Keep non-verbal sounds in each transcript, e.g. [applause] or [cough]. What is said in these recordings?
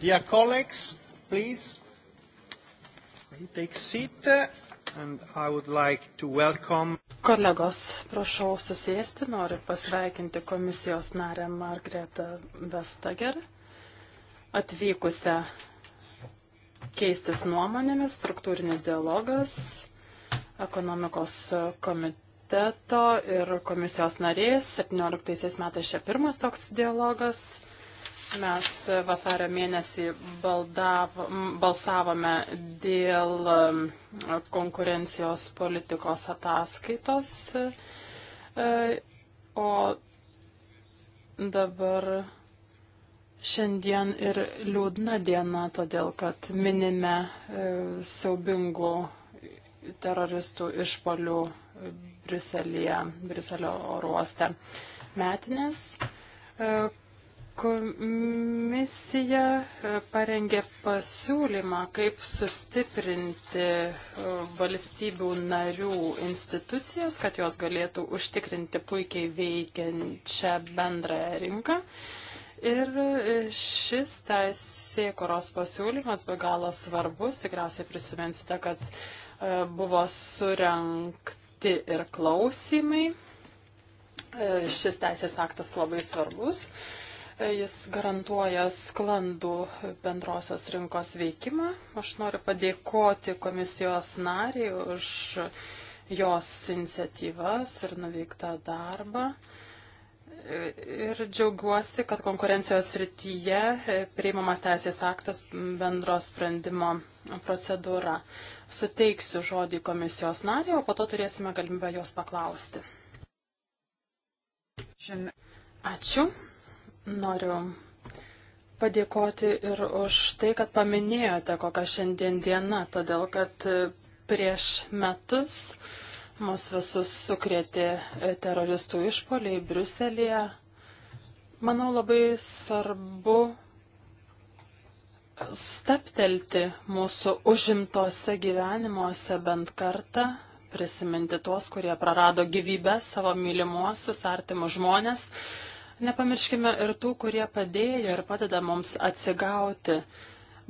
Dear colleagues, please take seat and I would like to welcome. Kolegos, prašau susėsti, noriu pasveikinti komisijos narę Margretą Vestager, atvykusią keistis nuomonėmis, struktūrinis dialogas, ekonomikos komitetas komiteto ir komisijos narės. 17 metais čia pirmas toks dialogas. Mes vasario mėnesį baldav, balsavome dėl um, konkurencijos politikos ataskaitos, e, o dabar šiandien ir liūdna diena, todėl kad minime e, siaubingų teroristų išpolių Briuselėje, Briuselio oruoste metinės e, Komisija e, parengė pasiūlymą, kaip sustiprinti e, valstybių narių institucijas, kad jos galėtų užtikrinti puikiai veikiančią bendrąją rinką. Ir e, šis teisėkuros pasiūlymas be galo svarbus. Tikriausiai prisimensite, kad buvo surenkti ir klausimai. Šis teisės aktas labai svarbus. Jis garantuoja sklandų bendrosios rinkos veikimą. Aš noriu padėkoti komisijos nariai už jos iniciatyvas ir nuveiktą darbą. Ir džiaugiuosi, kad konkurencijos rytyje priimamas teisės aktas bendro sprendimo procedūra. Suteiksiu žodį komisijos narį, o po to turėsime galimybę jos paklausti. Ačiū. Noriu padėkoti ir už tai, kad paminėjote, kokia šiandien diena, todėl kad prieš metus mus visus sukrėtė teroristų išpoliai Bruselėje. Manau, labai svarbu steptelti mūsų užimtose gyvenimuose bent kartą, prisiminti tuos, kurie prarado gyvybę, savo mylimuosius, artimus žmonės. Nepamirškime ir tų, kurie padėjo ir padeda mums atsigauti,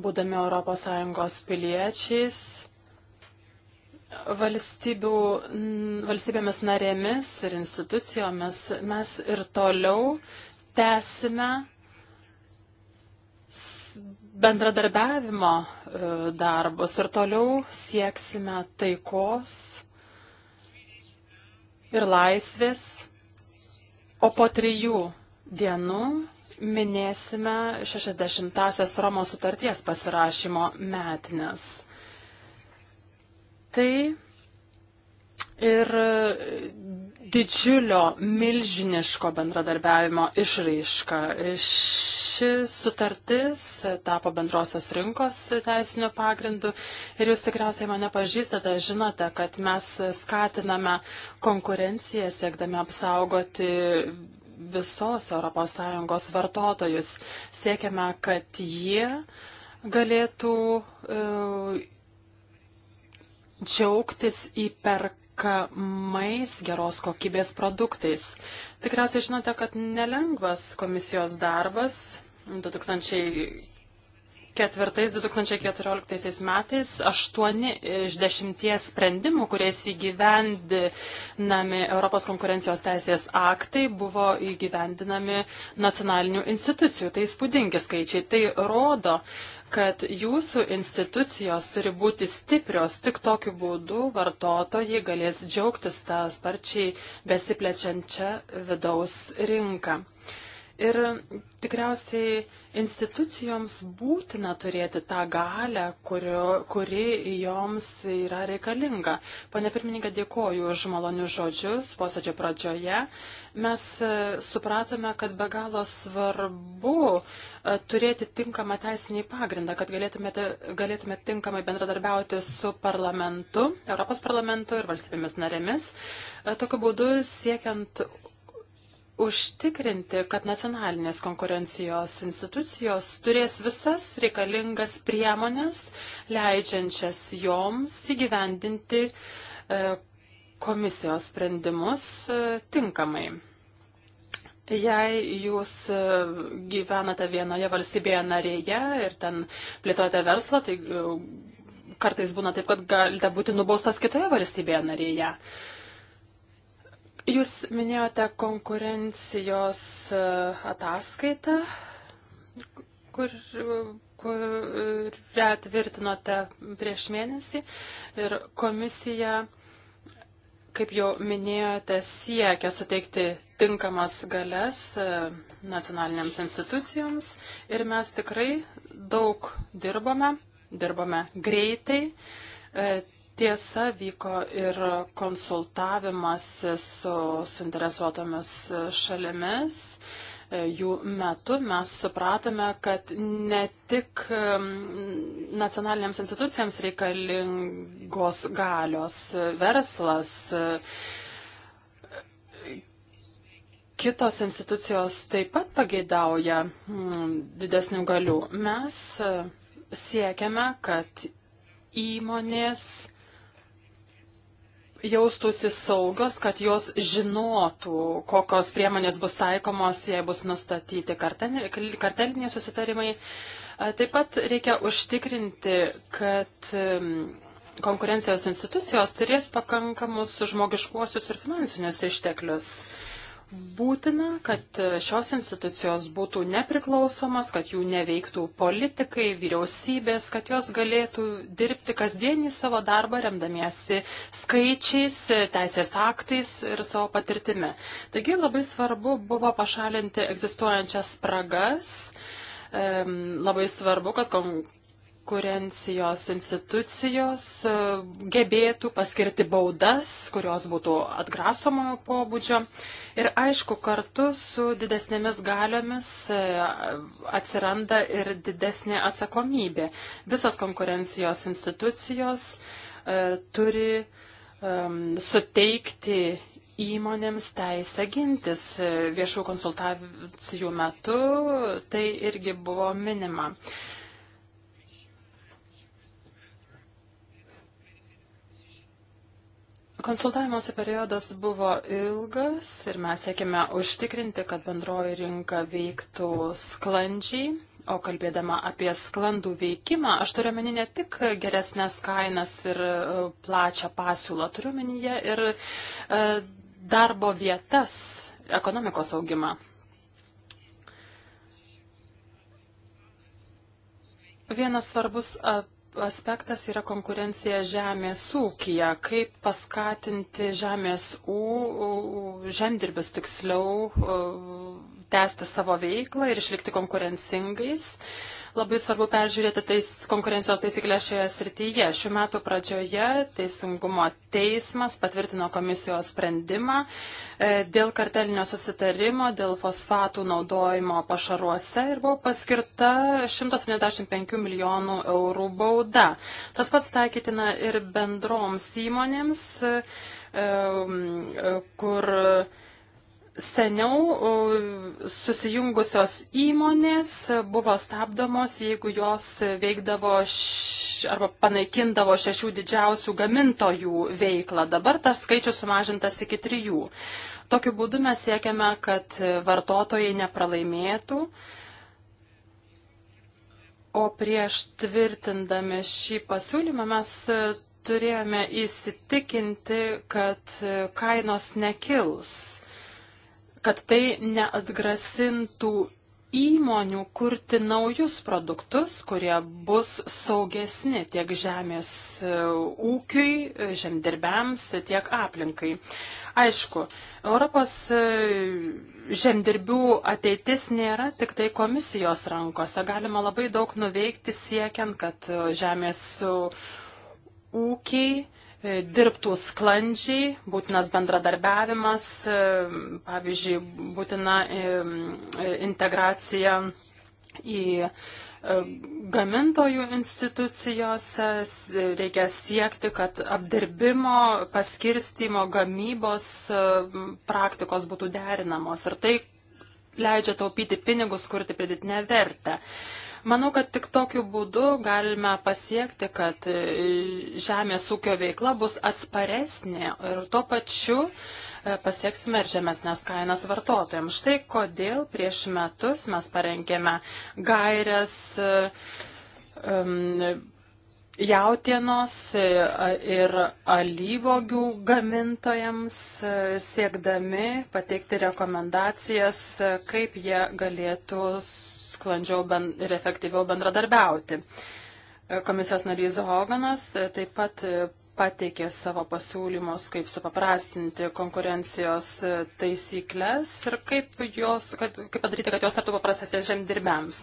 būdami ES piliečiais, valstybių, valstybėmis narėmis ir institucijomis. Mes ir toliau tęsime bendradarbiavimo e, darbus ir toliau sieksime taikos ir laisvės O po trijų dienų minėsime 60-asias Romos sutarties pasirašymo metines. Tai ir e, didžiulio, milžiniško bendradarbiavimo išraiška. Ši sutartis tapo bendrosios rinkos teisiniu pagrindu ir jūs tikriausiai mane pažįstate, žinote, kad mes skatiname konkurenciją, siekdami apsaugoti visos ES vartotojus. Siekiame, kad jie galėtų e, džiaugtis įperk tinkamais geros kokybės produktais. Tikriausiai žinote, kad nelengvas komisijos darbas 2004-2014 metais 8 iš 10 sprendimų, kuriais įgyvendinami Europos konkurencijos teisės aktai, buvo įgyvendinami nacionalinių institucijų. Tai spūdingi skaičiai. Tai rodo, uh, kad jūsų institucijos turi būti stiprios, tik tokiu būdu vartotojai galės džiaugtis tą sparčiai besiplečiančią vidaus rinką. Ir tikriausiai institucijoms būtina turėti tą galę, kurio, kuri joms yra reikalinga. Pane pirmininkė, dėkoju už malonius žodžius posėdžio pradžioje. Mes e, supratome, kad be galo svarbu e, turėti tinkamą teisinį pagrindą, kad galėtumėte, galėtumėte tinkamai bendradarbiauti su parlamentu, Europos parlamentu ir valstybėmis narėmis. E, tokiu būdu siekiant užtikrinti, kad nacionalinės konkurencijos institucijos turės visas reikalingas priemonės, leidžiančias joms įgyvendinti e, komisijos sprendimus e, tinkamai. Jei jūs e, gyvenate vienoje valstybėje narėje ir ten plėtojate verslą, tai kartais būna taip, kad galite būti nubaustas kitoje valstybėje narėje. Jūs minėjote konkurencijos e, ataskaitą, kur, kurią tvirtinote prieš mėnesį ir komisija, kaip jau minėjote, siekia suteikti tinkamas galias e, nacionalinėms institucijoms ir mes tikrai daug dirbome, dirbome greitai e, Tiesa, vyko ir konsultavimas su suinteresuotomis šalimis. Jų metu mes supratome, kad ne tik nacionalinėms institucijams reikalingos galios verslas, kitos institucijos taip pat pageidauja didesnių galių. Mes siekiame, kad įmonės jaustųsi saugios, kad jos žinotų, kokios priemonės bus taikomos, jei bus nustatyti karteliniai susitarimai. Taip pat reikia užtikrinti, kad konkurencijos institucijos turės pakankamus žmogiškuosius ir finansinius išteklius būtina, kad šios institucijos būtų nepriklausomas, kad jų neveiktų politikai, vyriausybės, kad jos galėtų dirbti kasdienį savo darbą, remdamiesi skaičiais, teisės aktais ir savo patirtimi. Taigi labai svarbu buvo pašalinti egzistuojančias spragas. Labai svarbu, kad konkurencijos institucijos e, gebėtų paskirti baudas, kurios būtų atgrasomojo pobūdžio. Ir aišku, kartu su didesnėmis galiomis e, atsiranda ir didesnė atsakomybė. Visos konkurencijos institucijos e, turi suteikti įmonėms teisę gintis. Viešų konsultacijų metu tai irgi buvo minima. Konsultavimuose periodas buvo ilgas ir mes siekime užtikrinti, kad bendroji rinka veiktų sklandžiai. O kalbėdama apie sklandų veikimą, aš turiu meni ne tik geresnės kainas ir e, plačią pasiūlą, turiu menyje ir e, darbo vietas, ekonomikos augimą. Vienas svarbus ap aspektas yra konkurencija žemės ūkija. Kaip paskatinti žemės ū, žemdirbės tiksliau tęsti savo veiklą ir išlikti konkurencingais. Uh, Labai svarbu peržiūrėti tais konkurencijos taisyklės šioje srityje. Šiuo metu pradžioje Teisingumo teismas patvirtino komisijos sprendimą e, dėl kartelinio susitarimo, dėl fosfatų naudojimo pašaruose ir buvo paskirta 175 milijonų eurų bauda. Tas pats taikytina ir bendroms įmonėms, e, e, kur Seniau e, susijungusios įmonės buvo stabdomos, jeigu jos veikdavo š... arba panaikindavo šešių didžiausių gamintojų veiklą. Dabar tas skaičius sumažintas iki trijų. Tokiu būdu mes siekiame, kad vartotojai nepralaimėtų. O prieš tvirtindami šį pasiūlymą mes turėjome įsitikinti, kad kainos nekils kad tai neatgrasintų įmonių kurti naujus produktus, kurie bus saugesni tiek žemės e, ūkiui, žemdirbiams, tiek aplinkai. Aišku, Europos e, žemdirbių ateitis nėra tik tai komisijos rankose. Galima labai daug nuveikti siekiant, kad e, žemės ūkiai E, dirbtų sklandžiai, būtinas bendradarbiavimas, e, pavyzdžiui, būtina e, integracija į gamintojų institucijose, reikia siekti, kad apdirbimo, paskirstimo, gamybos praktikos būtų derinamos ir tai leidžia taupyti pinigus, kurti pridėtinę vertę. Manau, kad tik tokiu būdu galime pasiekti, kad e, žemės ūkio veikla bus atsparesnė ir tuo pačiu e, pasieksime ir žemesnės kainas vartotojams. Štai kodėl prieš metus mes parengėme gairias um, e, jautienos ir alyvogių gamintojams, siekdami pateikti rekomendacijas, kaip jie galėtų sklandžiau ben, ir efektyviau bendradarbiauti. Komisijos narys Hoganas e, taip pat e, pateikė savo pasiūlymus, kaip supaprastinti konkurencijos e, taisyklės ir kaip, jos, kad, kaip padaryti, kad jos taptų paprastesnės žemdirbiams.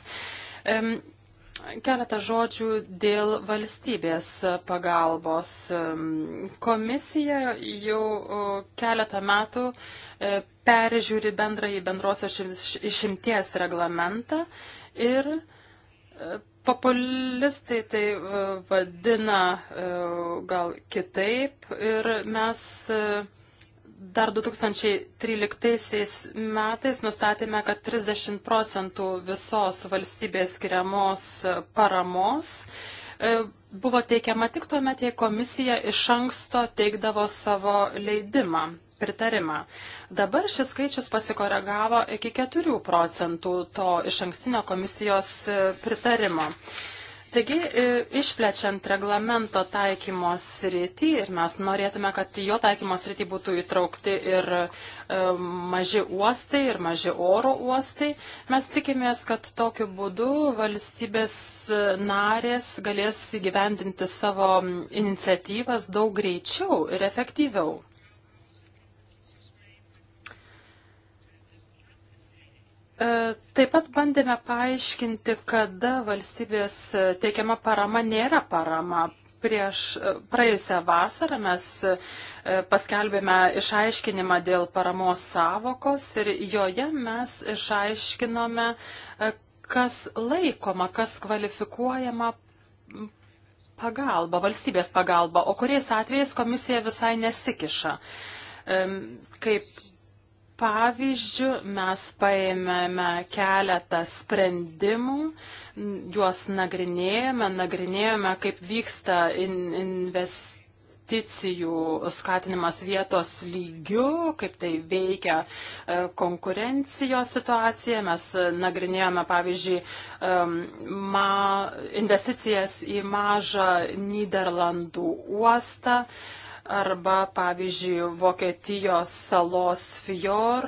Keletą žodžių dėl valstybės pagalbos. Komisija jau keletą metų e, peržiūri bendrąjį bendrosios išimties reglamentą ir e, populistai tai e, vadina gal kitaip ir mes Dar 2013 metais nustatėme, kad 30 procentų visos valstybės skiriamos paramos e, buvo teikiama tik tuo metu, jei komisija iš anksto teikdavo savo leidimą, pritarimą. Dabar šis skaičius pasikoregavo iki 4 procentų to iš ankstinio komisijos e, pritarimo. Taigi, e, išplečiant reglamento taikymos sritį ir mes norėtume, kad jo taikymos sritį būtų įtraukti ir e, maži uostai, ir maži oro uostai, mes tikimės, kad tokiu būdu valstybės narės galės įgyvendinti savo iniciatyvas daug greičiau ir efektyviau. E, taip pat bandėme paaiškinti, kada valstybės teikiama parama nėra parama. Prieš e, praėjusią vasarą mes e, paskelbėme išaiškinimą dėl paramos savokos ir joje mes išaiškinome, kas laikoma, kas kvalifikuojama pagalba, valstybės pagalba, o kuriais atvejais komisija visai nesikiša. Kaip pavyzdžių mes paėmėme keletą sprendimų, juos nagrinėjome, nagrinėjome, kaip vyksta in investicija investicijų skatinimas vietos lygių, kaip tai veikia e, konkurencijos situacija. Mes nagrinėjome, pavyzdžiui, ma, investicijas į mažą Niderlandų uostą arba, pavyzdžiui, Vokietijos salos Fjor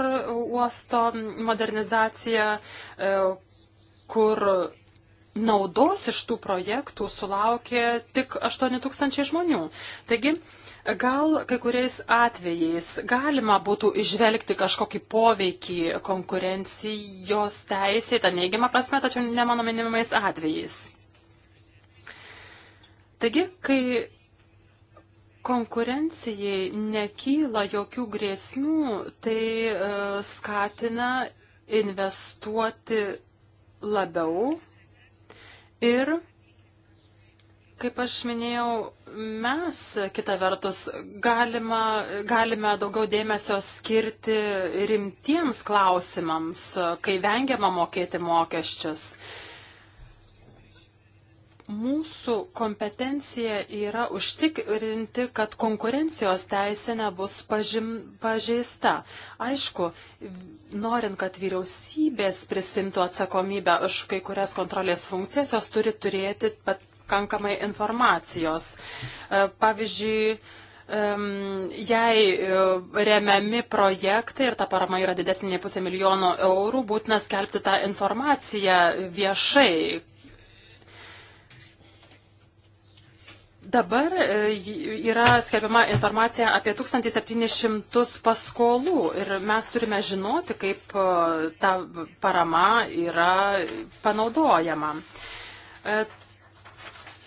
uosto modernizacija, e, kur naudos iš tų projektų sulaukė tik 8 tūkstančiai žmonių. Taigi, gal kai kuriais atvejais galima būtų išvelgti kažkokį poveikį konkurencijos teisėje, tą neigiamą prasme, tačiau ne mano minimais atvejais. Taigi, kai konkurencijai nekyla jokių grėsmių, tai e, skatina investuoti labiau ir, kaip aš minėjau, mes kitą vertus galima, galime daugiau dėmesio skirti rimtiems klausimams, kai vengiama mokėti mokesčius mūsų kompetencija yra užtikrinti, kad konkurencijos teisė nebus pažim, pažeista. Aišku, norint, kad vyriausybės prisimtų atsakomybę už kai kurias kontrolės funkcijas, jos turi turėti pakankamai informacijos. E, pavyzdžiui, jei e, remiami projektai ir ta parama yra didesnė nei pusė milijono eurų, būtina skelbti tą informaciją viešai, Dabar e, yra skelbiama informacija apie 1700 paskolų ir mes turime žinoti, kaip e, ta parama yra panaudojama. E,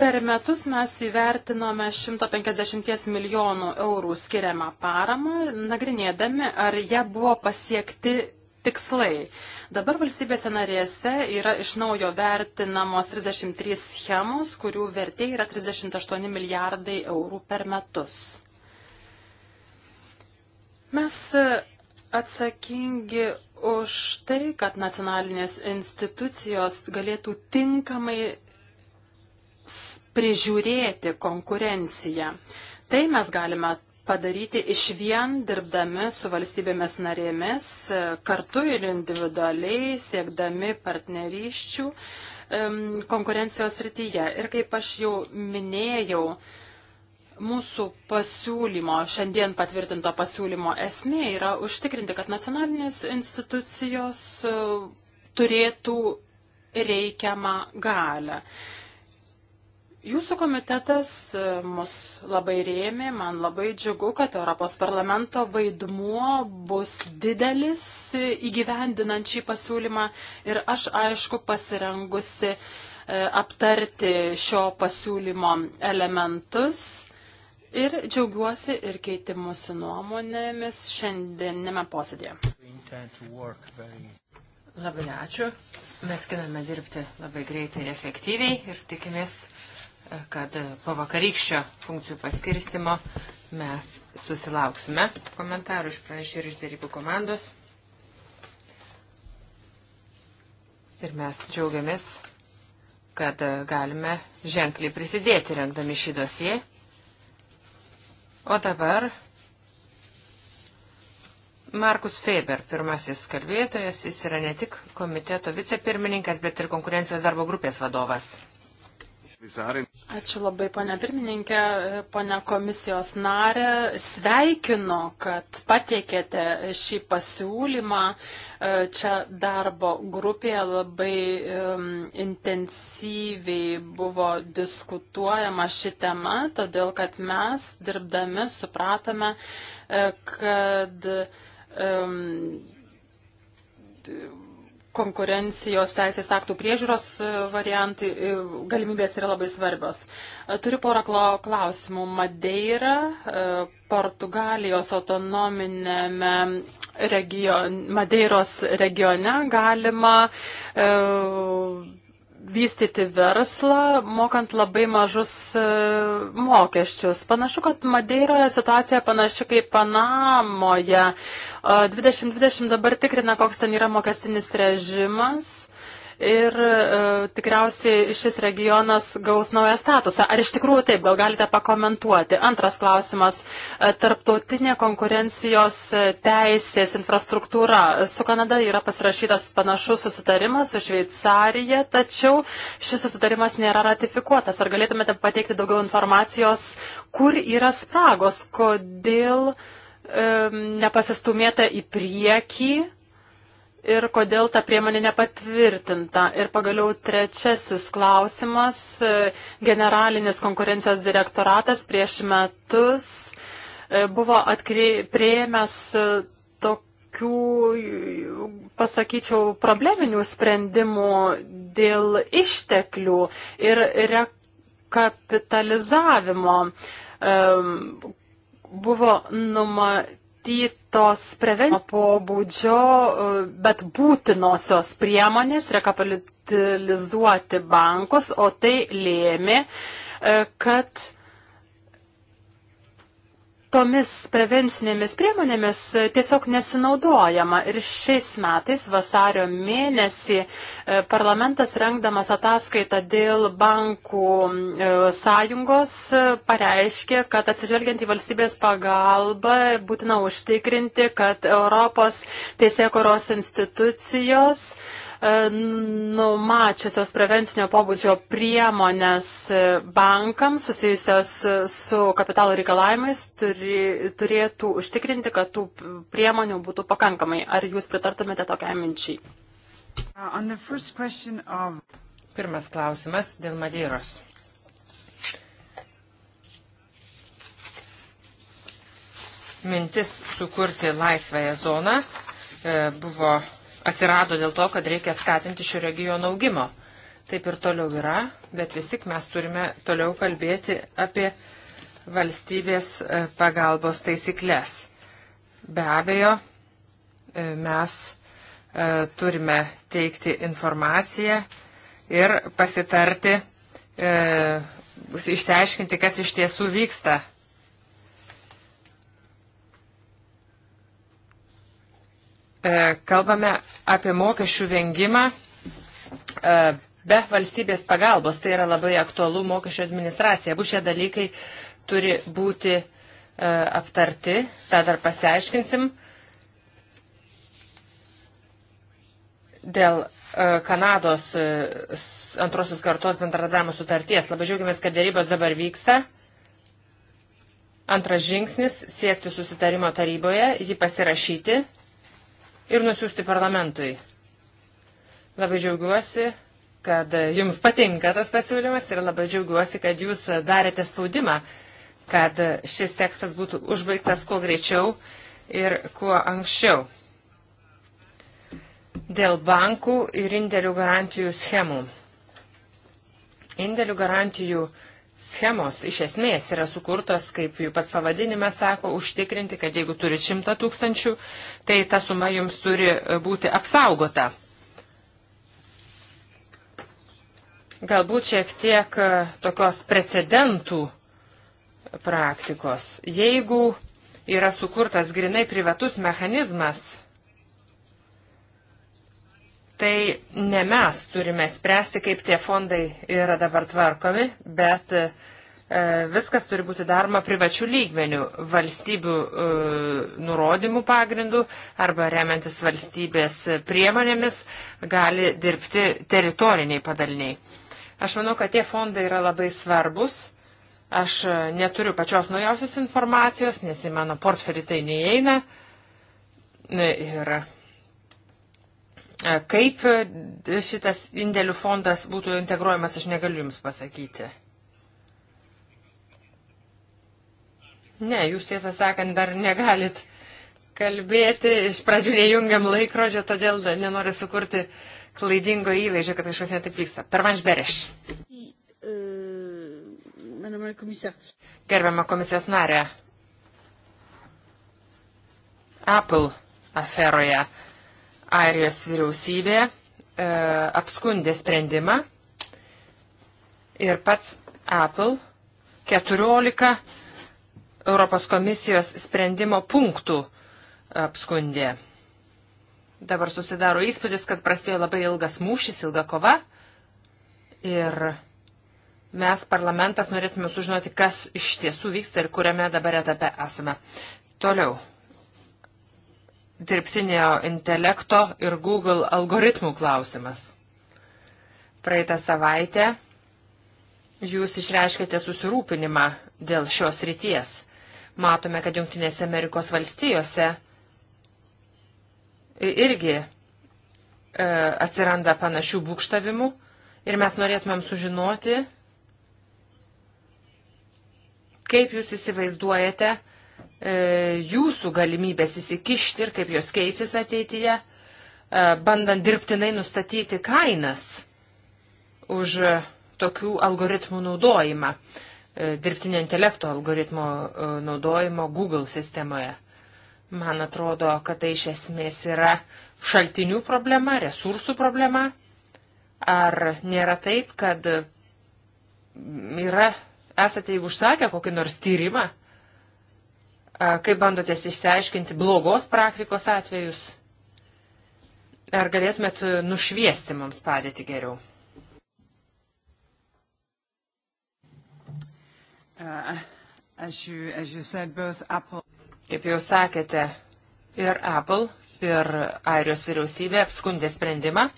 per metus mes įvertinome 150 milijonų eurų skiriamą paramą, nagrinėdami, ar jie buvo pasiekti tikslai. Dabar valstybėse narėse yra iš naujo vertinamos 33 schemos, kurių vertė yra 38 milijardai eurų per metus. Mes atsakingi už tai, kad nacionalinės institucijos galėtų tinkamai prižiūrėti konkurenciją. Tai mes galime padaryti iš vien dirbdami su valstybėmis narėmis, e, kartu ir individualiai siekdami partnerysčių konkurencijos rytyje. Ir kaip aš jau minėjau, mūsų pasiūlymo, šiandien patvirtinto pasiūlymo esmė yra užtikrinti, kad nacionalinės institucijos e, turėtų reikiamą galę. Jūsų komitetas e, mus labai rėmė, man labai džiugu, kad Europos parlamento vaidmuo bus didelis e, įgyvendinant šį pasiūlymą ir aš aišku pasirengusi e, aptarti šio pasiūlymo elementus. Ir džiaugiuosi ir keitimusi nuomonėmis šiandienime posėdėje. Labai ačiū. Mes kiname dirbti labai greitai ir efektyviai ir tikimės kad po vakarykščio funkcijų paskirstimo mes susilauksime komentarų iš pranešėjų ir iš dėrybų komandos. Ir mes džiaugiamės, kad galime ženkliai prisidėti rengdami šį dosiją. O dabar Markus Feber, pirmasis kalbėtojas, jis yra ne tik komiteto vicepirmininkas, bet ir konkurencijos darbo grupės vadovas. Ačiū labai, ponia pirmininkė, ponia komisijos narė. Sveikinu, kad patiekėte šį pasiūlymą. Čia darbo grupėje labai um, intensyviai buvo diskutuojama ši tema, todėl kad mes dirbdami supratome, e, kad um, konkurencijos teisės aktų priežiūros e, variantai, e, galimybės yra labai svarbios. E, turiu porą klausimų. Madeira, Portugalijos autonominėme region, Madeiros regione galima vystyti verslą, mokant labai mažus e, mokesčius. Panašu, kad Madeiroje situacija panaši kaip Panamoje. 2020 dabar tikrina, koks ten yra mokestinis režimas ir e, tikriausiai šis regionas gaus naują statusą. Ar iš tikrųjų taip, gal galite pakomentuoti? Antras klausimas. E, tarptautinė konkurencijos e, teisės infrastruktūra. Su Kanada yra pasirašytas panašus susitarimas su Šveicarija, tačiau šis susitarimas nėra ratifikuotas. Ar galėtumėte pateikti daugiau informacijos, kur yra spragos, kodėl nepasistumėta į priekį ir kodėl ta priemonė nepatvirtinta. Ir pagaliau trečiasis klausimas. E, generalinis konkurencijos direktoratas prieš metus e, buvo atkrė... prieėmęs e, tokių, pasakyčiau, probleminių sprendimų dėl išteklių ir rekapitalizavimo. Buvo numatyti numatytos prevencinio pobūdžio, e, bet būtinosios priemonės rekapitalizuoti bankus, o tai lėmė, e, kad tomis prevencinėmis priemonėmis tiesiog nesinaudojama. Ir šiais metais, vasario mėnesį, e, parlamentas rengdamas ataskaitą dėl bankų e, sąjungos e, pareiškė, kad atsižvelgiant į valstybės pagalbą būtina užtikrinti, kad Europos teisėkoros institucijos uh, E, numačiusios prevencinio pobūdžio priemonės bankams susijusios su kapitalo reikalavimais turi, turėtų užtikrinti, kad tų priemonių būtų pakankamai. Ar jūs pritartumėte tokiai minčiai? Uh, of... Pirmas klausimas dėl Madeiros. Mintis sukurti laisvąją zoną e, buvo atsirado dėl to, kad reikia skatinti šio regiono augimo. Taip ir toliau yra, bet vis tik mes turime toliau kalbėti apie valstybės e, pagalbos taisyklės. Be abejo, e, mes e, turime teikti informaciją ir pasitarti, e, išsiaiškinti, kas iš tiesų vyksta E, kalbame apie mokesčių vengimą e, be valstybės pagalbos. Tai yra labai aktualu mokesčio administracija. Abu šie dalykai turi būti e, aptarti, tą dar pasiaiškinsim. Dėl Kanados antrosios kartos bendradarbiavimo sutarties. Labai džiaugiamės, kad dėrybos dabar vyksta. Antras žingsnis - siekti susitarimo taryboje, jį pasirašyti ir nusiųsti parlamentui. Labai džiaugiuosi, kad jums patinka tas pasiūlymas ir labai džiaugiuosi, kad jūs darėte spaudimą, kad šis tekstas būtų užbaigtas kuo greičiau ir kuo anksčiau. Dėl bankų ir indėlių garantijų schemų. Indėlių garantijų schemų schemos iš esmės yra sukurtos, kaip jų pats pavadinimas sako, užtikrinti, kad jeigu turi 100 tūkstančių, tai ta suma jums turi e, būti apsaugota. Galbūt šiek tiek e, tokios precedentų praktikos. Jeigu yra sukurtas grinai privatus mechanizmas, tai ne mes turime spręsti, kaip tie fondai yra dabar tvarkomi, bet e, viskas turi būti daroma privačių lygmenių, valstybių e, nurodymų pagrindų arba remiantis valstybės priemonėmis gali dirbti teritoriniai padaliniai. Aš manau, kad tie fondai yra labai svarbus. Aš e, neturiu pačios naujausios informacijos, nes į mano portfelį tai neįeina. Ir E, kaip e, šitas indėlių fondas būtų integruojamas, aš negaliu Jums pasakyti. Ne, Jūs tiesą sakant, dar negalit kalbėti. Iš pradžių nejungiam laikrodžio, todėl nenoriu sukurti klaidingo įvaizdžio, kad kažkas netaip vyksta. Per Vanšbereš. E, Gerbiama komisijos narė. Apple aferoje Airijos vyriausybė e, apskundė sprendimą ir pats Apple 14 Europos komisijos sprendimo punktų apskundė. Dabar susidaro įspūdis, kad prasidėjo labai ilgas mūšis, ilga kova ir mes parlamentas norėtume sužinoti, kas iš tiesų vyksta ir kuriame dabar etape esame. Toliau dirbtinio intelekto ir Google algoritmų klausimas. Praeitą savaitę jūs išreiškite susirūpinimą dėl šios ryties. Matome, kad Junktinėse Amerikos valstijose irgi e, atsiranda panašių būkštavimų ir mes norėtumėm sužinoti, kaip jūs įsivaizduojate, E, jūsų galimybės įsikišti ir kaip jos keisis ateityje, e, bandant dirbtinai nustatyti kainas už tokių algoritmų naudojimą, e, dirbtinio intelekto algoritmo naudojimo Google sistemoje. Man atrodo, kad tai iš esmės yra šaltinių problema, resursų problema. Ar nėra taip, kad yra, esate užsakę kokį nors tyrimą Kaip bandotės išsiaiškinti blogos praktikos atvejus? Ar galėtumėt e, nušviesti mums padėti geriau? Uh, as you, as you said, Apple... Kaip jau sakėte, ir Apple, ir Airijos vyriausybė apskundė sprendimą.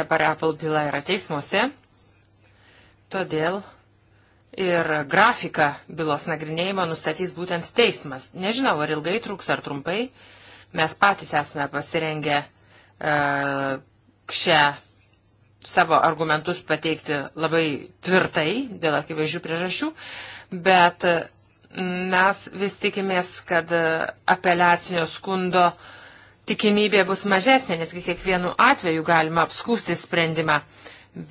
Dabar Apple byla yra teismuose. Todėl Ir grafiką bylos nagrinėjimo nustatys būtent teismas. Nežinau, ar ilgai truks, ar trumpai. Mes patys esame pasirengę uh, šią savo argumentus pateikti labai tvirtai dėl akivaizdžių priežasčių, bet e, mes vis tikimės, kad e, apeliacinio skundo tikimybė bus mažesnė, nes kiekvienu atveju galima apskūsti sprendimą,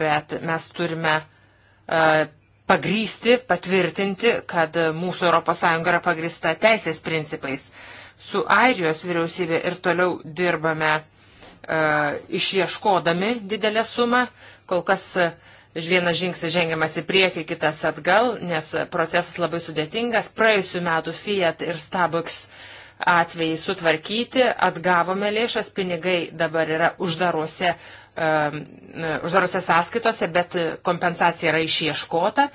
bet mes turime uh, pagrysti, patvirtinti, kad mūsų ES yra pagrista teisės principais. Su Airijos vyriausybė ir toliau dirbame e, išieškodami didelę sumą. Kol kas e, vienas žingsnis žengiamas į priekį, kitas atgal, nes procesas labai sudėtingas. Praėjusiu metu Fiat ir Starbucks atvejai sutvarkyti, atgavome lėšas, pinigai dabar yra uždaruose Um, uždarose sąskaitose, bet kompensacija yra išieškota.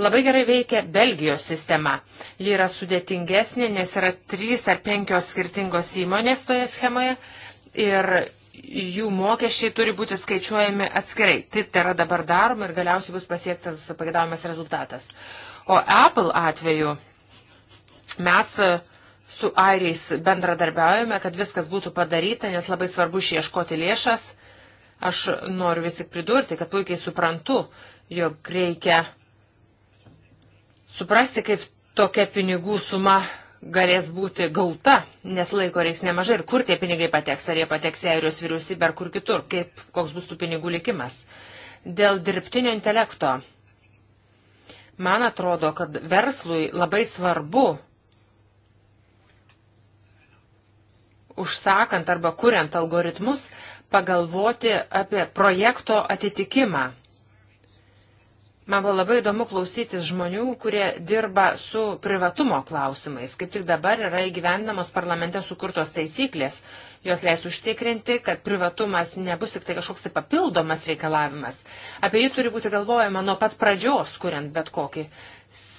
Labai gerai veikia Belgijos sistema. Ji yra sudėtingesnė, nes yra trys ar penkios skirtingos įmonės toje schemoje ir jų mokesčiai turi būti skaičiuojami atskirai. Tai yra dabar daroma ir galiausiai bus pasiektas pagėdavimas rezultatas. O Apple atveju mes su airiais bendradarbiaujame, kad viskas būtų padaryta, nes labai svarbu išieškoti lėšas Aš noriu vis tik pridurti, kad puikiai suprantu, jog reikia suprasti, kaip tokia pinigų suma galės būti gauta, nes laiko reiks nemažai ir kur tie pinigai pateks, ar jie pateks į Airijos vyriausybę ar kur kitur, kaip, koks bus tų pinigų likimas. Dėl dirbtinio intelekto. Man atrodo, kad verslui labai svarbu užsakant arba kuriant algoritmus pagalvoti apie projekto atitikimą. Man buvo labai įdomu klausytis žmonių, kurie dirba su privatumo klausimais. Kaip tik dabar yra įgyvendinamos parlamente sukurtos taisyklės. Jos leis užtikrinti, kad privatumas nebus tik tai kažkoks tai papildomas reikalavimas. Apie jį turi būti galvojama nuo pat pradžios, kuriant bet kokį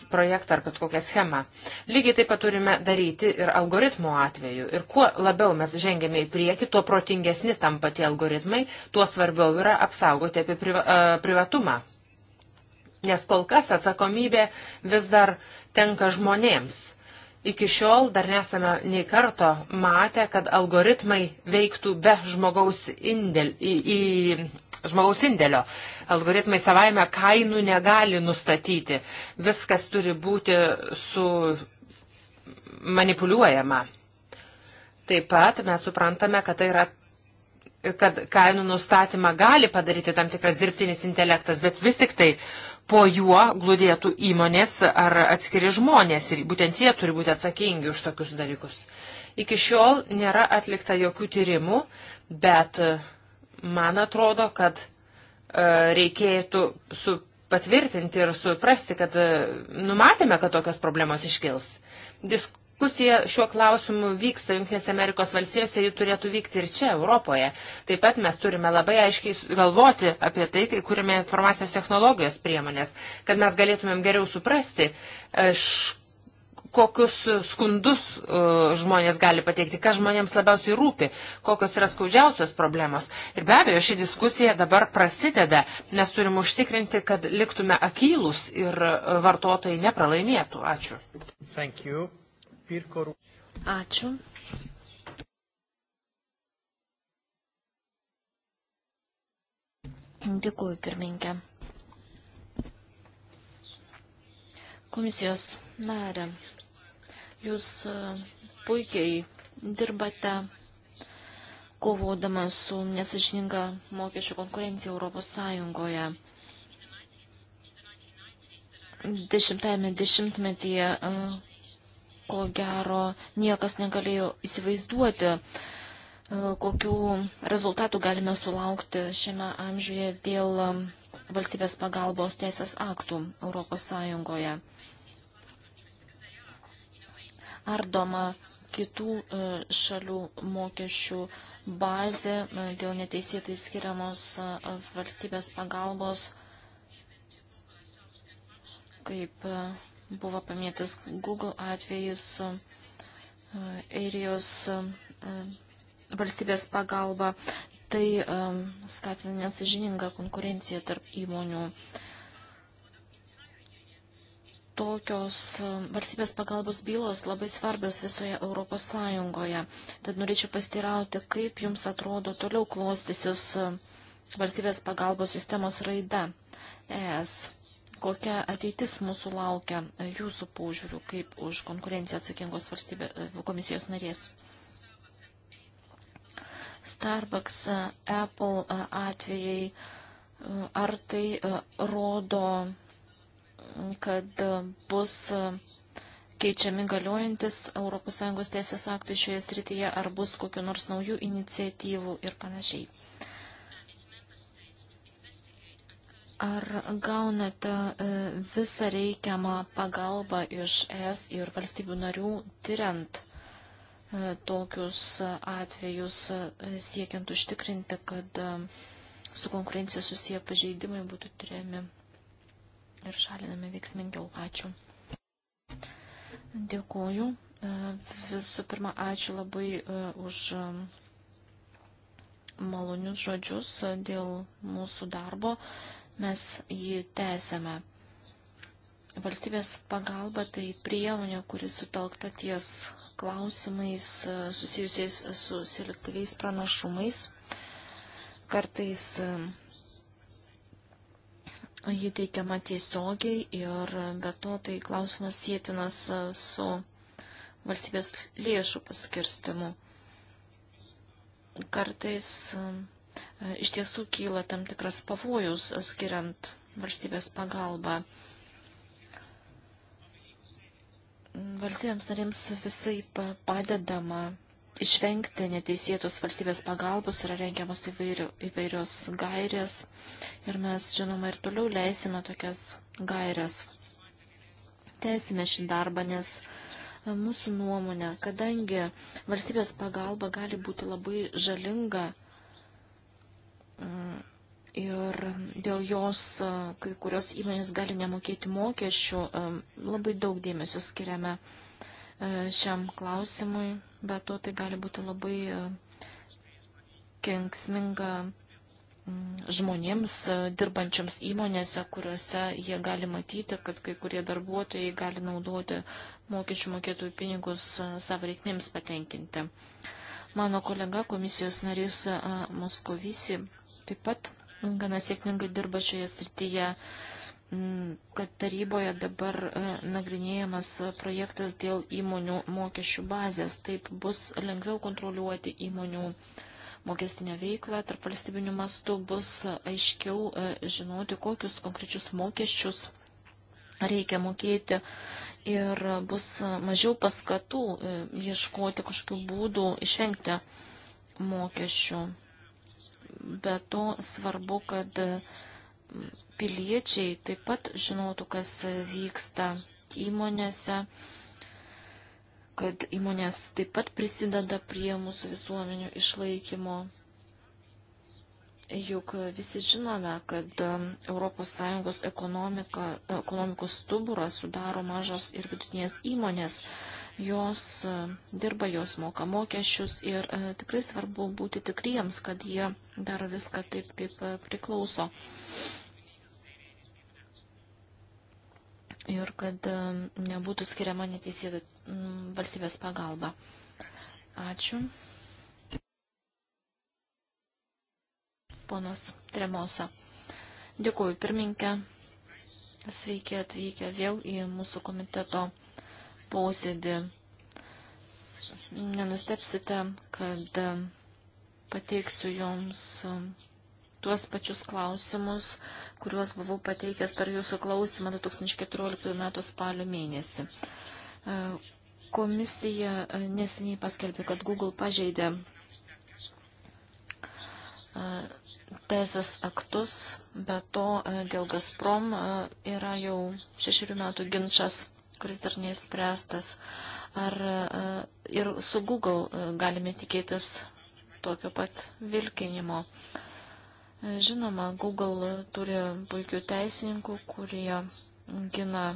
projektą ar bet kokią schemą. Lygiai taip pat turime daryti ir algoritmų atveju. Ir kuo labiau mes žengėme į priekį, tuo protingesni tampa tie algoritmai, tuo svarbiau yra apsaugoti apie priva, uh, privatumą. Nes kol kas atsakomybė vis dar tenka žmonėms. Iki šiol dar nesame nei karto matę, kad algoritmai veiktų be žmogaus indėl, į, į žmogaus indėlio. Algoritmai savaime kainų negali nustatyti. Viskas turi būti su manipuliuojama. Taip pat mes suprantame, kad tai yra kad kainų nustatymą gali padaryti tam tikras dirbtinis intelektas, bet vis tik tai po juo glūdėtų įmonės ar atskiri žmonės ir būtent jie turi būti atsakingi už tokius dalykus. Iki šiol nėra atlikta jokių tyrimų, bet Man atrodo, kad e, reikėtų su patvirtinti ir suprasti, kad e, numatėme, kad tokios problemos iškils. Diskusija šiuo klausimu vyksta Junktinėse Amerikos valstijose ir ji turėtų vykti ir čia, Europoje. Taip pat mes turime labai aiškiai galvoti apie tai, kai kūrėme informacijos technologijos priemonės, kad mes galėtumėm geriau suprasti, iš e, kokius skundus e, žmonės gali pateikti, kas žmonėms labiausiai rūpi, kokios yra skaudžiausios problemos. Ir be abejo, ši diskusija dabar prasideda, nes turim užtikrinti, kad liktume akylus ir e, vartotojai nepralaimėtų. Ačiū. Pirko... Ačiū. Dėkuoju, pirmininkė. Komisijos narė. Jūs e, puikiai dirbate kovodamas su nesažininga mokesčių konkurencija Europos Sąjungoje. Dešimtajame dešimtmetyje, e, ko gero, niekas negalėjo įsivaizduoti, e, kokių rezultatų galime sulaukti šiame amžiuje dėl valstybės pagalbos teisės aktų Europos Sąjungoje ardoma kitų e, šalių mokesčių bazė e, dėl neteisėtai skiriamos e, valstybės pagalbos, kaip buvo paminėtas Google atvejis, Airijos valstybės pagalba, tai skatina nesažininga konkurencija tarp įmonių tokios e, valstybės pagalbos bylos labai svarbios visoje Europos Sąjungoje. Tad norėčiau pastirauti, kaip jums atrodo toliau klostysis e, valstybės pagalbos sistemos raida ES. Kokia ateitis mūsų laukia e, jūsų požiūrių, kaip už konkurenciją atsakingos valstybė, komisijos narės? Starbucks, Apple atvejai, ar tai rodo kad e, bus e, keičiami galiojantis ES teisės aktai šioje srityje, ar bus kokiu nors naujų iniciatyvų ir panašiai. Ar gaunate e, visą reikiamą pagalbą iš ES ir valstybių narių tyriant tokius atvejus, siekiant užtikrinti, kad su konkurencija susiję pažeidimai būtų tyriami ir šalinami veiksmingiau. Ačiū. Dėkuoju. E, visų pirma, ačiū labai e, už e, malonius žodžius dėl mūsų darbo. Mes jį tęsėme. Valstybės pagalba tai priemonė, kuris sutelkta ties klausimais susijusiais su selektyviais pranašumais. Kartais Ji teikiama tiesiogiai ir be to tai klausimas sėtinas e, su valstybės lėšų paskirstimu. Kartais e, iš tiesų kyla tam tikras pavojus e, skiriant valstybės pagalbą. Valstybėms narėms visai padedama Išvengti neteisėtos valstybės pagalbos yra rengiamos įvairių, įvairios gairės ir mes, žinoma, ir toliau leisime tokias gairės. Teisime šį darbą, nes e, mūsų nuomonė, kadangi valstybės pagalba gali būti labai žalinga e, ir dėl jos e, kai kurios įmonės gali nemokėti mokesčių, labai daug dėmesio skiriame E, šiam klausimui, bet to tai gali būti labai e, kenksminga žmonėms e, dirbančiams įmonėse, kuriuose jie gali matyti, kad kai kurie darbuotojai gali naudoti mokesčių mokėtojų pinigus savo reikmėms patenkinti. Mano kolega komisijos narys Moskovisi taip pat gana sėkmingai dirba šioje srityje. Mm, kad taryboje dabar e, nagrinėjamas projektas dėl įmonių mokesčių bazės. Taip bus lengviau kontroliuoti įmonių mokestinę veiklą tarp valstybinių mastų, bus aiškiau e, žinoti, kokius konkrečius mokesčius reikia mokėti ir bus mažiau paskatų e, ieškoti kažkokių būdų išvengti mokesčių. Be to svarbu, kad piliečiai taip pat žinotų, kas vyksta įmonėse, kad įmonės taip pat prisideda prie mūsų visuomenių išlaikymo. Juk visi žinome, kad um, ES ekonomikos stuburą sudaro mažos ir vidutinės įmonės. Jos um, dirba, jos moka mokesčius ir uh, tikrai svarbu būti tikriems, kad jie daro viską taip, kaip uh, priklauso. ir kad nebūtų skiriama neteisėta valstybės pagalba. Ačiū. Ponas Tremosa. Dėkuoju pirminkę. Sveiki atvykę vėl į mūsų komiteto posėdį. Nenustepsite, kad pateiksiu jums tuos pačius klausimus, kuriuos buvau pateikęs per jūsų klausimą 2014 m. spalio mėnesį. Komisija e, neseniai paskelbė, kad Google pažeidė e, teisės aktus, bet to e, dėl Gazprom yra jau šešių metų ginčas, kuris dar neįspręstas. Ar ir su Google galime tikėtis tokio pat vilkinimo? Žinoma, Google turi puikių teisininkų, kurie gina e,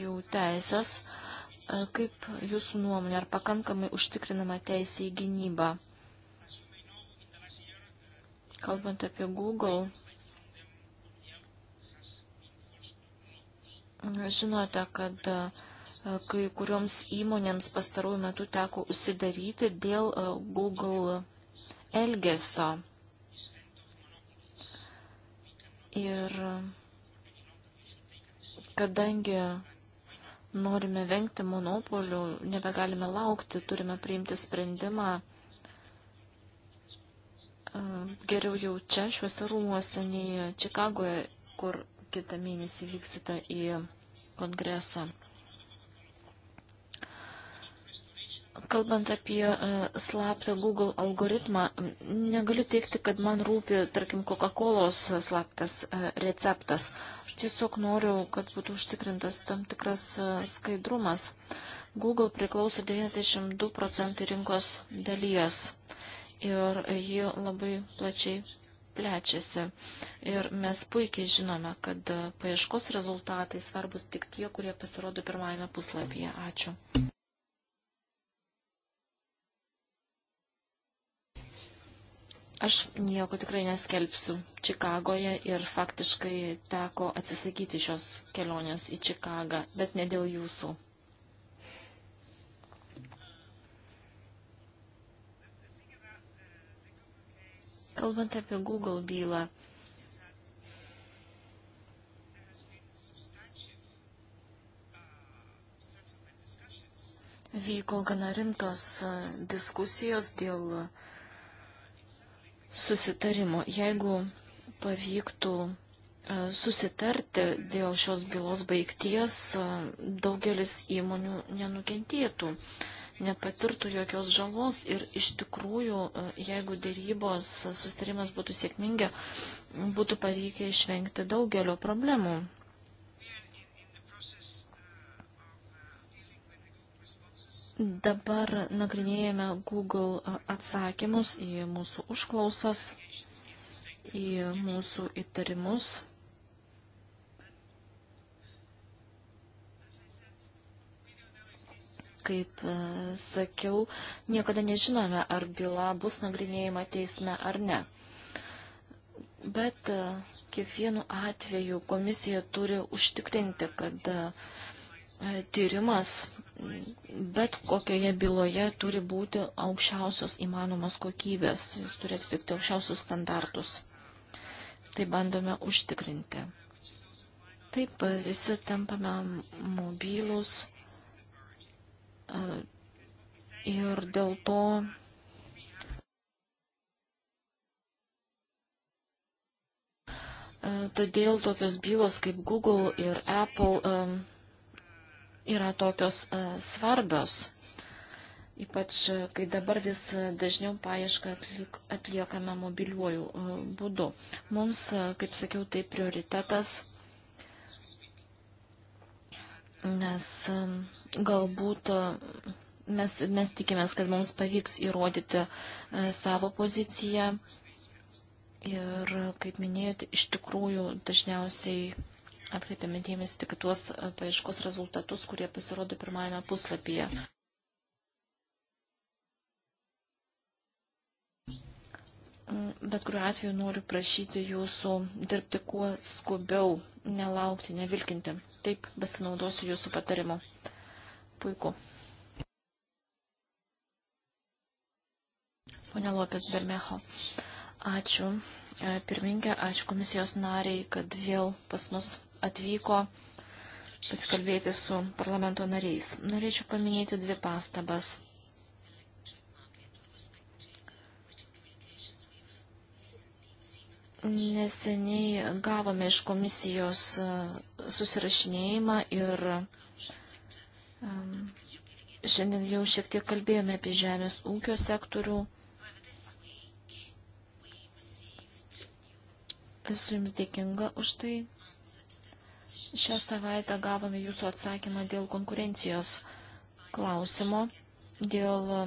jų teisės. E, kaip jūsų nuomonė, ar pakankamai užtikrinama teisė į gynybą? Kalbant apie Google, žinote, kad e, kai kurioms įmonėms pastarųjų metų teko užsidaryti dėl Google elgesio. Ir kadangi norime vengti monopolių, nebegalime laukti, turime priimti sprendimą e, geriau jau čia, šiuose rūmuose, nei Čikagoje, kur kitą mėnesį vyksite į kongresą. Kalbant apie e, slaptą Google algoritmą, negaliu teikti, kad man rūpi, tarkim, Coca-Colos slaptas e, receptas. Aš tiesiog noriu, kad būtų užtikrintas tam tikras e, skaidrumas. Google priklauso 92 procentai rinkos dalies ir ji labai plačiai plečiasi. Ir mes puikiai žinome, kad paieškos rezultatai svarbus tik tie, kurie pasirodo pirmajame puslapyje. Ačiū. Aš nieko tikrai neskelbsiu Čikagoje ir faktiškai teko atsisakyti šios kelionės į Čikagą, bet ne dėl jūsų. Kalbant apie Google bylą, vyko gana rimtos diskusijos dėl uh, susitarimo. Jeigu pavyktų e, susitarti dėl šios bylos baigties, e, daugelis įmonių nenukentėtų, nepatirtų jokios žalos ir iš tikrųjų, e, jeigu dėrybos susitarimas būtų sėkmingi, būtų pavykę išvengti daugelio problemų. Dabar nagrinėjame Google atsakymus į mūsų užklausas, į mūsų įtarimus. Kaip e, sakiau, niekada nežinome, ar byla bus nagrinėjama teisme ar ne. Bet e, kiekvienu atveju komisija turi užtikrinti, kad E, tyrimas bet kokioje byloje turi būti aukščiausios įmanomos kokybės, jis turi atitikti aukščiausius standartus. Tai bandome užtikrinti. Taip, visi tampame mobilus e, ir dėl to e, Todėl tokios bylos kaip Google ir Apple yra tokios e, svarbios. Ypač, e, kai dabar vis dažniau paiešką atliekame mobiliuoju e, būdu. Mums, kaip sakiau, tai prioritetas, nes galbūt mes, mes tikimės, kad mums pavyks įrodyti savo poziciją. Ir, kaip minėjote, iš tikrųjų dažniausiai atkreipiame dėmesį tik tuos e, paieškos rezultatus, kurie pasirodo pirmajame puslapyje. Mm, bet kuriuo atveju noriu prašyti jūsų dirbti kuo skubiau, nelaukti, nevilkinti. Taip pasinaudosiu jūsų patarimu. Puiku. Pone Lopės Bermeho, ačiū e, pirmininkė, ačiū komisijos nariai, kad vėl pas mus atvyko pasikalbėti su parlamento nariais. Norėčiau paminėti dvi pastabas. Neseniai gavome iš komisijos e, susirašinėjimą ir šiandien jau šiek tiek kalbėjome apie žemės ūkio sektorių. Esu Jums dėkinga už tai. Šią savaitę gavome jūsų atsakymą dėl konkurencijos klausimo, dėl e,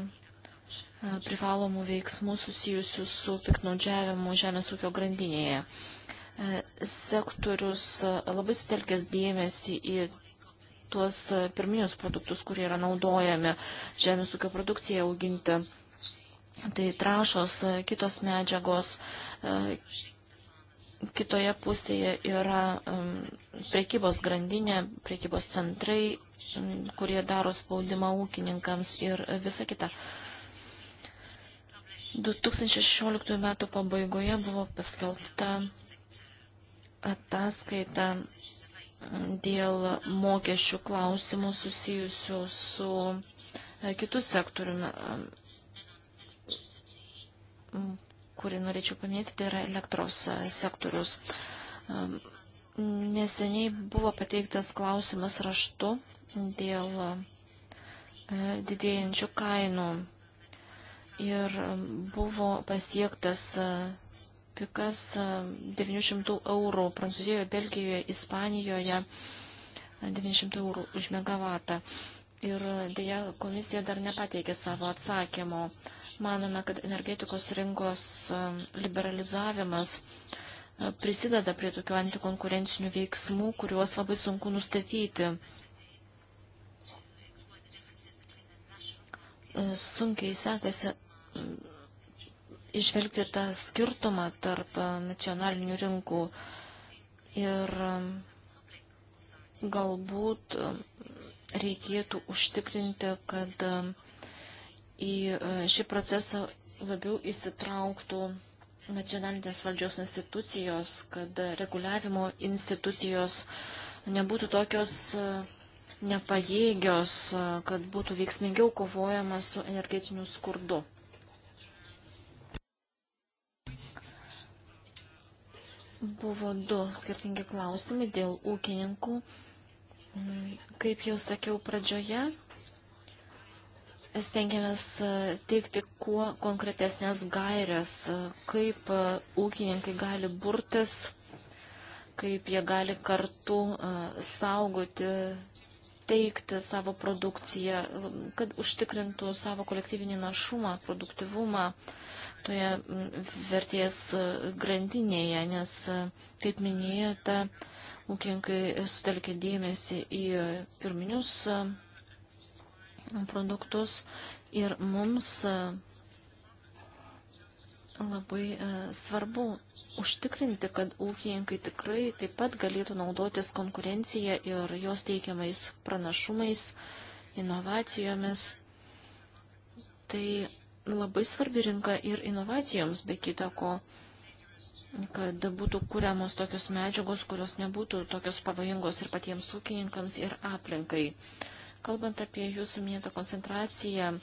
privalomų veiksmų susijusių su piknaudžiavimu žemės ūkio grandinėje. E, sektorius e, labai sutelkęs dėmesį į tuos pirminius produktus, kurie yra naudojami žemės ūkio produkcijai auginti. Tai trašos, kitos medžiagos, kitoje pusėje yra um, prekybos grandinė, prekybos centrai, um, kurie daro spaudimą ūkininkams ir visa kita. 2016 metų pabaigoje buvo paskelbta ataskaita um, dėl mokesčių klausimų susijusių su uh, kitų sektoriumi kurį norėčiau paminėti, tai yra elektros e, sektorius. Neseniai buvo pateiktas klausimas raštu dėl e, didėjančių kainų ir buvo pasiektas e, pikas 900 eurų Prancūzijoje, Belgijoje, Ispanijoje 900 eurų už megavatą. Ir dėja, komisija dar nepateikė savo atsakymo. Manome, kad energetikos rinkos um, liberalizavimas uh, prisideda prie tokių antikonkurencinių veiksmų, kuriuos labai sunku nustatyti. Uh, sunkiai sekasi uh, išvelgti tą skirtumą tarp nacionalinių rinkų ir um, galbūt um, reikėtų užtikrinti, kad um, į uh, šį procesą labiau įsitrauktų nacionalinės valdžios institucijos, kad reguliavimo institucijos nebūtų tokios uh, nepajėgios, uh, kad būtų veiksmingiau kovojama su energetiniu skurdu. Buvo du skirtingi klausimai dėl ūkininkų Kaip jau sakiau pradžioje, stengiamės e, teikti kuo konkretesnės gairias, e, kaip e, ūkininkai gali burtis, kaip jie gali kartu saugoti, teikti savo produkciją, kad užtikrintų savo kolektyvinį našumą, produktivumą toje vertės grandinėje, nes, kaip minėjote, ta Ūkininkai sutelkia dėmesį į pirminius e, produktus ir mums e, labai e, svarbu užtikrinti, kad ūkininkai tikrai taip pat galėtų naudotis konkurencija ir jos teikiamais pranašumais, inovacijomis. Tai labai svarbi rinka ir inovacijoms, be kita ko kad būtų kuriamos tokios medžiagos, kurios nebūtų tokios pavojingos ir patiems ūkininkams ir aplinkai. Kalbant apie jūsų minėtą koncentraciją, e,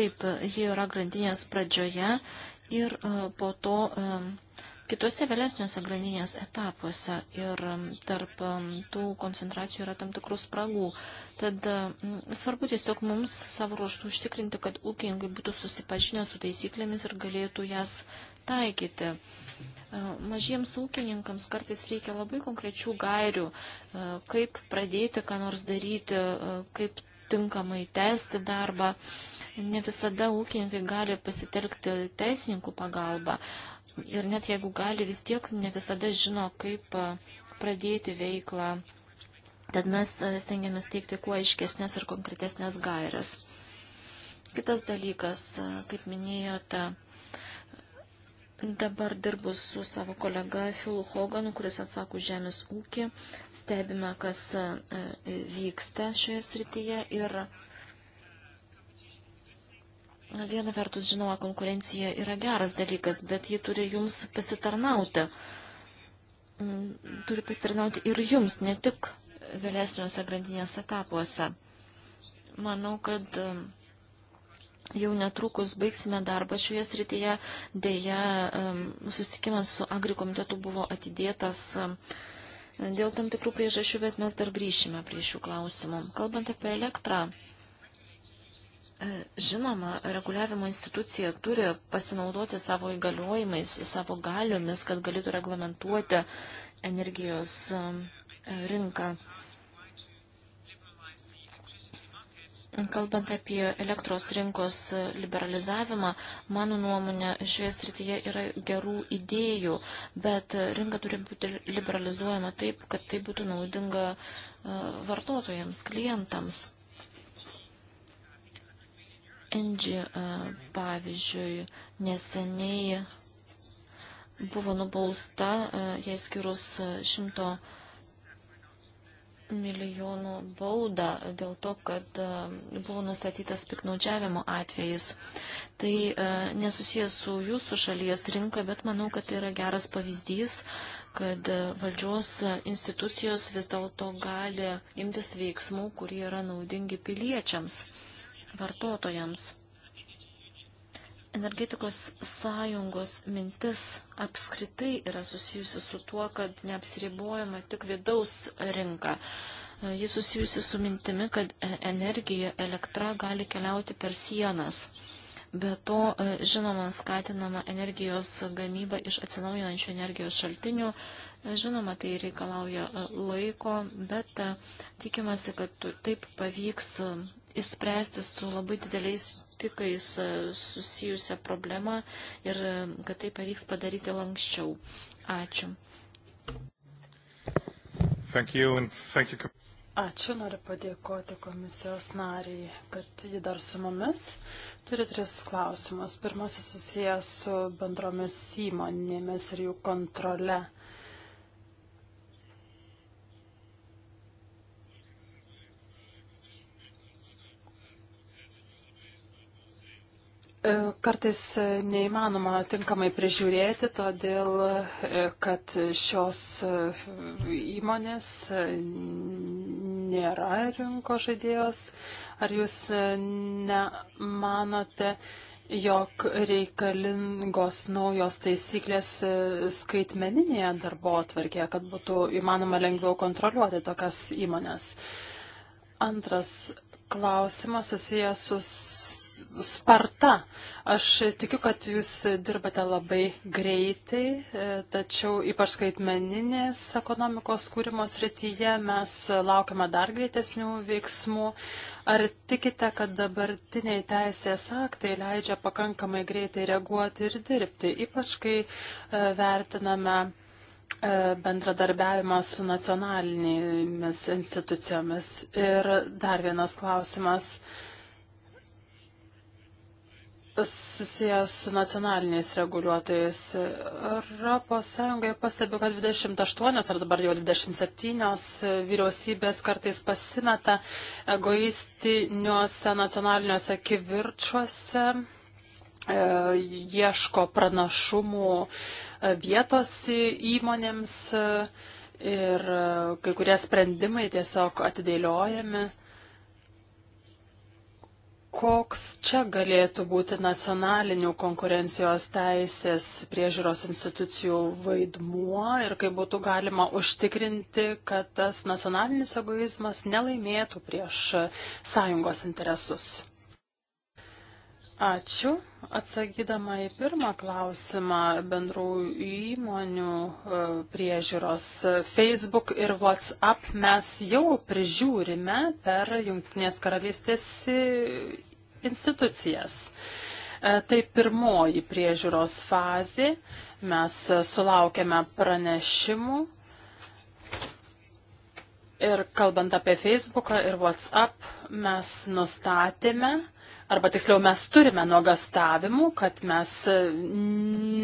taip, ji yra grandinės pradžioje ir e, po to e, kitose vėlesniuose grandinės etapuose ir um, tarp um, tų koncentracijų yra tam tikrų spragų. Tad um, svarbu tiesiog mums savo ruoštų užtikrinti, kad ūkininkai būtų susipažinę su taisyklėmis ir galėtų jas taikyti. Uh, mažiems ūkininkams kartais reikia labai konkrečių gairių, uh, kaip pradėti, ką nors daryti, uh, kaip tinkamai tęsti darbą. Ne visada ūkininkai gali pasitelkti teisininkų pagalbą ir net jeigu gali, vis tiek ne visada žino, kaip pradėti veiklą. Tad mes stengiamės teikti kuo aiškesnės ir konkretesnės gairias. Kitas dalykas, kaip minėjote, dabar dirbu su savo kolega Filu Hoganu, kuris atsako žemės ūkį, stebime, kas vyksta šioje srityje ir Viena vertus, žinoma, konkurencija yra geras dalykas, bet ji turi jums pasitarnauti. Mm, turi pasitarnauti ir jums, ne tik vėlesniuose grandinės etapuose. Manau, kad mm, jau netrukus baigsime darbą šioje srityje. Deja, mm, susitikimas su agrikomitetu buvo atidėtas dėl tam tikrų priežasčių, bet mes dar grįšime prie šių klausimų. Kalbant apie elektrą. E, žinoma, reguliavimo institucija turi pasinaudoti savo įgaliojimais, savo galiomis, kad galėtų reglamentuoti energijos e, rinką. Kalbant apie elektros rinkos liberalizavimą, mano nuomonė šioje srityje yra gerų idėjų, bet rinka turi būti liberalizuojama taip, kad tai būtų naudinga e, vartotojams, klientams. Engie, pavyzdžiui, neseniai buvo nubausta, jei skirus šimto milijonų baudą dėl to, kad buvo nustatytas piknaudžiavimo atvejis. Tai nesusijęs su jūsų šalies rinka, bet manau, kad tai yra geras pavyzdys, kad valdžios institucijos vis dėlto gali imtis veiksmų, kurie yra naudingi piliečiams vartotojams. Energetikos sąjungos mintis apskritai yra susijusi su tuo, kad neapsiribuojama tik vidaus rinka. Jis susijusi su mintimi, kad e, energija, elektra gali keliauti per sienas. Be to, e, žinoma, skatinama energijos gamyba iš atsinaujinančių energijos šaltinių. E, žinoma, tai reikalauja laiko, bet tikimasi, kad taip pavyks išspręsti su labai dideliais pikais e, susijusią problemą ir e, kad tai pavyks padaryti lankščiau. Ačiū. Thank you and thank you. Ačiū, noriu padėkoti komisijos nariai, kad ji dar su mumis. Turiu tris klausimus. Pirmasis susijęs su bendromis įmonėmis ir jų kontrole. E, kartais neįmanoma tinkamai prižiūrėti, todėl e, kad šios e, įmonės nėra rinko žaidėjos. Ar jūs nemanote, jog reikalingos naujos taisyklės skaitmeninėje darbo atvarkėje, kad būtų įmanoma lengviau kontroliuoti tokias įmonės? Antras klausimas susijęs su sparta. Aš tikiu, kad jūs dirbate labai greitai, e, tačiau ypač skaitmeninės ekonomikos kūrimo srityje mes laukiame dar greitesnių veiksmų. Ar tikite, kad dabartiniai teisės aktai leidžia pakankamai greitai reaguoti ir dirbti, ypač kai e, vertiname e, bendradarbiavimą su nacionalinėmis institucijomis. Ir dar vienas klausimas susijęs su nacionaliniais reguliuotojais. Europos Sąjungoje pastebiu, kad 28 ar dabar jau 27 vyriausybės kartais pasimeta egoistiniuose nacionaliniuose kivirčiuose, e, ieško pranašumų vietos įmonėms e, ir e, kai kurie sprendimai tiesiog atidėliojami. Koks čia galėtų būti nacionalinių konkurencijos teisės priežiūros institucijų vaidmuo ir kaip būtų galima užtikrinti, kad tas nacionalinis egoizmas nelaimėtų prieš sąjungos interesus? Ačiū. Atsakydama į pirmą klausimą bendrų įmonių e, priežiūros, Facebook ir WhatsApp mes jau prižiūrime per Junktinės karalystės e, institucijas. E, tai pirmoji priežiūros fazė. Mes sulaukėme pranešimų. Ir kalbant apie Facebooką ir WhatsApp, mes nustatėme, arba tiksliau mes turime nuogastavimų, kad mes e,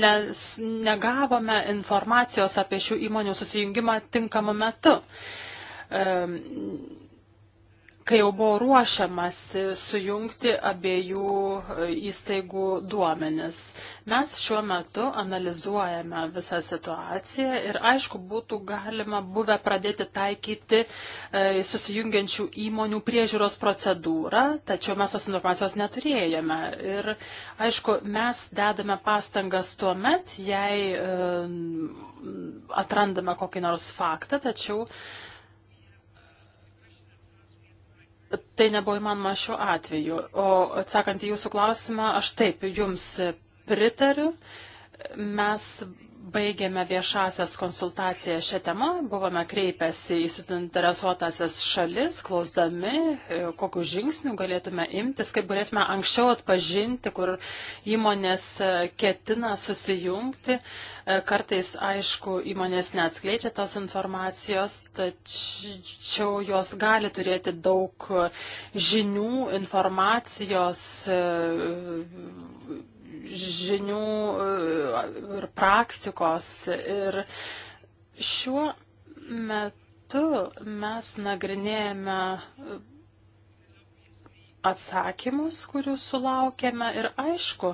ne, negavome informacijos apie šių įmonių susijungimą tinkamu metu kai jau buvo ruošiamas sujungti abiejų e, įstaigų duomenis. Mes šiuo metu analizuojame visą situaciją ir aišku būtų galima buvę pradėti taikyti e, susijungiančių įmonių priežiūros procedūrą, tačiau mes tos informacijos neturėjome. Ir aišku, mes dedame pastangas tuo met, jei e, atrandame kokį nors faktą, tačiau tai nebuvo įmanoma šiuo atveju. O atsakant į jūsų klausimą, aš taip jums pritariu. Mes baigėme viešasias konsultacijas šią temą, buvome kreipęsi į suinteresuotasias šalis, klausdami, e, kokiu žingsniu galėtume imtis, kaip galėtume anksčiau atpažinti, kur įmonės e, ketina susijungti. E, kartais, aišku, įmonės neatskleidžia tos informacijos, tačiau jos gali turėti daug žinių, informacijos žinių e, ir praktikos. Ir šiuo metu mes nagrinėjame atsakymus, kurių sulaukėme. Ir aišku,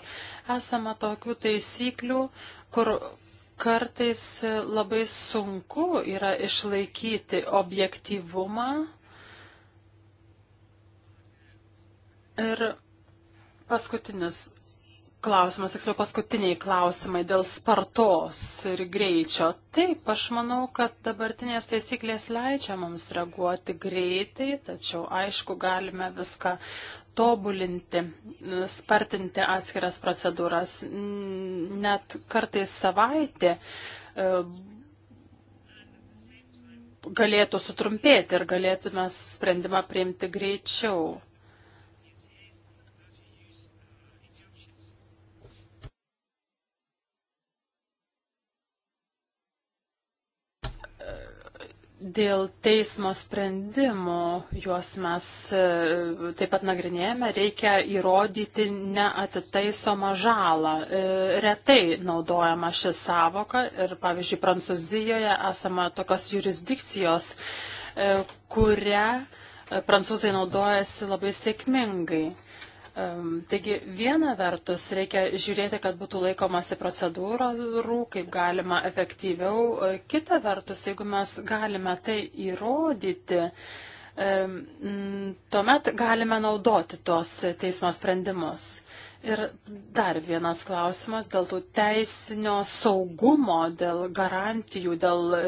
esame tokių taisyklių, kur kartais labai sunku yra išlaikyti objektyvumą. Ir paskutinis klausimas, tiksliau paskutiniai klausimai dėl spartos ir greičio. Taip, aš manau, kad dabartinės taisyklės leidžia mums reaguoti greitai, tačiau aišku, galime viską tobulinti, spartinti atskiras procedūras. Net kartais savaitė e, galėtų sutrumpėti ir galėtume sprendimą priimti greičiau. Dėl teismo sprendimų juos mes e, taip pat nagrinėjame, reikia įrodyti neatitaisomą žalą. E, retai naudojama ši savoka ir, pavyzdžiui, Prancūzijoje esama tokios jurisdikcijos, e, kurią prancūzai naudojasi labai sėkmingai. Taigi viena vertus reikia žiūrėti, kad būtų laikomasi procedūrų, kaip galima efektyviau. E, kita vertus, jeigu mes galime tai įrodyti, tuomet galime naudoti tuos teismo sprendimus. Ir dar vienas klausimas dėl tų teisinio saugumo, dėl garantijų, dėl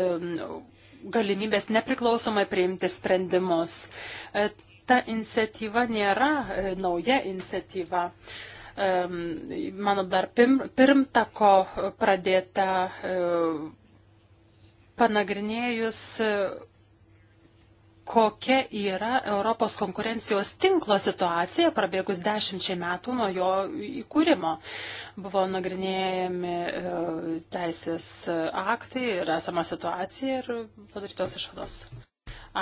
galimybės nepriklausomai priimti sprendimus. E, ta iniciatyva nėra e, nauja iniciatyva. Mano dar pirmtako pradėta e, panagrinėjus e, kokia yra Europos konkurencijos tinklo situacija prabėgus dešimčiai metų nuo jo įkūrimo. Buvo nagrinėjami teisės aktai ir esama situacija ir padarytos išvados.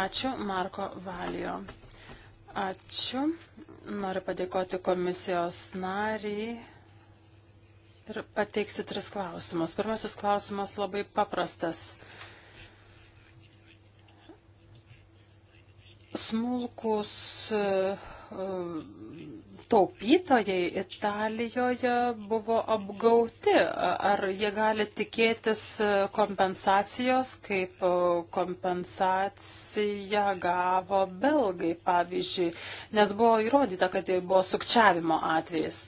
Ačiū Marko Valijo. Ačiū. Noriu padėkoti komisijos nariai. Ir pateiksiu tris klausimus. Pirmasis klausimas labai paprastas. Smulkus uh, taupytojai Italijoje buvo apgauti. Ar jie gali tikėtis kompensacijos, kaip kompensaciją gavo belgai, pavyzdžiui, nes buvo įrodyta, kad tai buvo sukčiavimo atvejais.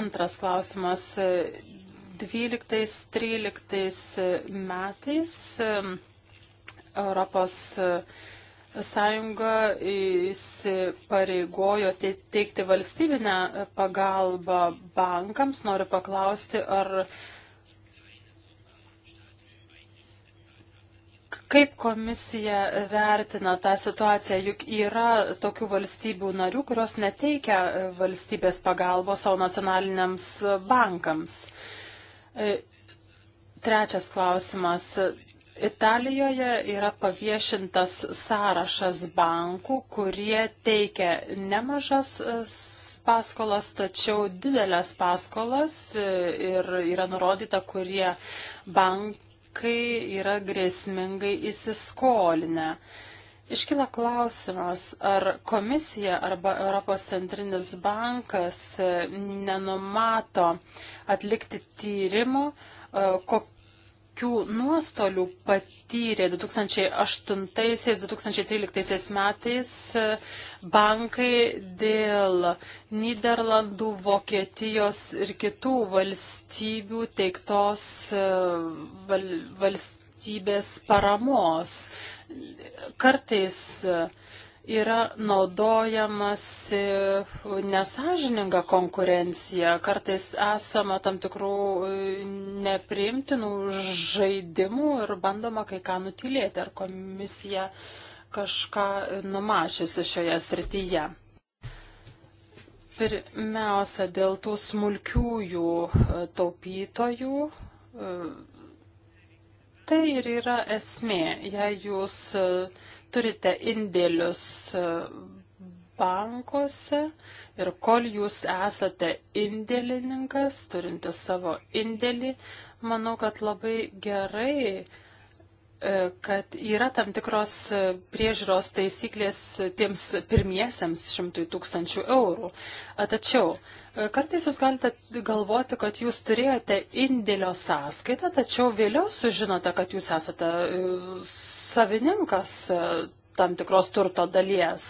Antras klausimas. 12-13 metais Europos Sąjunga įsipareigojo teikti valstybinę pagalbą bankams. Noriu paklausti, ar kaip komisija vertina tą situaciją, juk yra tokių valstybių narių, kurios neteikia valstybės pagalbos savo nacionaliniams bankams. E, trečias klausimas. Italijoje yra paviešintas sąrašas bankų, kurie teikia nemažas e, paskolas, tačiau didelės paskolas e, ir yra nurodyta, kurie bankai yra grėsmingai įsiskolinę. Iškila klausimas, ar komisija arba Europos centrinis bankas e, nenumato atlikti tyrimų, kokiu kokių nuostolių patyrė 2008-2013 metais e, bankai dėl Niderlandų, Vokietijos ir kitų valstybių teiktos e, val valstybės paramos. Kartais uh, yra naudojamas nesažininga konkurencija. Kartais esama tam tikrų e, nepriimtinų žaidimų ir bandoma kai ką nutilėti. Ar komisija kažką numašysi šioje srityje? Pirmiausia, dėl tų smulkiųjų e, taupytojų. E, tai ir yra esmė. Jei jūs uh, turite indėlius e, bankuose ir kol jūs esate indėlininkas, turintis savo indėlį, manau, kad labai gerai E, kad yra tam tikros e, priežiūros taisyklės tiems pirmiesiems šimtui tūkstančių eurų. Tačiau e, kartais jūs galite galvoti, kad jūs turėjote indėlio sąskaitą, tačiau vėliau sužinote, kad jūs esate savininkas tam tikros turto dalies,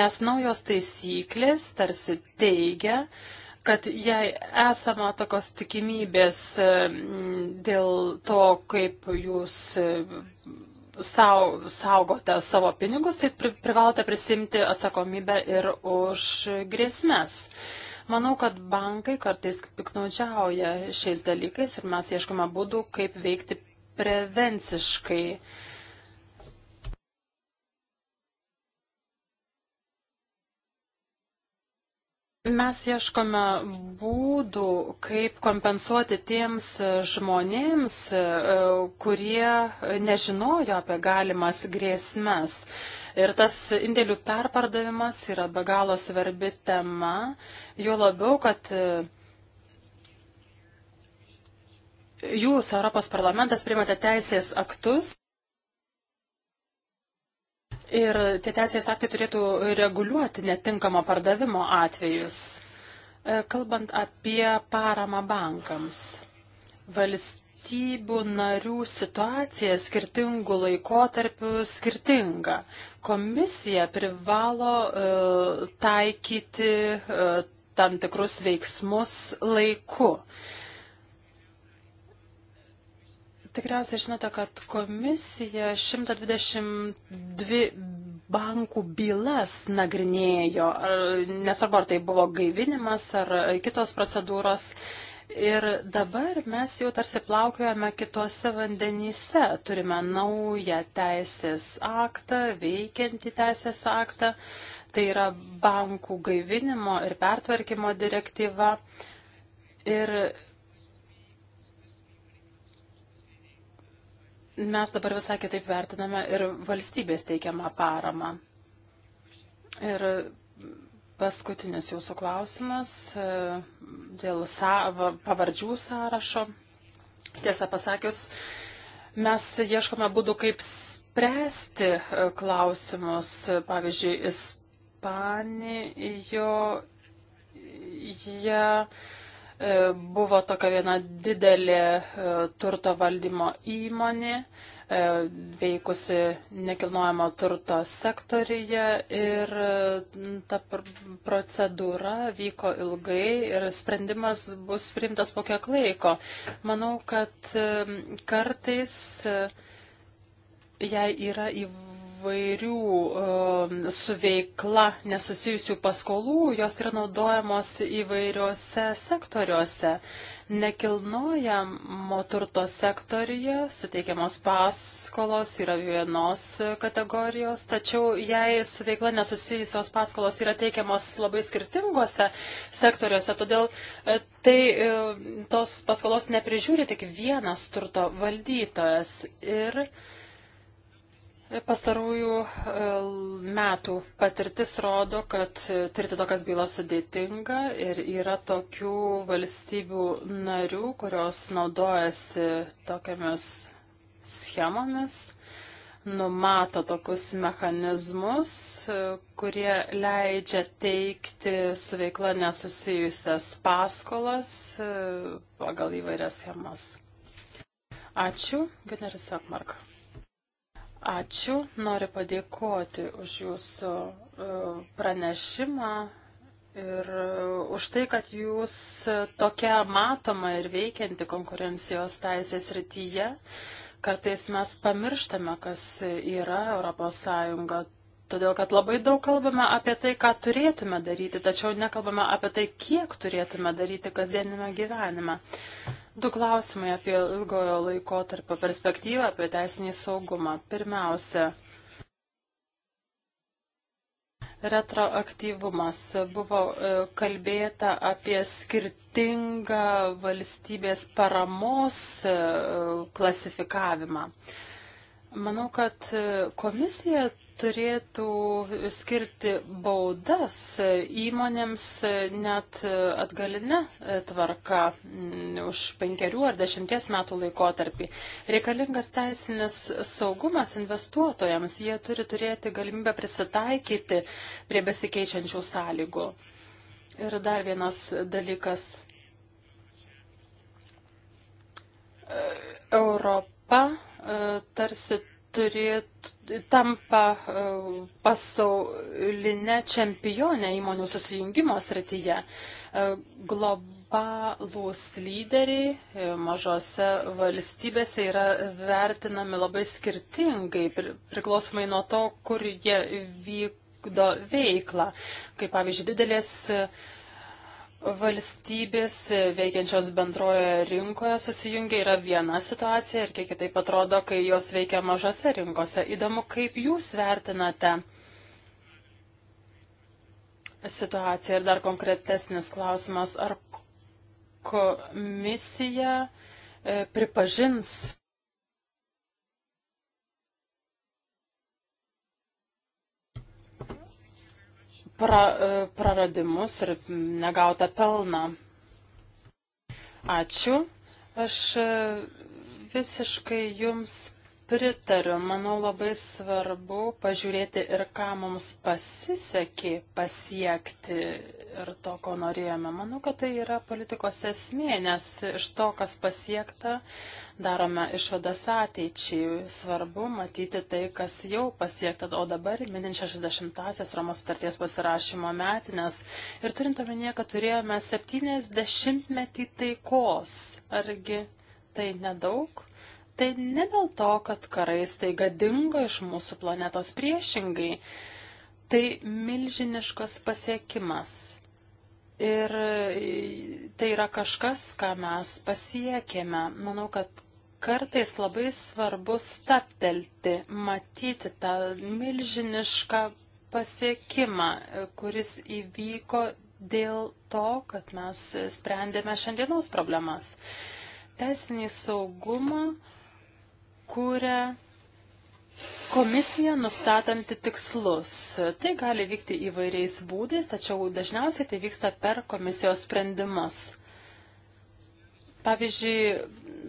nes naujos taisyklės tarsi teigia, kad jei esama tokios tikimybės e, dėl to, kaip jūs e, sau, saugote savo pinigus, tai pri, privalote prisimti atsakomybę ir už grėsmės. Manau, kad bankai kartais piknaudžiauja šiais dalykais ir mes ieškome būdų, kaip veikti prevenciškai. Uh, Mes ieškome būdų, kaip kompensuoti tiems žmonėms, e, kurie nežinojo apie galimas grėsmes. Ir tas indėlių perpardavimas yra be galo svarbi tema, jo labiau, kad e, jūs, Europos parlamentas, primate teisės aktus. Ir tie teisės aktai turėtų reguliuoti netinkamo pardavimo atvejus. E, kalbant apie paramą bankams, valstybių narių situacija skirtingų laikotarpių skirtinga. Komisija privalo uh, taikyti uh, tam tikrus veiksmus laiku. Uh, Tikriausiai žinote, kad komisija 122 bankų bylas nagrinėjo, nesvarbu ar tai buvo gaivinimas ar kitos procedūros. Ir dabar mes jau tarsi plaukiojame kitose vandenyse. Turime naują teisės aktą, veikiantį teisės aktą. Tai yra bankų gaivinimo ir pertvarkymo direktyva. Ir mes dabar visai kitaip vertiname ir valstybės teikiamą paramą. Ir paskutinis jūsų klausimas e, dėl sa pavardžių sąrašo. Tiesą pasakius, mes ieškome būdų, kaip spręsti e, klausimus. Pavyzdžiui, Ispanijoje. Ja, E, buvo tokia viena didelė e, turto valdymo įmonė, e, veikusi nekilnojamo turto sektorija ir ta procedūra vyko ilgai ir sprendimas bus priimtas po kiek laiko. Manau, kad kartais jei yra įvairių įvairių um, su veikla nesusijusių paskolų, jos yra naudojamos įvairiuose sektoriuose. Nekilnojamo turto sektorija suteikiamos paskolos yra vienos kategorijos, tačiau jei su veikla nesusijusios paskolos yra teikiamos labai skirtingose sektoriuose, todėl e, tai e, tos paskolos neprižiūri tik vienas turto valdytojas. Ir Pastarųjų e, metų patirtis rodo, kad tirti tokias bylas sudėtinga ir yra tokių valstybių narių, kurios naudojasi tokiamis schemomis, numato tokius mechanizmus, e, kurie leidžia teikti su veikla nesusijusias paskolas e, pagal įvairias schemas. Ačiū, Gneris Akmarka. Ačiū, noriu padėkoti už jūsų e, pranešimą ir e, už tai, kad jūs tokia matoma ir veikianti konkurencijos teisės rytyje. Kartais mes pamirštame, kas yra ES Todėl, kad labai daug kalbame apie tai, ką turėtume daryti, tačiau nekalbame apie tai, kiek turėtume daryti kasdienime gyvenime. Du klausimai apie ilgojo laiko tarp perspektyvą, apie teisinį saugumą. Pirmiausia, retroaktyvumas. Buvo e, kalbėta apie skirtingą valstybės paramos e, klasifikavimą. Manau, kad komisija turėtų skirti baudas įmonėms net atgalinę tvarką mm, už penkerių ar dešimties metų laikotarpį. Reikalingas teisinis saugumas investuotojams, jie turi turėti galimybę prisitaikyti prie besikeičiančių sąlygų. Ir dar vienas dalykas. Europa E, tarsi turėt, tampa e, pasaulinė čempionė įmonių susijungimo srityje. E, globalūs lyderiai mažose valstybėse yra vertinami labai skirtingai, priklausomai nuo to, kur jie vykdo veiklą. Kaip pavyzdžiui, didelės uh, valstybės veikiančios bendroje rinkoje susijungia yra viena situacija ir kiek kitaip atrodo, kai jos veikia mažose rinkose. Įdomu, kaip jūs vertinate situaciją ir dar konkretesnis klausimas, ar komisija e, pripažins pra, e, praradimus ir negautą pelną. Ačiū. Aš e, visiškai jums pritariu. Manau, labai svarbu pažiūrėti ir ką mums pasisekė pasiekti ir to, ko norėjome. Manau, kad tai yra politikos esmė, nes iš to, kas pasiekta, darome išvadas ateičiai. Svarbu matyti tai, kas jau pasiekta, o dabar minint 60-asias Romos sutarties pasirašymo metinės ir turint omenyje, kad turėjome 70 metį taikos. Argi tai nedaug? tai ne dėl to, kad karai staiga dingo iš mūsų planetos priešingai. Tai milžiniškas pasiekimas. Ir tai yra kažkas, ką mes pasiekėme. Manau, kad kartais labai svarbu staptelti, matyti tą milžinišką pasiekimą, kuris įvyko dėl to, kad mes sprendėme šiandienos problemas. Teisinį saugumą kuria Komisija nustatanti tikslus. Tai gali vykti įvairiais būdais, tačiau dažniausiai tai vyksta per komisijos sprendimus. Pavyzdžiui,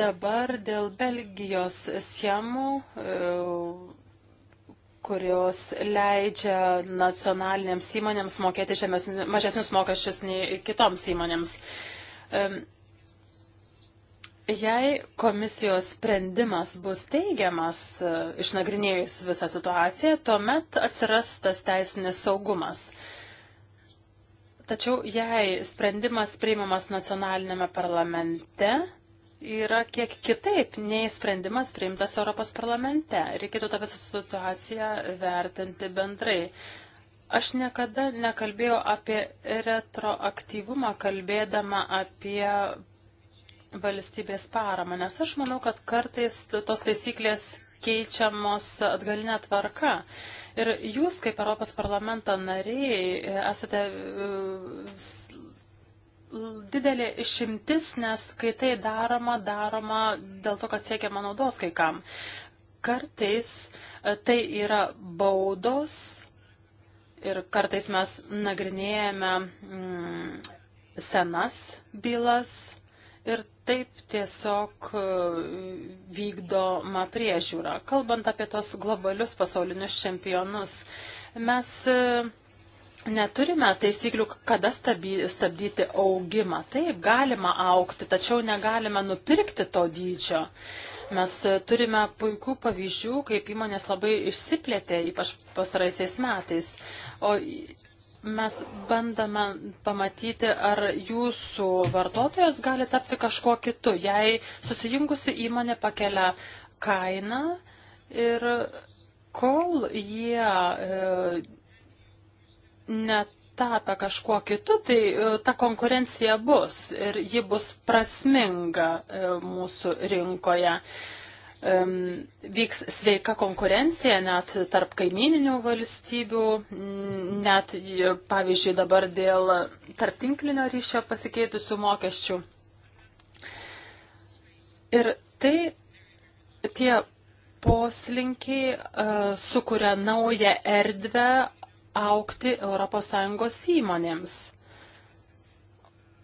dabar dėl Belgijos schemų, e, kurios leidžia nacionalinėms įmonėms mokėti žemės, mažesnius mokesčius nei kitoms įmonėms. Jei komisijos sprendimas bus teigiamas, e, išnagrinėjus visą situaciją, tuomet atsiras tas teisinis saugumas. Tačiau jei sprendimas priimamas nacionalinėme parlamente, yra kiek kitaip nei sprendimas priimtas Europos parlamente. Reikėtų tą visą situaciją vertinti bendrai. Aš niekada nekalbėjau apie retroaktyvumą, kalbėdama apie valstybės paramą, nes aš manau, kad kartais tos taisyklės keičiamos atgalinė tvarka. Ir jūs, kaip Europos parlamento nariai, esate e, didelė išimtis, nes kai tai daroma, daroma dėl to, kad siekiama naudos kai kam. Kartais e, tai yra baudos ir kartais mes nagrinėjame mm, senas bylas ir taip tiesiog e, vykdoma priežiūra. Kalbant apie tos globalius pasaulinius čempionus, mes e, Neturime taisyklių, kada stabdyti augimą. Taip, galima aukti, tačiau negalime nupirkti to dydžio. Mes e, turime puikių pavyzdžių, kaip įmonės labai išsiplėtė, ypač pastaraisiais metais. O mes bandome pamatyti, ar jūsų vartotojas gali tapti kažkuo kitu. Jei susijungusi įmonė pakelia kainą ir kol jie e, netapia kažkuo kitu, tai e, ta konkurencija bus ir ji bus prasminga e, mūsų rinkoje. E, um, vyks sveika konkurencija net tarp kaimininių valstybių, net e, pavyzdžiui dabar dėl tarptinklinio ryšio pasikeitusių mokesčių. Ir tai tie poslinkiai uh, sukuria naują erdvę aukti ES įmonėms.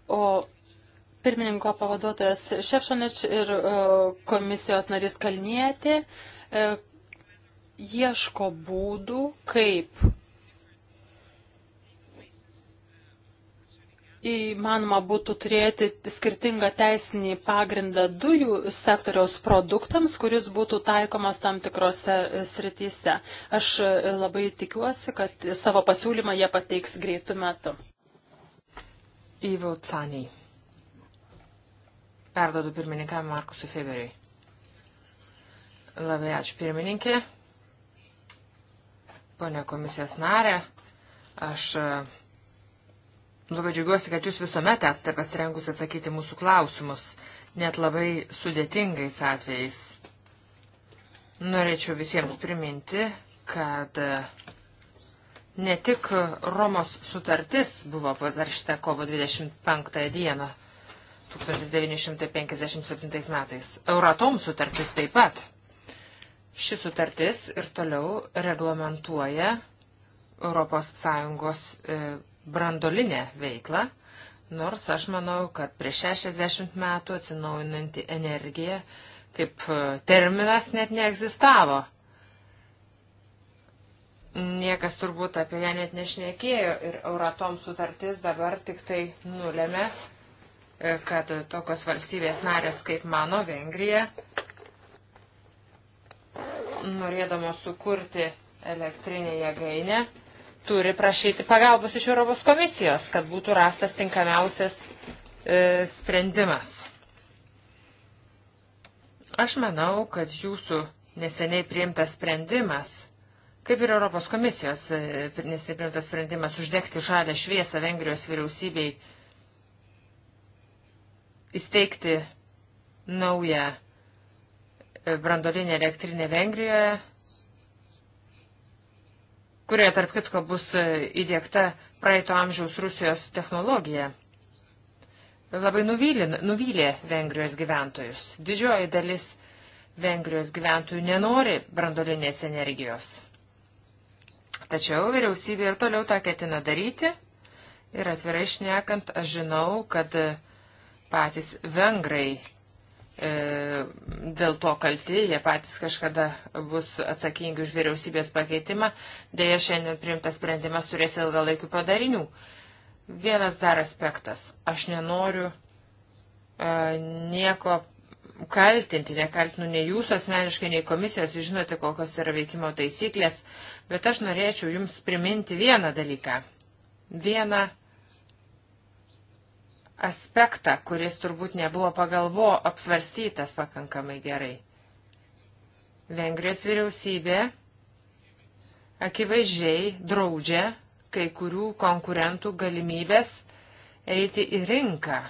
O pirmininko pavaduotojas Šefšanič ir e, komisijos narys Kalnietė e, ieško būdų, kaip įmanoma būtų turėti skirtingą teisinį pagrindą dujų sektoriaus produktams, kuris būtų taikomas tam tikrose e, srityse. Aš labai tikiuosi, kad savo pasiūlymą jie pateiks greitų metų. Ivo Caniai. Perdodu pirmininkam Markusui Feberiui. Labai ačiū pirmininkė. Pone komisijos narė, aš e, labai džiaugiuosi, kad jūs visuomet esate pasirengusi atsakyti mūsų klausimus, net labai sudėtingais atvejais. Norėčiau visiems priminti, kad e, ne tik Romos sutartis buvo pasirašyta kovo 25 dieną 1957 metais. Euratom sutartis taip pat. Ši sutartis ir toliau reglamentuoja ES e, brandolinę veiklą, nors aš manau, kad prieš 60 metų atsinaujinanti energija kaip e, terminas net neegzistavo. Niekas turbūt apie ją net nešnekėjo ir Euratom sutartis dabar tik tai nulėmė kad tokios valstybės narės kaip mano Vengrija, norėdamos sukurti elektrinę jėgainę, turi prašyti pagalbos iš Europos komisijos, kad būtų rastas tinkamiausias e, sprendimas. Aš manau, kad jūsų neseniai priimtas sprendimas, kaip ir Europos komisijos e, neseniai priimtas sprendimas uždegti žalę šviesą Vengrijos vyriausybei, įsteigti naują e, brandolinę elektrinę Vengrijoje, kurioje tarp kitko bus e, įdėkta praeito amžiaus Rusijos technologija. Labai nuvylė, nuvylė Vengrijos gyventojus. Didžioji dalis Vengrijos gyventojų nenori brandolinės energijos. Tačiau vyriausybė ir toliau tą ketina daryti. Ir atvirai šnekant, aš žinau, kad uh, patys vengrai e, dėl to kalti, jie patys kažkada bus atsakingi už vyriausybės pakeitimą, dėja šiandien priimtas sprendimas turės ilgalaikių padarinių. Vienas dar aspektas. Aš nenoriu e, nieko kaltinti, nekaltinu nei jūsų asmeniškai, nei komisijos, jūs žinote, kokios yra veikimo taisyklės, bet aš norėčiau jums priminti vieną dalyką. Vieną aspektą, kuris turbūt nebuvo pagalvo apsvarstytas pakankamai gerai. Vengrijos vyriausybė akivaizdžiai draudžia kai kurių konkurentų galimybės eiti į rinką.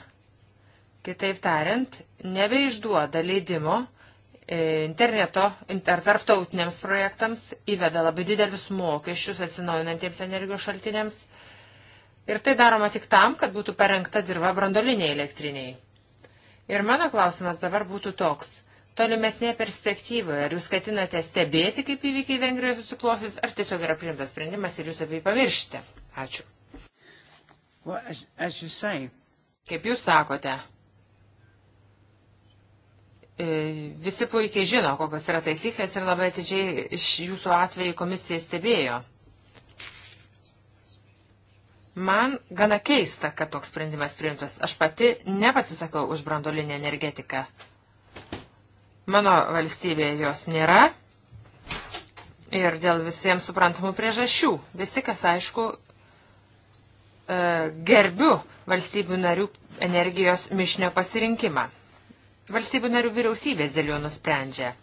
Kitaip tariant, nebeišduoda leidimo e, interneto ar tarptautiniams projektams, įveda labai didelius mokesčius atsinaujinantiems energijos šaltiniams Ir tai daroma tik tam, kad būtų parengta dirba brandoliniai elektriniai. Ir mano klausimas dabar būtų toks. Tolimesnėje perspektyvoje, ar jūs ketinate stebėti, kaip įvykiai Vengrijoje susiklosis, ar tiesiog yra priimtas sprendimas ir jūs apie jį pamiršite? Ačiū. Well, as, as you say, kaip jūs sakote, e, visi puikiai žino, kokios yra taisyklės ir labai atidžiai iš jūsų atveju komisija stebėjo. Man gana keista, kad toks sprendimas priimtas. Aš pati nepasisakau už brandolinę energetiką. Mano valstybėje jos nėra. Ir dėl visiems suprantamų priežasčių. Visi, kas aišku, e, gerbiu valstybių narių energijos mišinio pasirinkimą. Valstybių narių vyriausybės dėl jo nusprendžia.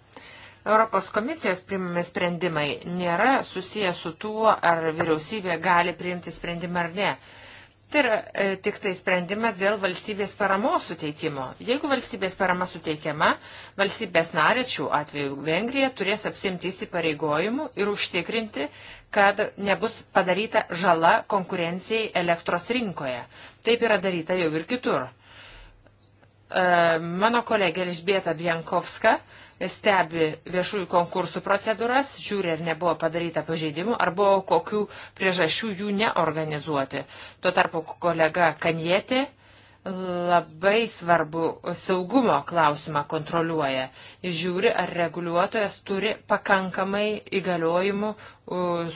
Europos komisijos primami sprendimai nėra susiję su tuo, ar vyriausybė gali priimti sprendimą ar ne. Tai yra e, tik tai sprendimas dėl valstybės paramos suteikimo. Jeigu valstybės parama suteikiama, valstybės narečių atveju Vengrija turės apsimti įsipareigojimų ir užtikrinti, kad nebus padaryta žala konkurencijai elektros rinkoje. Taip yra daryta jau ir kitur. E, mano kolegė Elžbieta Bienkovska stebi viešųjų konkursų procedūras, žiūri, ar nebuvo padaryta pažeidimų, ar buvo kokių priežasčių jų neorganizuoti. Tuo tarpu kolega Kanjetė labai svarbu saugumo klausimą kontroliuoja. Žiūri, ar reguliuotojas turi pakankamai įgaliojimų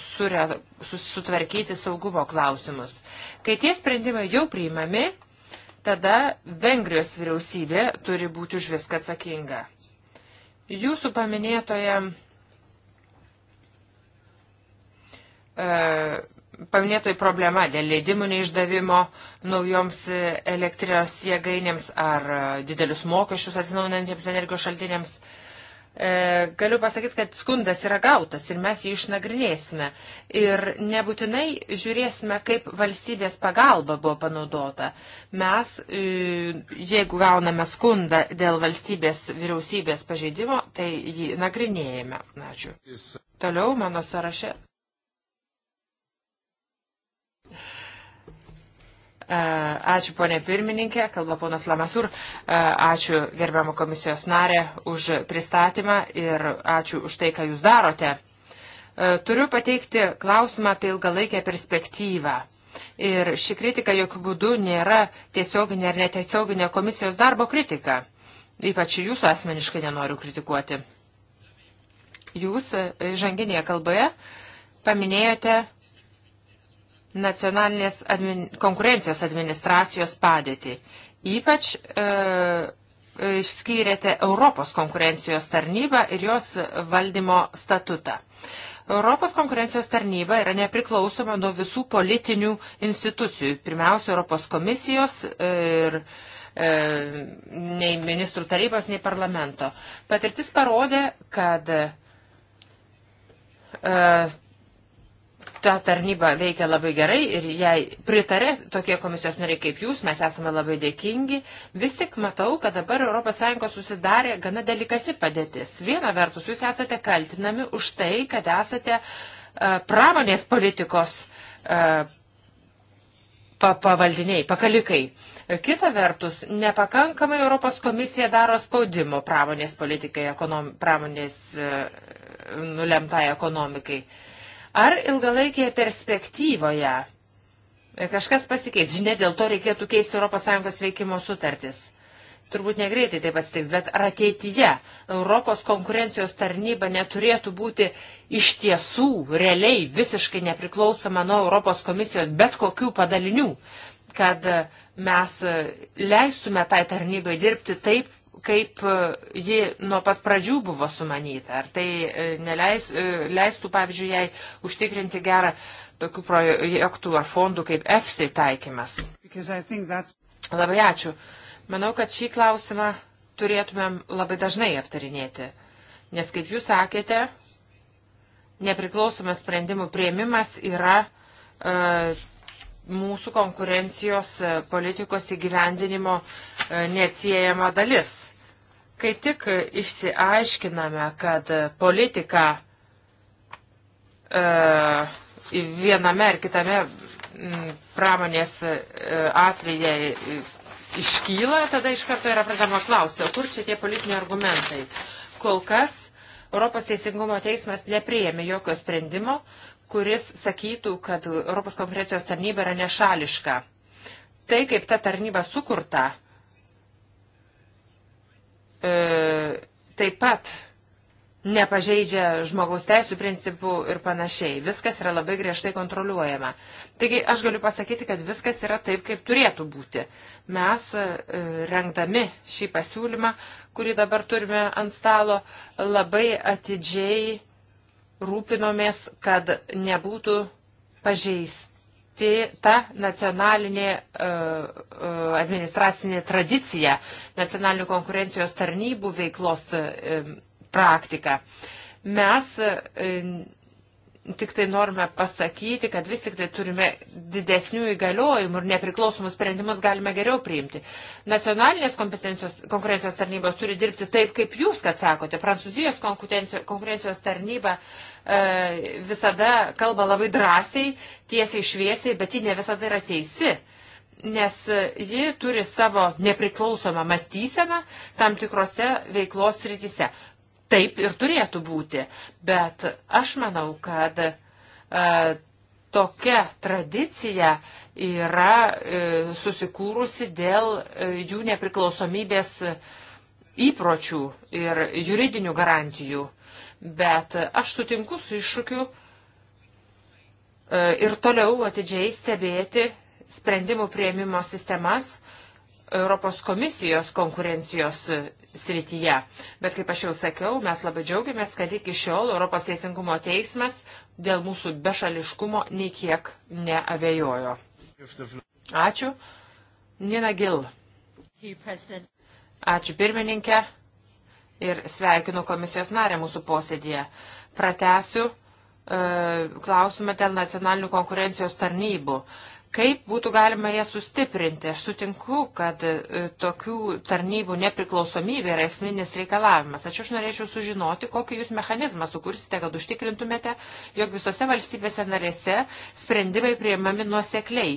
surė, sutvarkyti saugumo klausimus. Kai tie sprendimai jau priimami, tada Vengrijos vyriausybė turi būti už viską atsakinga. Jūsų paminėtoje e, paminėtoji problema dėl leidimų neišdavimo naujoms e, elektrijos jėgainėms ar e, didelius mokesčius atsinaujinantiems energijos šaltiniams – E, galiu pasakyti, kad skundas yra gautas ir mes jį išnagrinėsime. Ir nebūtinai žiūrėsime, kaip valstybės pagalba buvo panaudota. Mes, e, jeigu gauname skundą dėl valstybės vyriausybės pažeidimo, tai jį nagrinėjame. Ačiū. Toliau mano sąraše E, ačiū ponė pirmininkė, kalba ponas Lamasur, e, ačiū gerbiamo komisijos narė už pristatymą ir ačiū už tai, ką jūs darote. E, turiu pateikti klausimą apie ilgalaikę perspektyvą. Ir ši kritika jokių būdų nėra tiesioginė ar netiesioginė komisijos darbo kritika. Ypač jūsų asmeniškai nenoriu kritikuoti. Jūs žanginėje kalboje paminėjote nacionalinės admin, konkurencijos administracijos padėtį. Ypač e, e, išskyrėte Europos konkurencijos tarnybą ir jos valdymo statutą. Europos konkurencijos tarnyba yra nepriklausoma nuo visų politinių institucijų, pirmiausia, Europos komisijos ir e, nei ministrų tarybos, nei parlamento. Patirtis parodė, kad e, ta tarnyba veikia labai gerai ir jai pritarė tokie komisijos nariai kaip jūs, mes esame labai dėkingi. Vis tik matau, kad dabar ES susidarė gana delikati padėtis. Viena vertus, jūs esate kaltinami už tai, kad esate uh, pramonės politikos uh, pa pavaldiniai, pakalikai. Kita vertus, nepakankamai Europos komisija daro spaudimo pramonės politikai, ekonom, pramonės uh, nulemtai ekonomikai. Uh, Ar ilgalaikėje perspektyvoje kažkas pasikeis? Žinia, dėl to reikėtų keisti ES veikimo sutartis. Turbūt negreitai taip atsitiks, bet ar ateityje Europos konkurencijos tarnyba neturėtų būti iš tiesų realiai visiškai nepriklausoma nuo Europos komisijos bet kokių padalinių, kad mes leistume tai tarnybai dirbti taip, kaip e, ji nuo pat pradžių buvo sumanyta. Ar tai e, neleis, e, leistų, pavyzdžiui, jai užtikrinti gerą tokių projektų ar fondų kaip EFSI taikymas? Labai ačiū. Manau, kad šį klausimą turėtumėm labai dažnai aptarinėti. Nes, kaip jūs sakėte, nepriklausomas sprendimų prieimimas yra uh, mūsų konkurencijos politikos įgyvendinimo neatsiejama dalis. Kai tik išsiaiškiname, kad politika e, viename ar kitame pramonės e, atveje iškyla, tada iš karto yra pradama klausti, o kur čia tie politiniai argumentai. Kol kas Europos Teisingumo teismas nepriėmė jokio sprendimo, kuris sakytų, kad Europos konkurencijos tarnyba yra nešališka. Tai, kaip ta tarnyba sukurta, E, taip pat nepažeidžia žmogaus teisų principų ir panašiai. Viskas yra labai griežtai kontroliuojama. Taigi aš galiu pasakyti, kad viskas yra taip, kaip turėtų būti. Mes e, rengdami šį pasiūlymą, kurį dabar turime ant stalo, labai atidžiai rūpinomės, kad nebūtų pažeist tai ta nacionalinė uh, administracinė tradicija, nacionalinių konkurencijos tarnybų veiklos uh, praktika. Mes uh, Tik tai norime pasakyti, kad vis tik tai turime didesnių įgaliojimų ir nepriklausomus sprendimus galime geriau priimti. Nacionalinės konkurencijos tarnybos turi dirbti taip, kaip jūs, kad sakote. Prancūzijos konkurencijos tarnyba e, visada kalba labai drąsiai, tiesiai šviesiai, bet ji ne visada yra teisi nes ji turi savo nepriklausomą mąstyseną tam tikrose veiklos rytise taip ir turėtų būti. Bet aš manau, kad e, tokia tradicija yra e, susikūrusi dėl e, jų nepriklausomybės įpročių ir juridinių garantijų. Bet aš sutinku su iššūkiu e, ir toliau atidžiai stebėti sprendimų prieimimo sistemas Europos komisijos konkurencijos srityje. Bet kaip aš jau sakiau, mes labai džiaugiamės, kad iki šiol Europos teisingumo teismas dėl mūsų bešališkumo nei kiek neavejojo. Ačiū. Nina Gil. Ačiū pirmininkė ir sveikinu komisijos narę mūsų posėdėje. Pratesiu e, klausimą dėl nacionalinių konkurencijos tarnybų. E, Kaip būtų galima ją sustiprinti? Aš sutinku, kad e, tokių tarnybų nepriklausomybė yra esminis reikalavimas. Aš aš norėčiau sužinoti, kokį jūs mechanizmą sukursite, kad užtikrintumėte, jog visose valstybėse narėse sprendimai prieimami nuosekliai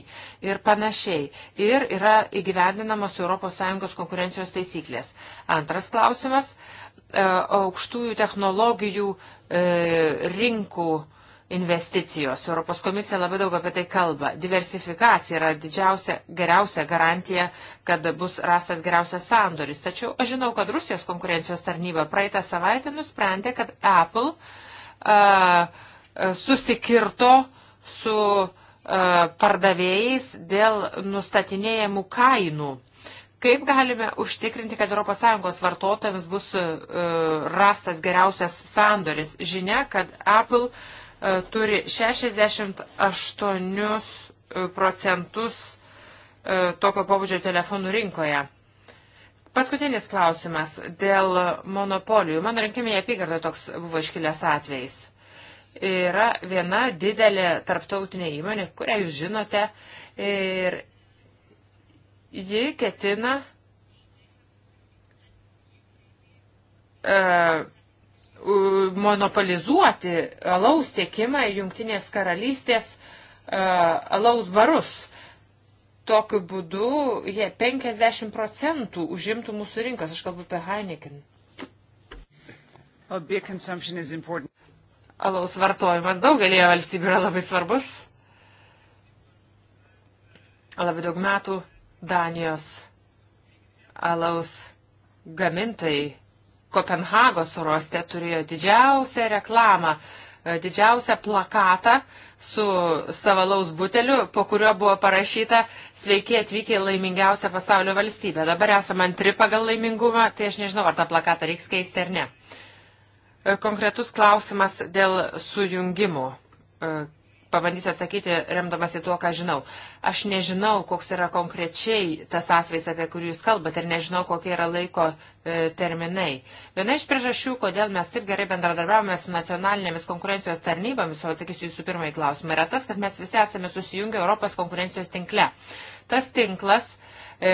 ir panašiai. Ir yra įgyvendinamos ES konkurencijos taisyklės. Antras klausimas. E, aukštųjų technologijų e, rinkų investicijos. Europos komisija labai daug apie tai kalba. Diversifikacija yra didžiausia, geriausia garantija, kad bus rastas geriausias sandoris. Tačiau aš žinau, kad Rusijos konkurencijos tarnyba praeitą savaitę nusprendė, kad Apple a, a, susikirto su a, pardavėjais dėl nustatinėjimų kainų. Kaip galime užtikrinti, kad ES vartotojams bus uh, rastas geriausias sandoris? Žinia, kad Apple uh, E, turi 68 e, procentus e, tokio pobūdžio telefonų rinkoje. Paskutinis klausimas dėl monopolijų. Mano rinkiminė apygarda toks buvo iškilęs atvejais. Yra viena didelė tarptautinė įmonė, kurią jūs žinote, ir ji ketina uh, monopolizuoti alaus tiekimą į Junktinės karalystės e, alaus barus. Tokiu būdu jie 50 procentų užimtų mūsų rinkos, aš kalbu apie Heineken. Alaus vartojimas daugelėje valstybių yra labai svarbus. Labai daug metų Danijos alaus gamintojai Kopenhagos oroste turėjo didžiausią reklamą, e, didžiausią plakatą su savalaus buteliu, po kurio buvo parašyta sveiki atvykę į laimingiausią pasaulio valstybę. Dabar esame antri pagal laimingumą, tai aš nežinau, ar tą plakatą reiks keisti ar ne. E, konkretus klausimas dėl sujungimų e, pabandysiu atsakyti remdamasi tuo, ką žinau. Aš nežinau, koks yra konkrečiai tas atvejs, apie kurį jūs kalbate, ir nežinau, kokie yra laiko e, terminai. Viena iš priežasčių, kodėl mes taip gerai bendradarbiavome su nacionalinėmis konkurencijos tarnybomis, o atsakysiu jūsų pirmąjį klausimą, yra tas, kad mes visi esame susijungę Europos konkurencijos tinkle. Tas tinklas e,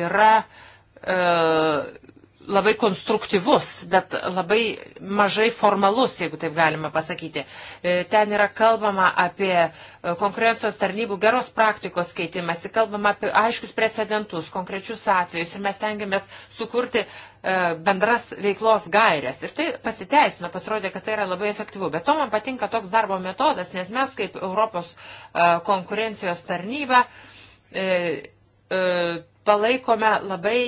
yra. E, labai konstruktyvus, bet labai mažai formalus, jeigu taip galima pasakyti. E, ten yra kalbama apie e, konkurencijos tarnybų geros praktikos keitimąsi, kalbama apie aiškius precedentus, konkrečius atvejus ir mes tengiamės sukurti e, bendras veiklos gairias. Ir tai pasiteisino, pasirodė, kad tai yra labai efektyvu. Bet to man patinka toks darbo metodas, nes mes kaip Europos konkurencijos tarnyba palaikome labai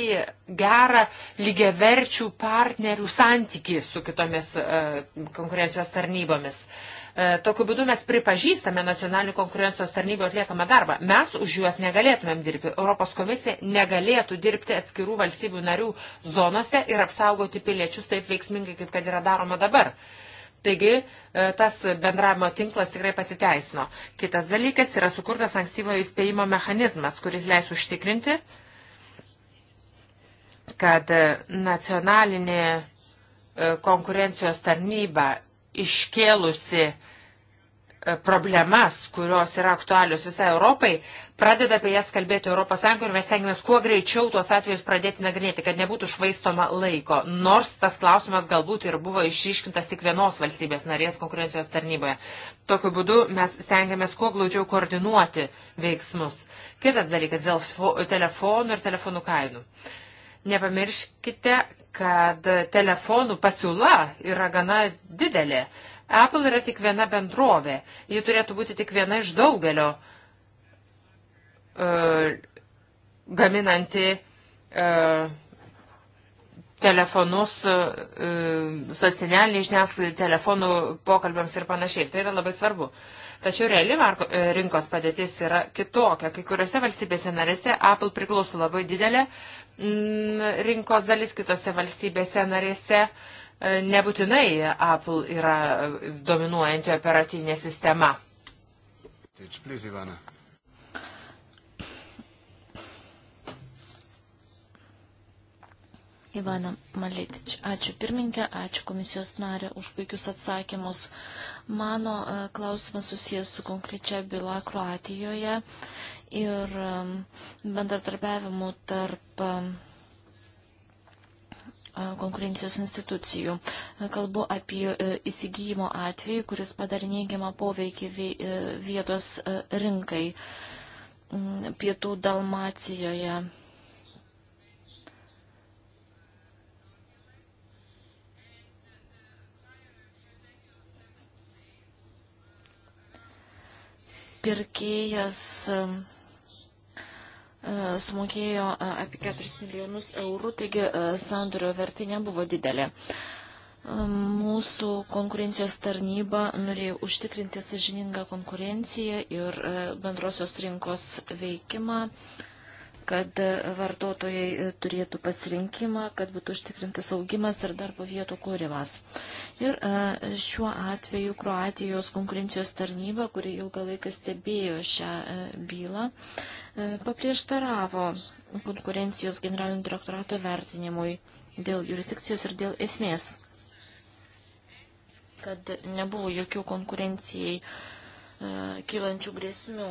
gerą lygiaverčių partnerių santyki su kitomis e, konkurencijos tarnybomis. E, tokiu būdu mes pripažįstame nacionalinių konkurencijos tarnybų atliekamą darbą. Mes už juos negalėtumėm dirbti. Europos komisija negalėtų dirbti atskirų valstybių narių zonose ir apsaugoti piliečius taip veiksmingai, kaip kad yra daroma dabar. Taigi e, tas bendravimo tinklas tikrai pasiteisino. Kitas dalykas yra sukurtas ankstyvojo įspėjimo mechanizmas, kuris leis užtikrinti, kad e, nacionalinė e, konkurencijos tarnyba iškėlusi e, problemas, kurios yra aktualios visai Europai, pradeda apie jas kalbėti ES ir mes tengiamės kuo greičiau tuos atvejus pradėti nagrinėti, kad nebūtų švaistoma laiko, nors tas klausimas galbūt ir buvo išryškintas tik vienos valstybės narės konkurencijos tarnyboje. Tokiu būdu mes stengiamės kuo glaudžiau koordinuoti veiksmus. Kitas dalykas dėl telefonų ir telefonų kainų. Uh, Nepamirškite, kad telefonų pasiūla yra gana didelė. Apple yra tik viena bendrovė. Ji turėtų būti tik viena iš daugelio uh, gaminanti uh, telefonus, uh, e, socialiniai žiniasklaidai, telefonų pokalbiams ir panašiai. Tai yra labai svarbu. Tačiau reali marko, rinkos padėtis yra kitokia. Kai kuriuose valstybėse narėse Apple priklauso labai didelė rinkos dalis kitose valstybėse narėse. E, nebūtinai Apple yra e, dominuojanti operatinė sistema. Please, Ivana. Ivana Maletič. Ačiū pirmininkė, ačiū komisijos narė už puikius atsakymus. Mano e, klausimas susijęs su konkrečia byla Kroatijoje ir um, bendradarbiavimu tarp um, konkurencijos institucijų. Kalbu apie e, įsigijimo atvejį, kuris padarė neigiamą poveikį e, vietos e, rinkai pietų Dalmacijoje. Pirkėjas um, E, sumokėjo e, apie 4 milijonus eurų, taigi e, sandorio vertė nebuvo didelė. Mūsų konkurencijos tarnyba norėjo užtikrinti sažiningą konkurenciją ir bendrosios rinkos veikimą, kad vartotojai turėtų pasirinkimą, kad būtų užtikrintas augimas ir darbo vietų kūrimas. Ir šiuo atveju Kroatijos konkurencijos tarnyba, kuri ilgą laiką stebėjo šią bylą, E, paprieštaravo konkurencijos generalinio direktorato vertinimui dėl jurisdikcijos ir dėl esmės, kad nebuvo jokių konkurencijai e, kylančių grėsmių.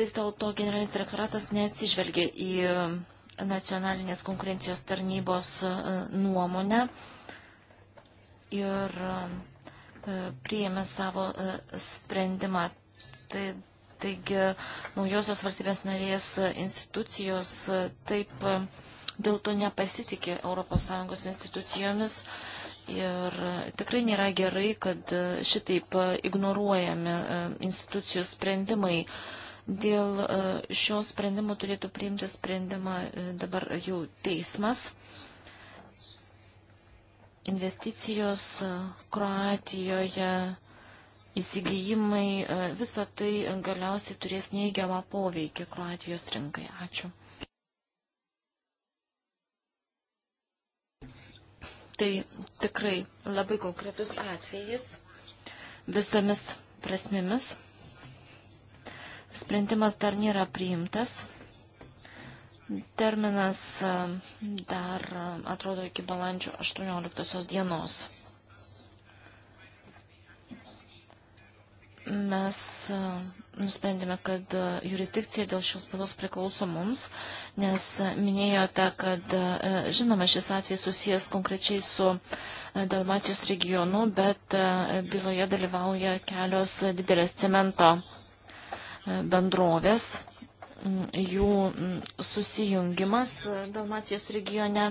Vis dėlto generalinis direktoratas neatsižvelgia į nacionalinės konkurencijos tarnybos e, nuomonę ir priėmė savo sprendimą. Tai Taigi naujosios valstybės narės institucijos taip e, dėl to nepasitikė ES institucijomis ir e, tikrai nėra gerai, kad e, šitaip ignoruojami institucijų sprendimai. Dėl šio sprendimo turėtų priimti sprendimą dabar jau teismas. Investicijos Kroatijoje įsigijimai, e, visa tai galiausiai turės neigiamą poveikį Kroatijos rinkai. Ačiū. Tai tikrai labai konkretus atvejis visomis prasmėmis. Sprendimas dar nėra priimtas. Terminas e, dar e, atrodo iki balandžio 18 dienos. mes e, nusprendėme, kad e, jurisdikcija dėl šios bylos priklauso mums, nes e, minėjote, kad žinoma šis atvejs susijęs konkrečiai su Dalmacijos regionu, bet byloje dalyvauja kelios didelės cemento bendrovės. Mm, jų mm, susijungimas Dalmacijos regione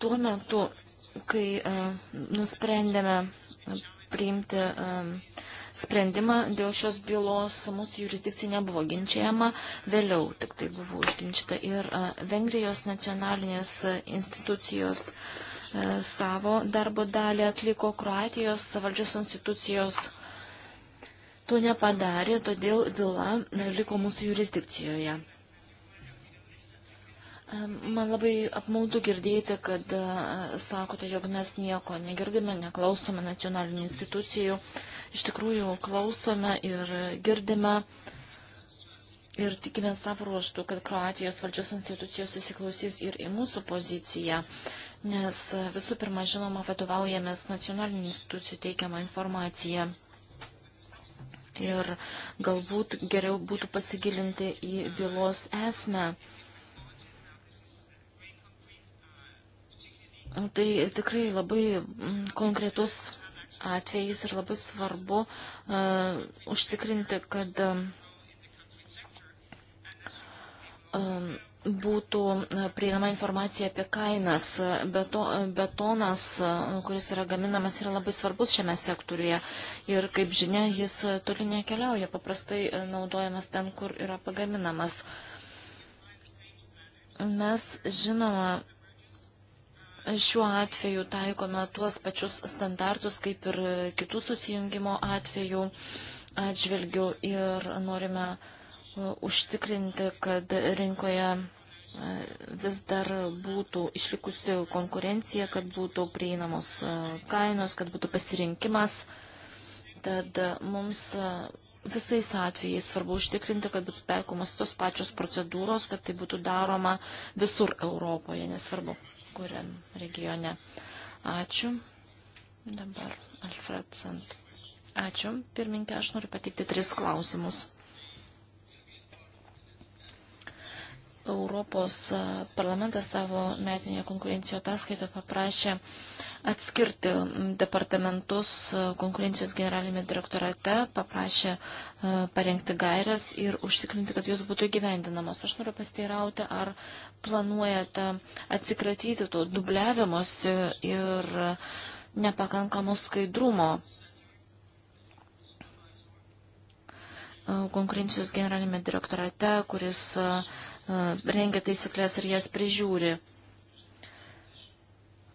Tuo metu kai e, nusprendėme e, priimti e, sprendimą dėl šios bylos mūsų jurisdikcija nebuvo ginčiama, vėliau tik tai buvo užginčita ir Vengrijos nacionalinės institucijos savo darbo dalį atliko, Kroatijos valdžios institucijos to nepadarė, todėl byla liko mūsų jurisdikcijoje. Man labai apmaudu girdėti, kad e, sakote, jog mes nieko negirdime, neklausome nacionalinių institucijų. Iš tikrųjų, klausome ir girdime ir tikimės tą ruoštų, kad Kroatijos valdžios institucijos įsiklausys ir į mūsų poziciją, nes e, visų pirma, žinoma, vadovaujamės nacionalinių institucijų teikiamą informaciją ir galbūt geriau būtų pasigilinti į bylos esmę. Tai tikrai labai mm, konkretus atvejis ir labai svarbu uh, užtikrinti, kad uh, būtų e, prieinama informacija apie kainas. Beto, betonas, kuris yra gaminamas, yra labai svarbus šiame sektoriuje ir, kaip žinia, jis toli nekeliauja, paprastai naudojamas ten, kur yra pagaminamas. Mes, žinoma, Šiuo atveju taikome tuos pačius standartus kaip ir kitų susijungimo atveju atžvilgių ir norime e, užtikrinti, kad rinkoje e, vis dar būtų išlikusi konkurencija, kad būtų prieinamos e, kainos, kad būtų pasirinkimas. Tad mums visais atvejais svarbu užtikrinti, kad būtų taikomos tos pačios procedūros, kad tai būtų daroma visur Europoje, nesvarbu, kuriam regione. Ačiū. Dabar Alfred Sant. Ačiū. Pirminkė, aš noriu patikti tris klausimus. Europos parlamentas savo metinėje konkurencijo ataskaitoje paprašė uh, atskirti departamentus e, konkurencijos generalinėme direktorate, paprašė e, parengti gairias ir užtikrinti, kad jūs būtų įgyvendinamos. Aš noriu pasteirauti, ar planuojate atsikratyti to dubliavimuose ir nepakankamo skaidrumo e, konkurencijos generalinėme direktorate, kuris rengia taisyklės ir jas prižiūri.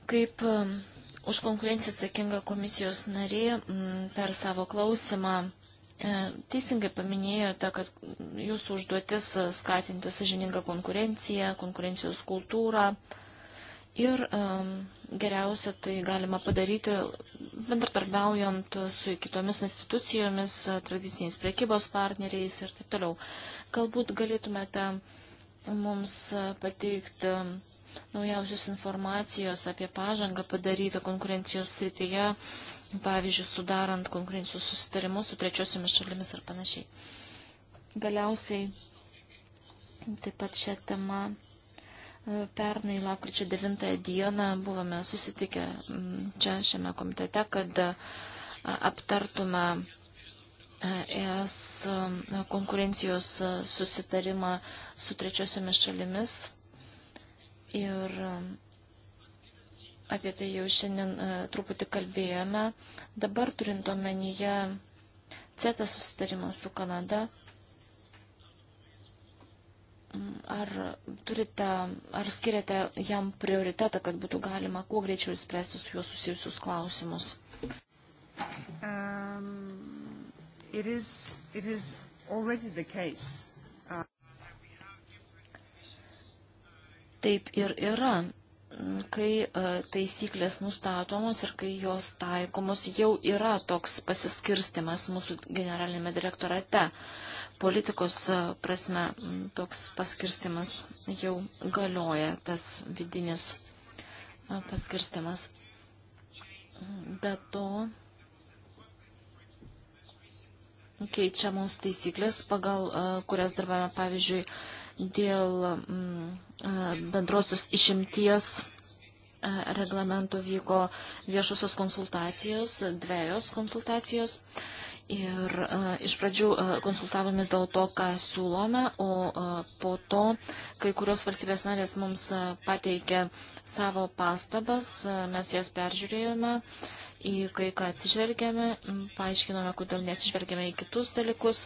Kaip Už konkurenciją atsakinga komisijos narė mm, per savo klausimą e, Teisingai paminėjote, kad jūsų užduotis skatinti sažiningą konkurenciją, konkurencijos kultūrą ir um, geriausia tai galima padaryti bendratarbiaujant su kitomis institucijomis, tradiciniais priekybos partneriais ir taip toliau. Galbūt galėtumėte mums pateikti naujausios informacijos apie pažangą padarytą konkurencijos srityje, pavyzdžiui, sudarant konkurencijos susitarimus su trečiosiomis šalimis ir panašiai. Galiausiai taip pat šią temą e, Pernai lapkričio 9 dieną buvome susitikę čia šiame komitete, kad e, aptartume e, ES konkurencijos susitarimą su trečiosiomis šalimis. Ir um, apie tai jau šiandien uh, truputį kalbėjome. Dabar turint omenyje CETA susitarimą su Kanada, mm, ar turite, ar skiriate jam prioritetą, kad būtų galima kuo greičiau įspręsti su juos susijusius klausimus? Um, it is, it is already the case Taip ir yra. Kai e, taisyklės nustatomos ir kai jos taikomos, jau yra toks pasiskirstimas mūsų generalinėme direktorate. Politikos e, prasme toks paskirstimas jau galioja, tas vidinis e, paskirstimas. Be to, keičia mums taisyklės, pagal kurias darbame, pavyzdžiui, dėl. Mm, E, bendrosios išimties e, reglamentų vyko viešusios konsultacijos, dviejos konsultacijos. Ir e, iš pradžių konsultavomės dėl to, ką siūlome, o po to kai kurios valstybės narės mums pateikė savo pastabas, mes jas peržiūrėjome į kai ką atsižvelgėme, paaiškinome, kodėl neatsižvelgėme į kitus dalykus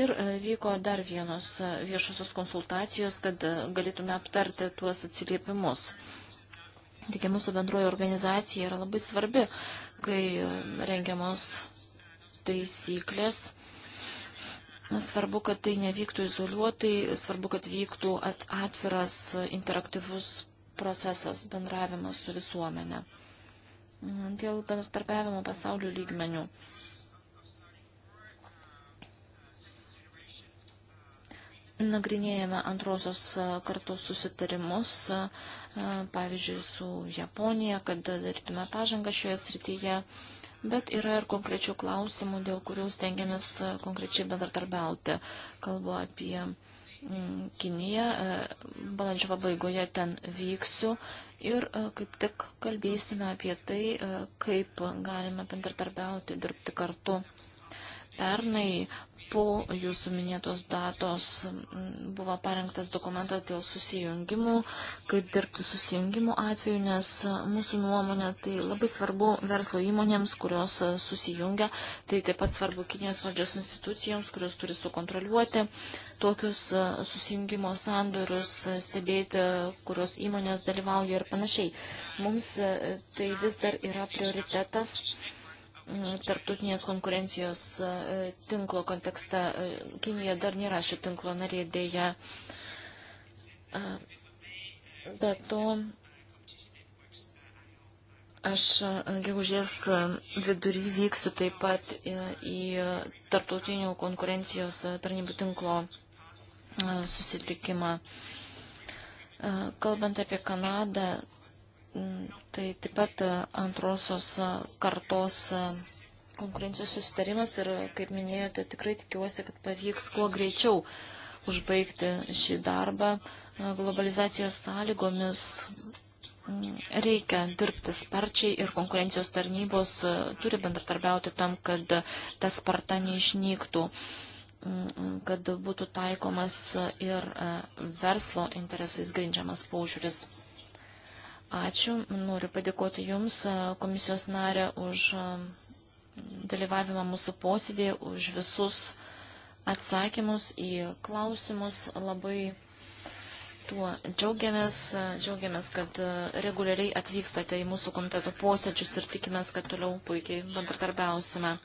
ir e, vyko dar vienos e, viešosios konsultacijos, kad e, galėtume aptarti tuos atsiliepimus. Tik mūsų bendroji organizacija yra labai svarbi, kai rengiamos taisyklės. Svarbu, kad tai nevyktų izoliuotai, svarbu, kad vyktų at atviras interaktyvus procesas bendravimas su visuomenė. Mhm, dėl bendradarbiavimo pasaulio lygmenių. Nagrinėjame antrosios kartos susitarimus, pavyzdžiui, su Japonija, kad darytume pažangą šioje srityje, bet yra ir konkrečių klausimų, dėl kurių stengiamės konkrečiai bendradarbiauti. Kalbu apie Mm, Kiniją. E, balandžio pabaigoje ten vyksiu ir e, kaip tik kalbėsime apie tai, e, kaip galime bendradarbiauti, dirbti kartu. Pernai po jūsų minėtos datos buvo parengtas dokumentas dėl susijungimų, kaip dirbti susijungimų atveju, nes mūsų nuomonė tai labai svarbu verslo įmonėms, kurios e, susijungia, tai taip pat svarbu Kinijos valdžios institucijoms, kurios turi sukontroliuoti tokius e, susijungimo sandorius, e, stebėti, kurios įmonės dalyvauja ir panašiai. Mums tai vis dar yra prioritetas tarptautinės konkurencijos e, tinklo kontekste. E, Kinija dar nėra šio tinklo narė dėja. E, be to, aš gegužės vidury vyksiu taip pat į tarptautinių konkurencijos tarnybų tinklo susitikimą. Kalbant apie Kanadą, Mm, tai taip pat e, antrosios e, kartos e, konkurencijos susitarimas ir, kaip minėjote, tikrai tikiuosi, kad pavyks kuo greičiau užbaigti šį darbą globalizacijos sąlygomis. Mm, reikia dirbti sparčiai ir konkurencijos tarnybos turi bendratarbiauti tam, kad ta sparta neišnyktų, mm, kad būtų taikomas ir verslo interesais grindžiamas paužiūris. Ačiū. Noriu padėkoti Jums, komisijos narė, už dalyvavimą mūsų posėdėje, už visus atsakymus į klausimus. Labai tuo džiaugiamės. Džiaugiamės, kad reguliariai atvykstate į mūsų komiteto posėdžius ir tikimės, kad toliau puikiai bendradarbiausime.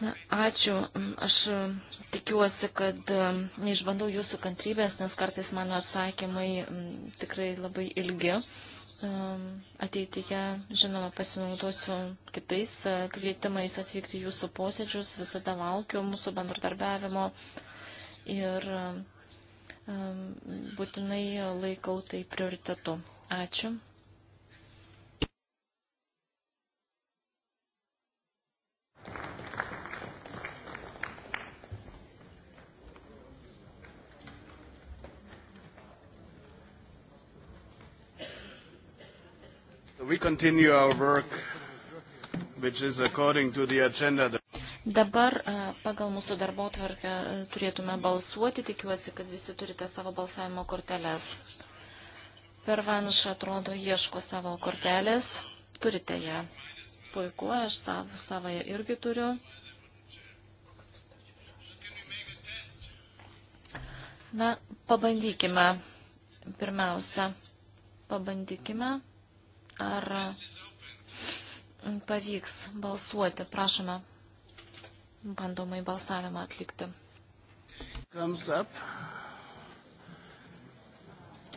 Na, ačiū. Mm, aš mm, tikiuosi, kad mm, neišbandau jūsų kantrybės, nes kartais mano atsakymai tikrai labai ilgi. Ateityje, žinoma, pasinaudosiu kitais e, kvietimais atvykti jūsų posėdžius. Visada laukiu mūsų bendradarbiavimo ir būtinai laikau tai prioritetu. Ačiū. we continue our work, which is according to the agenda. Dabar e, pagal mūsų darbo tvarkę e, turėtume balsuoti. Tikiuosi, kad visi turite savo balsavimo korteles. Pervanš atrodo ieško savo kortelės. Turite ją. Puiku, aš sav, savąją irgi turiu. Na, pabandykime. Pirmiausia, pabandykime ar pavyks balsuoti. Prašome bandomai balsavimą atlikti. Comes up.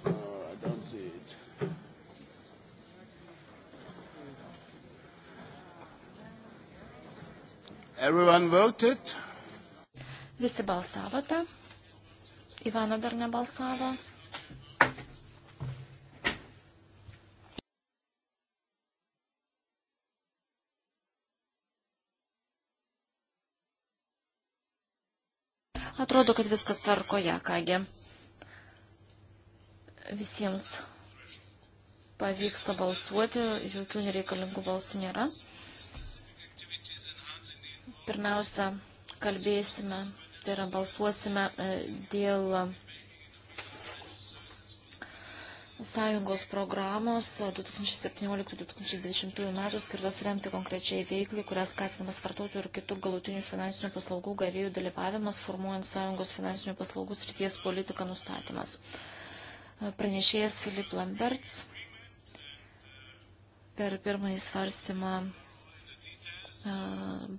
Uh, I don't see it. Everyone voted. Visi balsavote. Ivana dar nebalsavo. Atrodo, kad viskas tvarkoje, kągi. Visiems pavyksta balsuoti, jokių nereikalingų balsų nėra. Pirmiausia, kalbėsime, tai yra balsuosime e, dėl Sąjungos programos 2017-2020 metų skirtos remti konkrečiai veiklai, kurias skatinamas vartotojų ir kitų galutinių finansinių paslaugų gavėjų dalyvavimas, formuojant Sąjungos finansinių paslaugų srities politiką nustatymas. Pranešėjas Filip Lamberts per pirmąjį svarstymą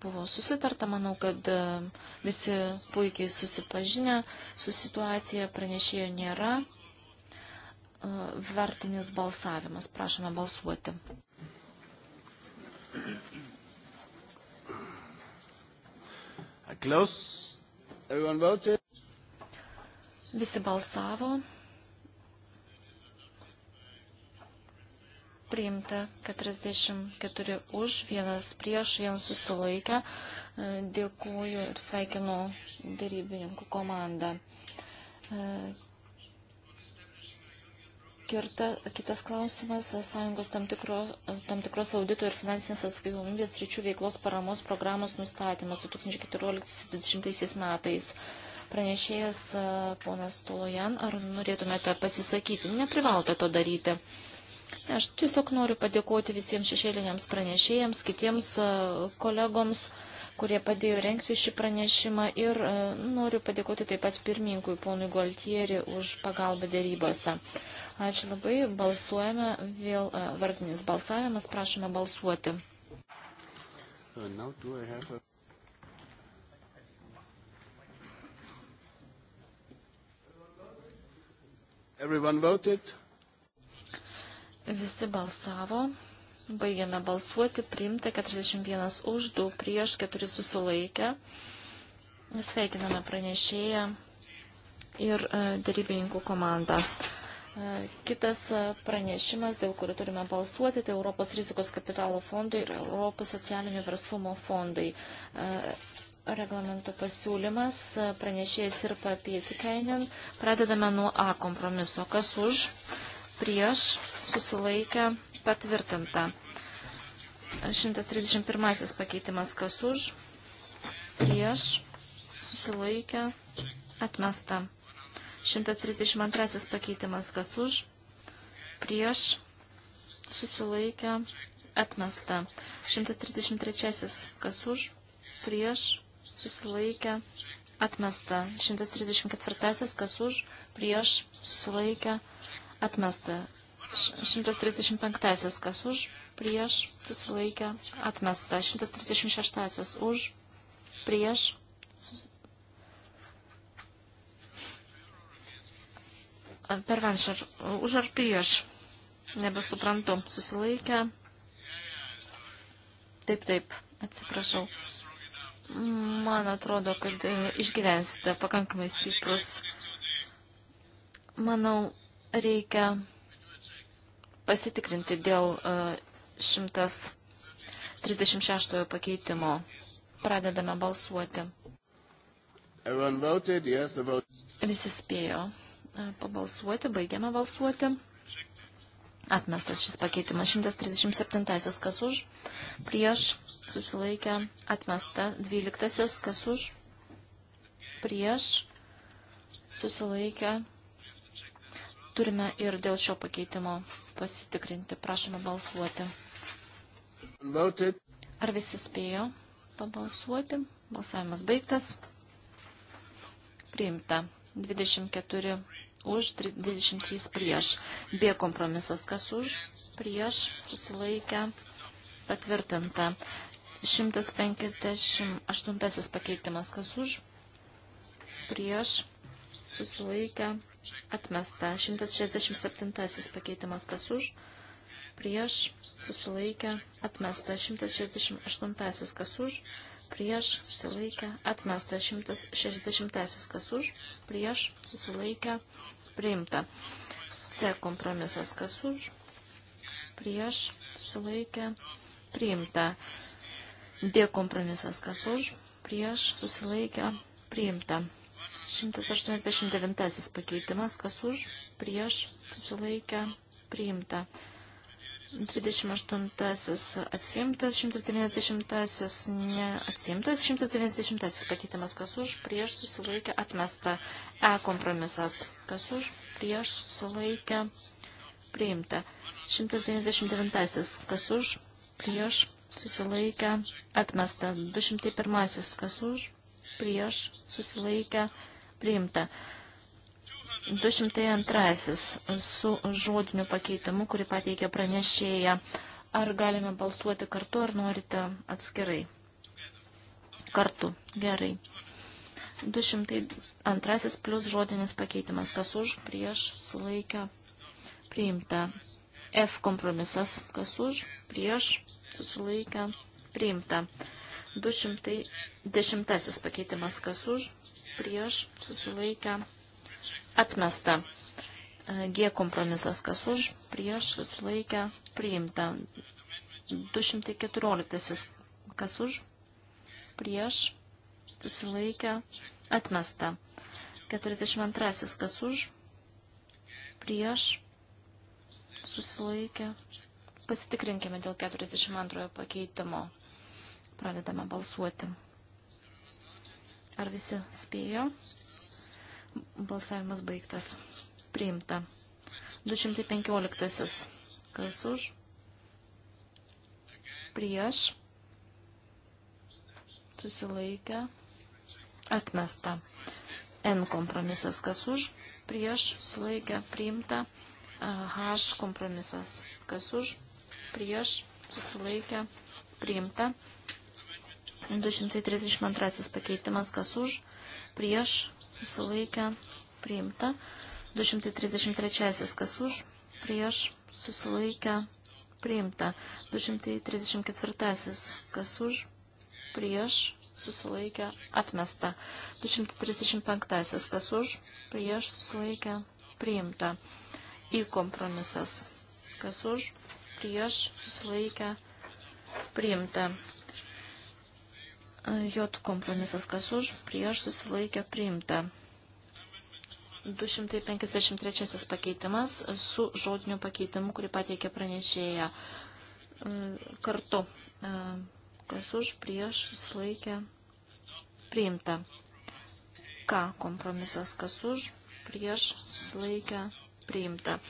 buvo susitarta, manau, kad visi puikiai susipažinę su situacija, pranešėjo nėra E, vertinis balsavimas. Prašome balsuoti. Close. Everyone voted. Visi balsavo. Priimta 44 už, vienas prieš, vienas susilaikę. E, dėkuoju ir sveikinu dėrybininkų komandą. E, Kirta, kitas klausimas - sąjungos tam, tikro, tam tikros audito ir finansinės atskaitomybės ryčių veiklos paramos programos nustatymas 2014-2020 metais. Pranešėjas ponas Tolojan, ar norėtumėte pasisakyti? Neprivalote to daryti. Aš tiesiog noriu padėkoti visiems šešėliniams pranešėjams, kitiems kolegoms. Uh, kurie padėjo renkti šį pranešimą ir e, noriu padėkoti taip pat pirmininkui ponui Gualtieri už pagalbą dėrybose. Ačiū labai, balsuojame, vėl e, vardinis balsavimas, prašome balsuoti. Uh, Everyone voted? Visi balsavo. Baigiame balsuoti. Priimta 41 už, 2 prieš, 4 susilaikę. Sveikiname pranešėją ir e, darybininkų komandą. E, kitas e, pranešimas, dėl kurių turime balsuoti, tai Europos rizikos kapitalo fondai ir Europos socialinio verslumo fondai. Reglamento pasiūlymas, pranešėjas ir papietikainin. Pradedame nuo A kompromiso. Kas už, prieš, susilaikę, patvirtinta. 131 pakeitimas kas už, prieš, susilaikę, atmesta. 132 pakeitimas kas už, prieš, susilaikę, atmesta. 133 kas už, prieš, susilaikę, atmesta. 134 kas už, prieš, susilaikę, atmesta. 135 kas už, prieš, susilaikė, atmesta. 136 už, prieš, per venšar, už ar prieš, nebesuprantu, susilaikė. Taip, taip, atsiprašau. Man atrodo, kad e, išgyvensite pakankamai stiprus. Manau, reikia pasitikrinti dėl 136 e, pakeitimo. Pradedame balsuoti. Voted, yes, about... Visi spėjo e, pabalsuoti, baigiame balsuoti. Atmestas šis pakeitimas 137, kas už, prieš, susilaikę, atmesta 12, kas už, prieš, susilaikę, Turime ir dėl šio pakeitimo pasitikrinti. Prašome balsuoti. Ar visi spėjo pabalsuoti? Balsavimas baigtas. Priimta. 24 už, 23 prieš. B kompromisas kas už, prieš, susilaikę, patvirtinta. 158 pakeitimas kas už, prieš, susilaikę, Atmesta. 167 pakeitimas kas už. Prieš susilaikę. Atmesta. 168 kas už. Prieš susilaikę. Atmesta. 160 kas už. Prieš susilaikę. Priimta. C kompromisas kas už. Prieš susilaikę. Priimta. D kompromisas kas už. Prieš susilaikę. Priimta. 189 pakeitimas, kas už, prieš, susilaikę, priimta. 28 atsimtas, 190 neatsimtas, 190 pakeitimas, kas už, prieš, susilaikę, atmesta. E kompromisas, kas už, prieš, susilaikę, priimta. 199 kas už, prieš, susilaikę, atmesta. 201 kas už, prieš, susilaikę, atmesta priimta. 202 su žodiniu pakeitimu, kurį pateikė pranešėja. Ar galime balsuoti kartu, ar norite atskirai? Kartu. Gerai. 202 plus žodinis pakeitimas. Kas už, prieš, sulaikę, priimta. F kompromisas. Kas už, prieš, susilaikę, priimta. 210 pakeitimas. Kas už, prieš susilaikę atmesta. G kompromisas kas už, prieš susilaikę priimta. 214 kas už, prieš susilaikę atmesta. 42 kas už, prieš susilaikę. Pasitikrinkime dėl 42 pakeitimo. Pradedame balsuoti. Ar visi spėjo? Balsavimas baigtas. Priimta. 215. Kas už? Prieš. Susilaikę. Atmesta. N kompromisas. Kas už? Prieš. Susilaikę. Priimta. H kompromisas. Kas už? Prieš. Susilaikę. Priimta. 232 pakeitimas kas už, prieš, susilaikę, priimta. 233 kas už, prieš, susilaikę, priimta. 234 kas už, prieš, susilaikę, atmesta. 235 kas už, prieš, susilaikę, priimta. Į kompromisas kas už, prieš, susilaikę, priimta. J kompromisas kas už, prieš susilaikė priimta. 253 pakeitimas su žodiniu pakeitimu, kurį pateikė pranešėja e, kartu. E, kas už, prieš susilaikė priimta. K kompromisas kas už, prieš susilaikė priimta.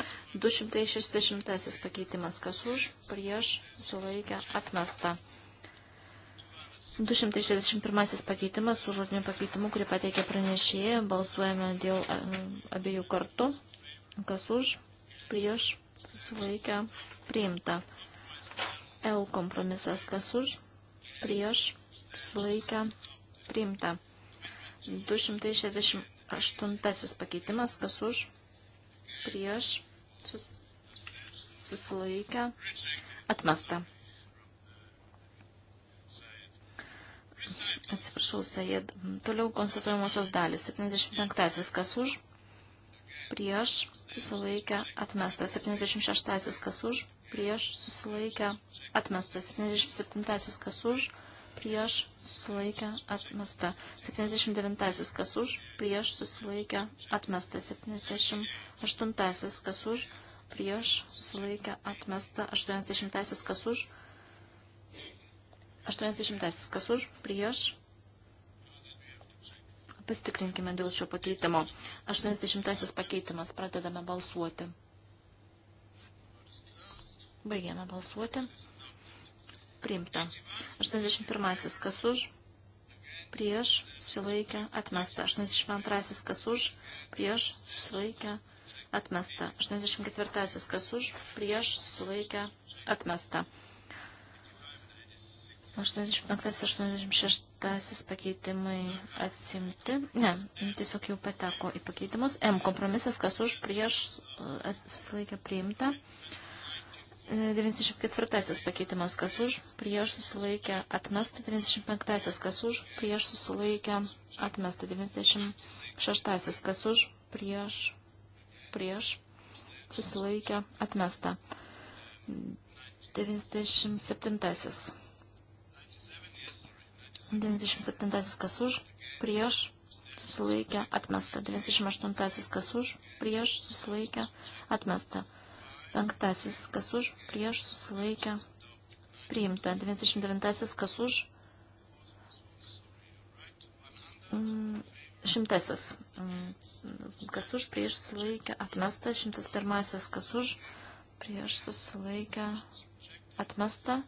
260 pakeitimas kas už, prieš susilaikė atmesta. 261 pakeitimas su žodiniu pakeitimu, kurį pateikė pranešėjai. Balsuojame dėl e, abiejų kartų. Kas už, prieš, susilaikę, priimta. L kompromisas. Kas už, prieš, susilaikę, priimta. 268 pakeitimas. Kas už, prieš, sus, susilaikę, atmesta. Atsiprašau, Sajed. Toliau konstatuojamosios dalis. 75. Kas už? Prieš susilaikę atmestą. 76. Kas už? Prieš susilaikę atmestą. 77. Kas už? Prieš susilaikę atmestą. 79. Kas už? Prieš susilaikę atmestą. 78. Kas už? Prieš susilaikę atmestą. 80. Kas už? 80. Kas už, prieš. Pastikrinkime dėl šio pakeitimo. 80. pakeitimas. Pradedame balsuoti. Baigėme balsuoti. Priimta. 81. Kas už, prieš, susilaikė, atmesta. 82. Kas už, prieš, susilaikė, atmesta. 84. Kas už, prieš, susilaikė, atmesta. 85-86 pakeitimai atsimti. Ne, tiesiog jau pateko į pakeitimus. M kompromisas, kas už prieš e, susilaikė priimta. 94 e, pakeitimas, kas už prieš susilaikė atmesta. 95 kas už prieš susilaikė atmesta. 96 kas už prieš, prieš susilaikė atmesta. 97 97 kas už, prieš, susilaikė, atmesta. 98 kas už, prieš, susilaikė, atmesta. 5 kas už, prieš, susilaikė, priimta. 99 kas už, mm, šimtasis, mm, kas už, prieš, susilaikė, atmesta. 101 kas už, prieš, susilaikė, atmesta.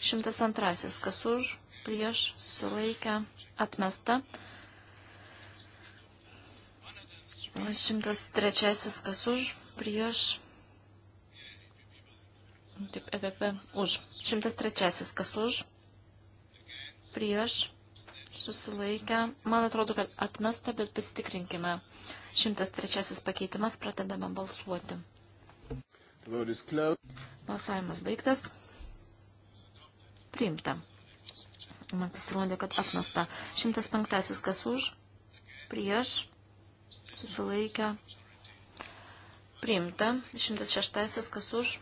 102 kas už, prieš sulaikę atmesta. 103 kas už prieš. Taip, EVP už. 103 kas už prieš susilaikę. Man atrodo, kad atmesta, bet pasitikrinkime. 103 pakeitimas, pradedame balsuoti. Balsavimas baigtas. Priimta. Man pasirodė, kad atmesta. 105. Kas už? Prieš. Susilaikę. Priimta. 106. Kas už?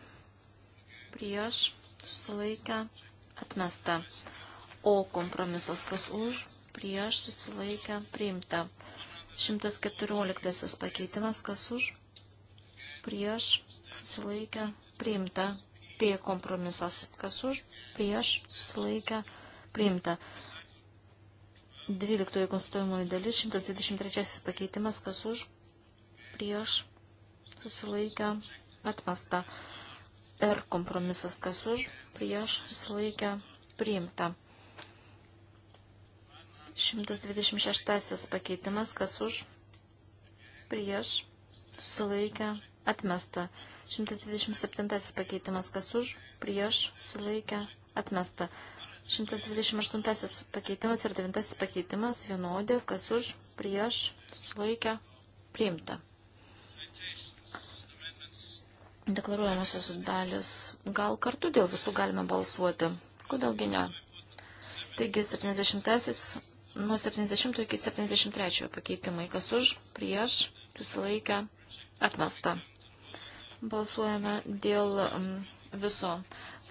Prieš. Susilaikę. Atmesta. O kompromisas. Kas už? Prieš. Susilaikę. Priimta. 114. Pakeitimas. Kas už? Prieš. Susilaikę. Priimta. P kompromisas. Kas už? Prieš. Susilaikę. Priimta priimta. 12 konstituojamoji dalis, 123 pakeitimas, kas už, prieš, susilaikę, atmesta. R kompromisas, kas už, prieš, susilaikę, priimta. 126 pakeitimas, kas už, prieš, susilaikę, atmesta. 127 pakeitimas, kas už, prieš, susilaikę, atmesta. 128 pakeitimas ir 9 pakeitimas vienodi, kas už, prieš, susilaikę, priimta. Deklaruojamosios dalis gal kartu dėl visų galime balsuoti. Kodėlgi ne? Taigi 70 nuo 70 iki 73 pakeitimai, kas už, prieš, susilaikę, atmesta. Balsuojame dėl mm, viso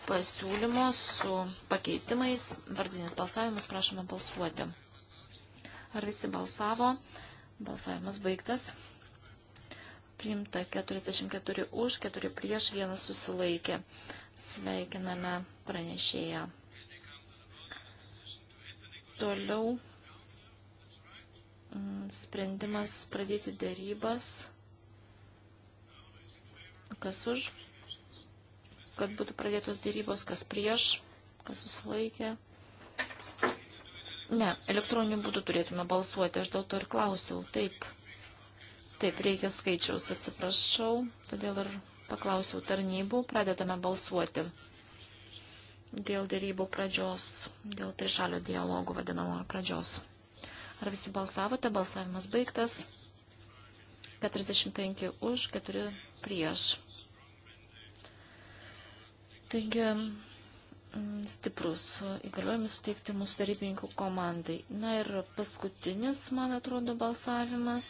pasiūlymo su pakeitimais. Vardinis balsavimas, prašome balsuoti. Ar visi balsavo? Balsavimas baigtas. Priimta 44 už, 4 prieš, 1 susilaikė. Sveikiname pranešėją. Toliau mm, sprendimas pradėti dėrybas. Kas už? kad būtų pradėtos dėrybos, kas prieš, kas susilaikė. Ne, elektroniniu būdu turėtume balsuoti, aš dėl to ir klausiau. Taip, taip, reikia skaičiaus, atsiprašau, todėl ir paklausiau tarnybų, pradedame balsuoti dėl dėrybų pradžios, dėl trišalio dialogų vadinamojo pradžios. Ar visi balsavote? Balsavimas baigtas. 45 už, 4 prieš. Taigi mm, stiprus įgaliojimus suteikti mūsų darybininkų komandai. Na ir paskutinis, man atrodo, balsavimas.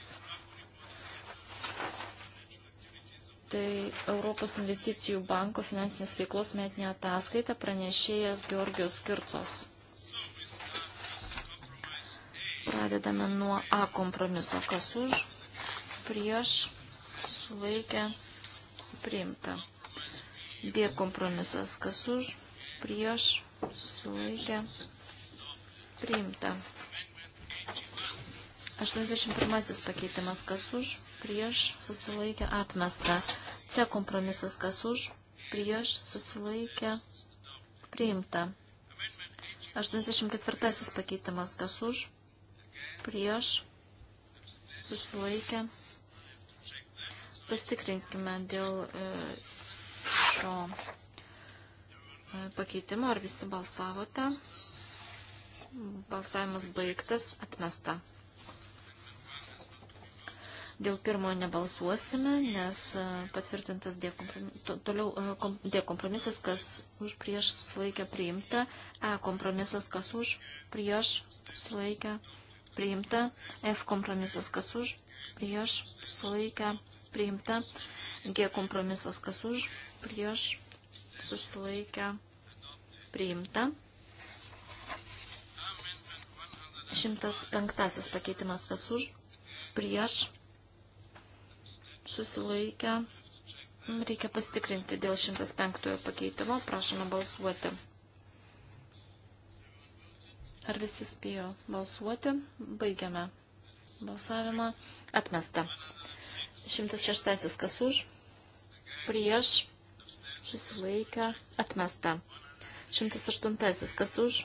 Tai Europos investicijų banko finansinės veiklos metinė ataskaita pranešėjas Georgios Kircos. Pradedame nuo A kompromiso. Kas už, prieš, susilaikę, priimta. B kompromisas, kas už, prieš, susilaikę, priimta. 81 pakeitimas, kas už, prieš, susilaikę, atmesta. C kompromisas, kas už, prieš, susilaikę, priimta. 84 pakeitimas, kas už, prieš, susilaikę, priimta pasitikrinkime dėl e, šio e, pakeitimo. Ar visi balsavote? Balsavimas baigtas, atmesta. Dėl pirmojo nebalsuosime, nes e, patvirtintas D kompromisas, toliau e, D kompromisas, kas už prieš susilaikę priimta, E kompromisas, kas už prieš susilaikę priimta, F kompromisas, kas už prieš susilaikę priimta, G kompromisas, kas už prieš susilaikę priimta. 105 pakeitimas kas už prieš susilaikę. Reikia pasitikrinti dėl 105 pakeitimo. Prašome balsuoti. Ar visi spėjo balsuoti? Baigiame balsavimą. Atmesta. 106 kas už prieš susilaikę, atmesta. 108. Kas už,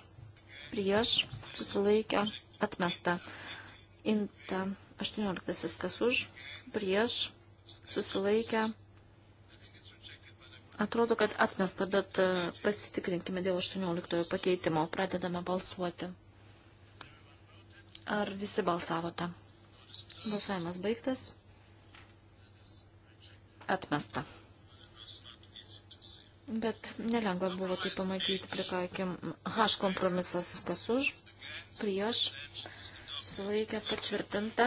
prieš, susilaikę, atmesta. Inta 18. Kas už, prieš, susilaikę. Atrodo, kad atmesta, bet e, pasitikrinkime dėl 18 pakeitimo. Pradedame balsuoti. Ar visi balsavote? Balsavimas baigtas. Atmesta. Bet nelengva buvo tai pamatyti, prikaikim H kompromisas, kas už, prieš, sulaikė patvirtinta.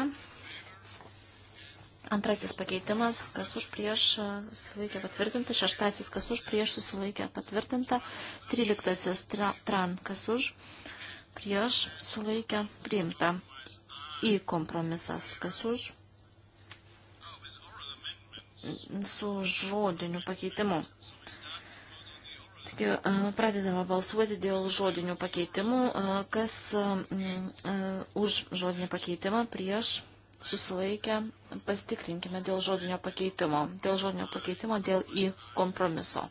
Antrasis pakeitimas, kas už prieš susilaikė patvirtinta. Šeštasis, kas už prieš susilaikė patvirtinta. Tryliktasis, tra, tran, kas už prieš sulaikė priimta. Į kompromisas, kas už su žodiniu pakeitimu. Taigi, pradedame balsuoti dėl žodinių pakeitimų. Kas už žodinį pakeitimą prieš susilaikę, pasitikrinkime dėl žodinio pakeitimo. Dėl žodinio pakeitimo, dėl į kompromiso.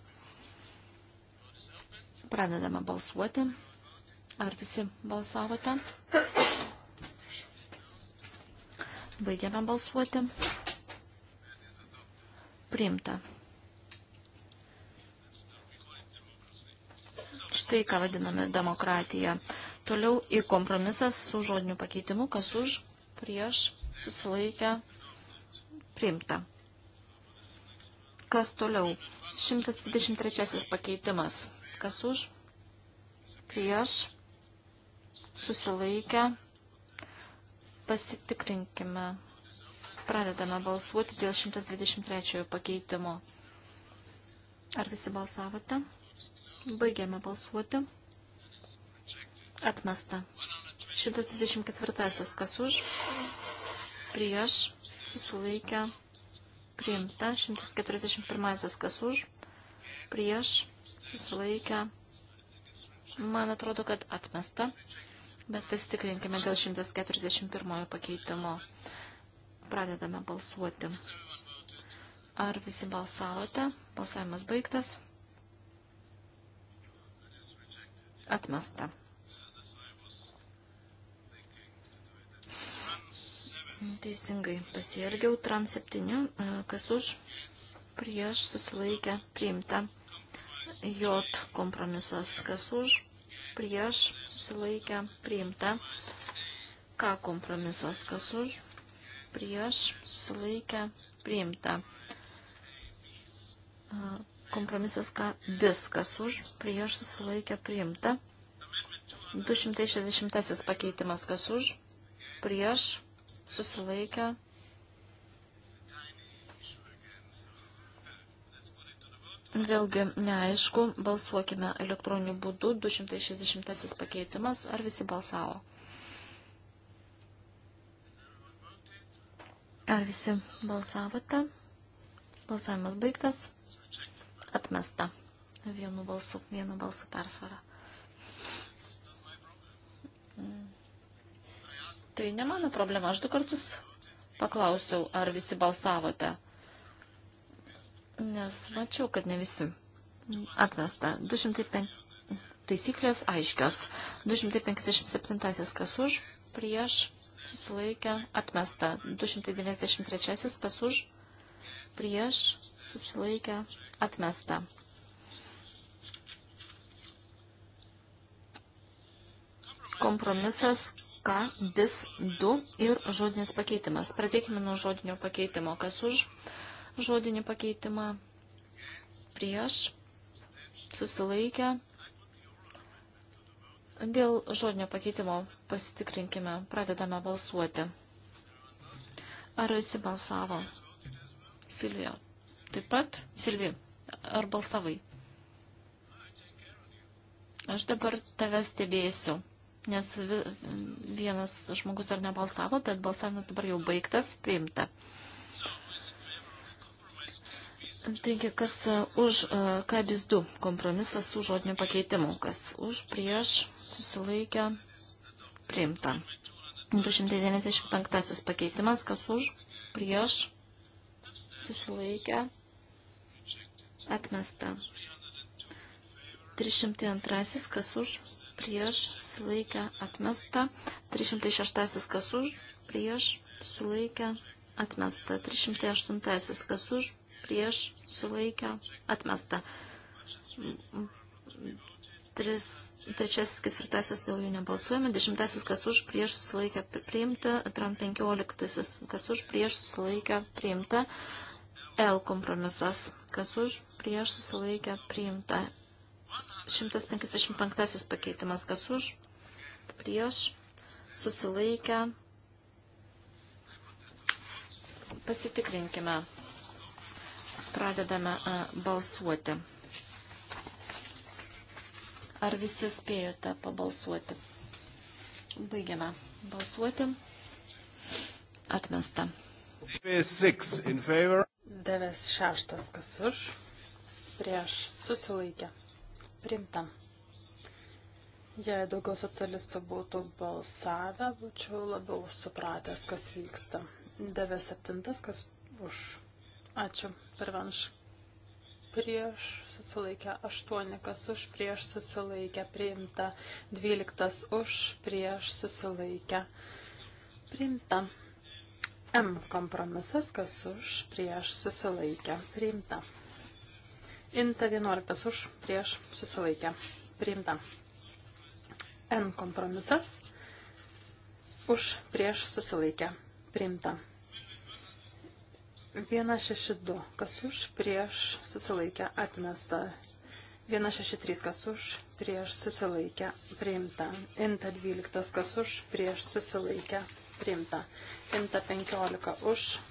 Pradedame balsuoti. Ar visi balsavote? Baigiame balsuoti. Priimta. tai, ką vadiname demokratija. Toliau į kompromisas su žodiniu pakeitimu, kas už, prieš, susilaikę, priimta. Kas toliau? 123 pakeitimas. Kas už, prieš, susilaikę, pasitikrinkime. Pradedame balsuoti dėl 123 pakeitimo. Ar visi balsavote? Baigiame balsuoti. Atmesta. 124. Kas už? Prieš. Susilaikę. Priimta. 141. Kas už? Prieš. Susilaikę. Man atrodo, kad atmesta. Bet pasitikrinkime dėl 141 pakeitimo. Pradedame balsuoti. Ar visi balsavote? Balsavimas baigtas. Atmesta. Teisingai pasielgiau. Trans 7. E, kas už? Prieš susilaikę priimta. J kompromisas. Kas už? Prieš susilaikę priimta. K kompromisas. Kas už? Prieš susilaikę priimta. E, Kompromisas K viskas už, prieš susilaikę priimta. 260 pakeitimas kas už, prieš susilaikę. Vėlgi neaišku, balsuokime elektroniniu būdu, 260 pakeitimas, ar visi balsavo. Ar visi balsavote? Balsavimas baigtas atmesta vienu balsu, vienu balsu persvara. Mm. Tai ne mano problema. Aš du kartus paklausiau, ar visi balsavote. Nes mačiau, kad ne visi. Atmesta. 205. Taisyklės aiškios. 257. Kas už? Prieš. Susilaikė. Atmesta. 293. Kas už? Prieš. Susilaikė atmesta. Kompromisas K bis 2 ir žodinis pakeitimas. Pradėkime nuo žodinio pakeitimo. Kas už žodinį pakeitimą? Prieš. Susilaikę. Dėl žodinio pakeitimo pasitikrinkime. Pradedame balsuoti. Ar visi balsavo? Silvija. Taip pat Silvija ar balsavai? Aš dabar tave stebėsiu, nes vienas žmogus dar nebalsavo, bet balsavimas dabar jau baigtas, priimta. Taigi, kas e, už e, kabis 2 kompromisas su žodiniu pakeitimu, kas už prieš susilaikę priimta. 295 pakeitimas, kas už prieš susilaikę priimta Atmesta. 302 kas už, prieš, sulaikę, atmesta. 306 kas už, prieš, sulaikę, atmesta. 308 kas už, prieš, sulaikę, atmesta. Tris, trečiasis, ketvirtasis dėl jų nebalsuojame. Dešimtasis kas už, prieš, sulaikę, priimta. Tram penkioliktasis kas už, prieš, sulaikę, priimta. L kompromisas. Kas už, prieš susilaikę priimta. 155 pakeitimas. Kas už, prieš susilaikę. Pasitikrinkime. Pradedame e, balsuoti. Ar visi spėjote pabalsuoti? Baigiame balsuoti. Atmesta. 6 in favor. Devės šeštas kas už, prieš susilaikė, primta. Jei daugiau socialistų būtų balsavę, būčiau labiau supratęs, kas vyksta. Devės septintas kas už. Ačiū, pervenš. Prieš susilaikę aštuoni, kas už, prieš susilaikę priimta, dvyliktas už, prieš susilaikę priimta. M kompromisas, kas už, prieš, susilaikė, priimta. Inta 11 už, prieš, susilaikė, priimta. N kompromisas, už, prieš, susilaikė, priimta. 162, kas už, prieš, susilaikė, atmesta. 163 kas už, prieš susilaikę priimta. Inta 12 kas už, prieš susilaikę priimta. Imta 15 už,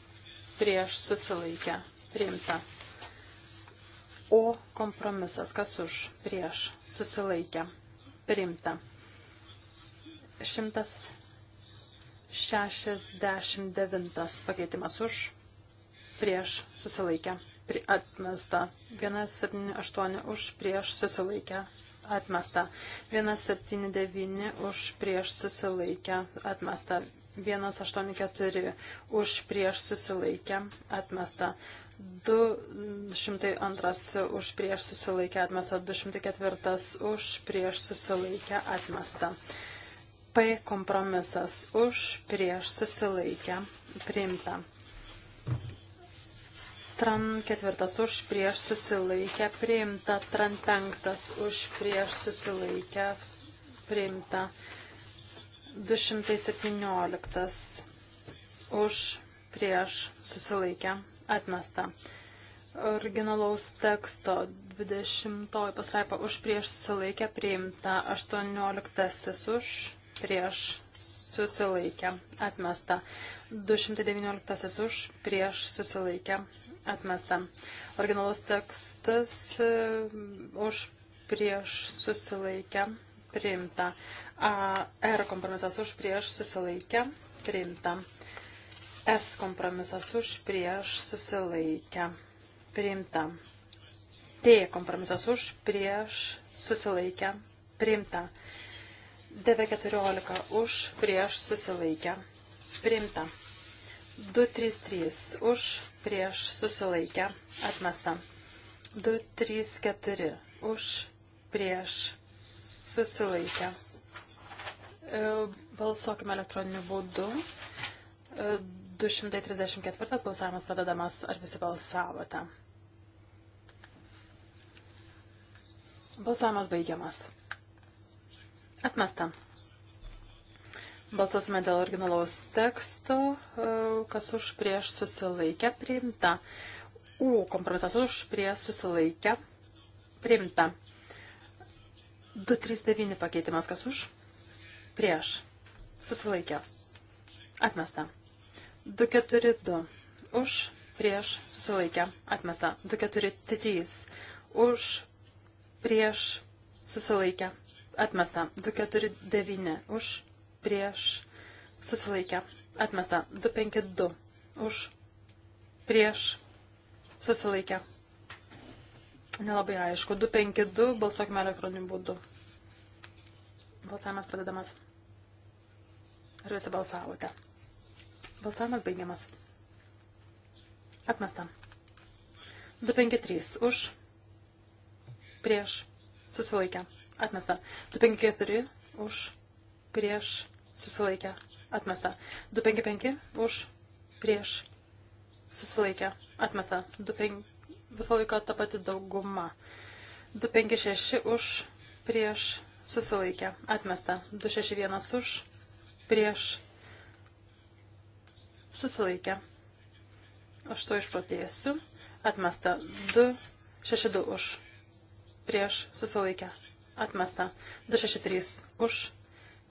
prieš susilaikę, priimta. O kompromisas, kas už, prieš susilaikę, priimta. 169 pakeitimas už, prieš susilaikę, atmesta. 178 už prieš susilaikę atmesta. 179 už prieš susilaikę atmesta. 184 už prieš susilaikę atmesta. 202 už prieš susilaikę atmesta. 204 už prieš susilaikę atmesta. P kompromisas už prieš susilaikę priimta. Tran ketvirtas už prieš susilaikę priimta, tran penktas už prieš susilaikę priimta, 217 už prieš susilaikę atmesta. Originalaus teksto 20 pastraipa už prieš susilaikę priimta 18 už prieš susilaikę atmesta. 219 už prieš susilaikę atmesta. Originalus tekstas e, už prieš susilaikę priimta. E R kompromisas už prieš susilaikę priimta. S kompromisas už prieš susilaikę priimta. T kompromisas už prieš susilaikę priimta. DV14 už prieš susilaikę priimta. 233 už prieš susilaikę atmesta. 234 už prieš susilaikę priimta E, balsuokime elektroniniu būdu. 234 e, balsavimas pradedamas. Ar visi balsavote? Balsavimas baigiamas. Atmesta. Balsuosime dėl originalaus teksto, e, kas už prieš susilaikę priimta. U kompromisas už prieš susilaikę priimta. 239 pakeitimas, kas už prieš, susilaikė, atmesta. 242 už, prieš, susilaikė, atmesta. 243 už, prieš, susilaikė, atmesta. 249 už, prieš, susilaikė, atmesta. 252 už, prieš, susilaikė. Nelabai aišku. 252 balsuokime elektroniniu būdu. Balsavimas pradedamas. Ar visi balsavote? Balsavimas baigiamas. Atmesta. 253 už. Prieš. Susilaikę. Atmesta. 254 už. Prieš. Susilaikę. Atmesta. 255 už. Prieš. Susilaikę. Atmesta. 25... Visą laiką ta pati dauguma. 256 už. Prieš susilaikė, atmesta. 261 už, prieš, susilaikė. Aš to išprotėsiu. Atmesta. 262 už, prieš, susilaikė, atmesta. 263 už,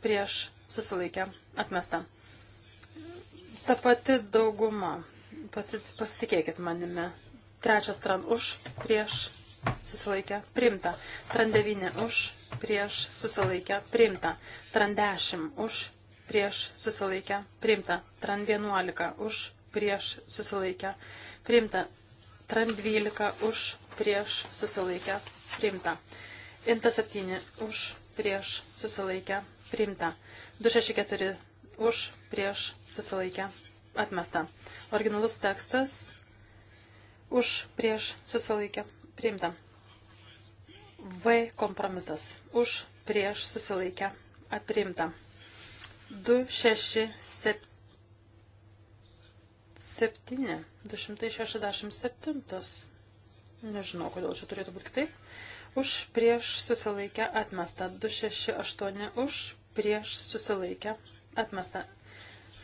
prieš, susilaikė, atmesta. Ta pati dauguma. Pasitikėkit manimi. Trečias tran už, prieš, susilaikė, primta. Tran 9 už, prieš susilaikę priimta. Tran 10 už prieš susilaikę priimta. Tran 11 už prieš susilaikę priimta. Tran 12 už prieš susilaikę priimta. Inta 7 už prieš susilaikę priimta. 264 už prieš susilaikę atmesta. Originalus tekstas už prieš susilaikę priimta. V kompromisas. Už prieš susilaikę aprimta. 2, 6, 7. 7, 267. Nežinau, kodėl čia turėtų būti kitaip. Už prieš susilaikę atmesta. 268 už prieš susilaikę atmesta.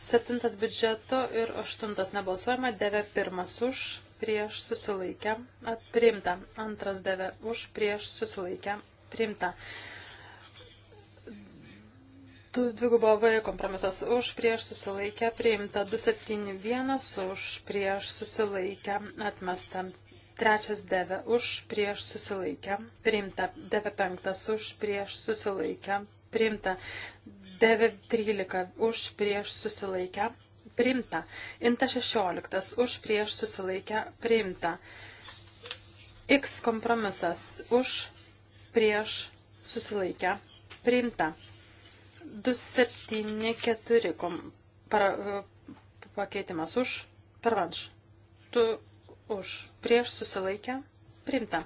7 biudžeto ir 8 nebalsuojama. 9 pirmas už prieš susilaikę priimta. Antras devė už prieš susilaikę priimta. Dvigubo V kompromisas už prieš susilaikę priimta. 271 už prieš susilaikę atmesta. Trečias devė už prieš susilaikę priimta. Devė penktas už prieš susilaikę priimta. Devė trylika už prieš susilaikę priimta. Inta 16 už prieš susilaikę priimta. X kompromisas už prieš susilaikę priimta. 274 kom, para, pakeitimas už pervanš. Tu už prieš susilaikę priimta.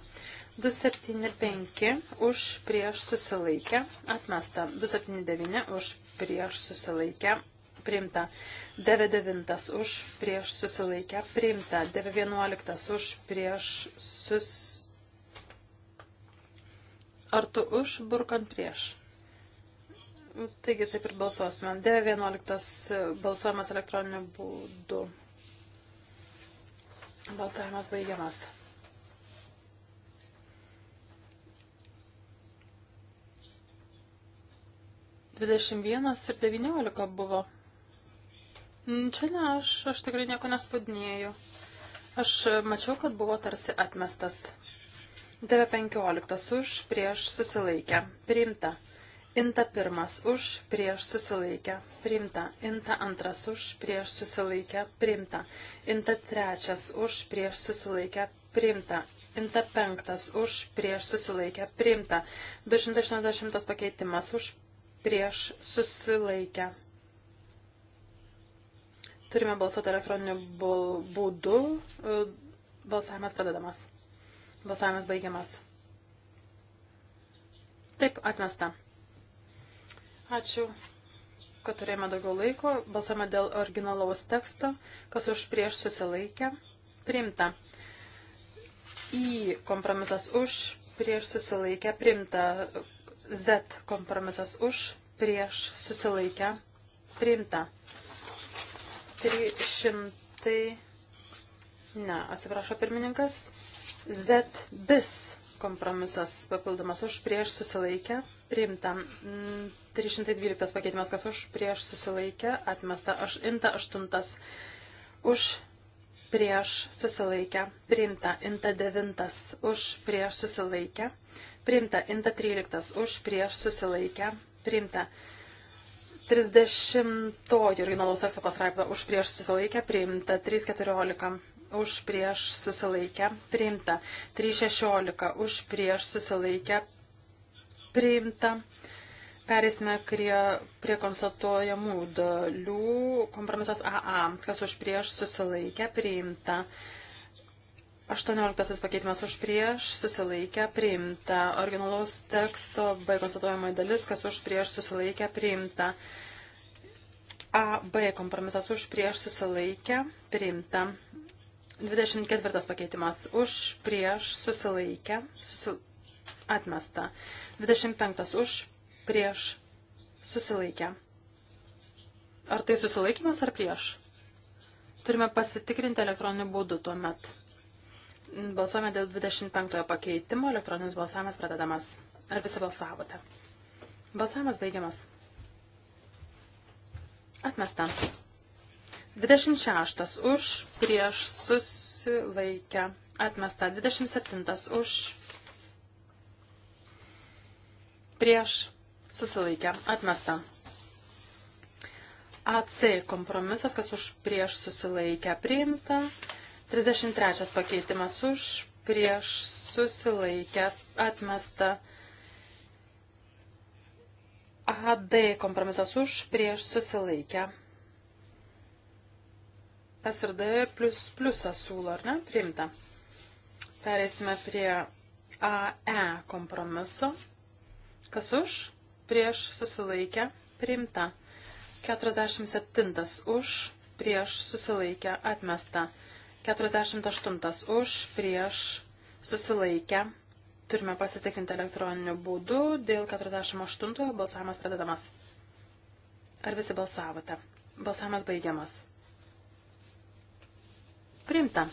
275 už prieš susilaikę atmesta. 279 už prieš susilaikę priimta. 9.9 už prieš susilaikę priimta. 9.11 už prieš sus... Ar tu už burkant prieš? Taigi taip ir balsuosime. 9.11 balsuojamas elektroniniu būdu. Balsavimas baigiamas. Dvidešimt vienas ir devyniolika buvo Mm, čia ne, aš, aš tikrai nieko nespadinėjau. Aš e, mačiau, kad buvo tarsi atmestas. 9.15 už prieš susilaikę. Priimta. Inta pirmas už prieš susilaikę. Priimta. Inta antras už prieš susilaikę. Priimta. Inta trečias už prieš susilaikę. Priimta. Inta penktas už prieš susilaikę. Priimta. 280 pakeitimas už prieš susilaikę. Turime balsuoti elektroniniu būdu. E, balsavimas pradedamas. Balsavimas baigiamas. Taip, atmesta. Ačiū, kad turėjome daugiau laiko. Balsuojame dėl originalaus teksto, kas už prieš susilaikė. Primta. Į kompromisas už, prieš susilaikę, primta. Z kompromisas už, prieš susilaikę, primta. 300. Ne, atsiprašo pirmininkas. Z bis kompromisas papildomas už prieš susilaikę. Priimta 312 mm, pakeitimas, kas už prieš susilaikę. Atmesta aš, inta 8 už prieš susilaikę. Priimta inta 9 už prieš susilaikę. Priimta inta 13 už prieš susilaikę. Priimta 30 originalos teksto pasraipa už prieš susilaikę priimta, 314 už prieš susilaikę priimta, 316 už prieš susilaikę priimta. Perėsime prie, prie konstatuojamų dalių. Kompromisas AA, kas už prieš susilaikę priimta. 18 pakeitimas už prieš susilaikę priimta. Originalaus teksto B konstatuojamoji dalis, kas už prieš susilaikę priimta. A, B kompromisas už prieš susilaikę priimta. 24 pakeitimas už prieš susilaikę susil... atmesta. 25 už prieš susilaikę. Ar tai susilaikymas ar prieš? Turime pasitikrinti elektroniniu būdu tuomet. Balsuojame dėl 25 pakeitimo. Elektroninis balsavimas pradedamas. Ar visi balsavote? Balsavimas baigiamas. Atmesta. 26 už, prieš susilaikę. Atmesta. 27 už, prieš susilaikę. Atmesta. AC kompromisas, kas už prieš susilaikę priimta. 33 pakeitimas už, prieš susilaikę atmesta. AD kompromisas už, prieš susilaikę. SRD plus plusą siūlo, ar ne? Priimta. Pereisime prie AE kompromiso. Kas už, prieš susilaikę, priimta. 47 už, prieš susilaikę, atmesta. 48 už, prieš, susilaikę. Turime pasitikrinti elektroniniu būdu. Dėl 48 balsavimas pradedamas. Ar visi balsavote? Balsavimas baigiamas. Priimta.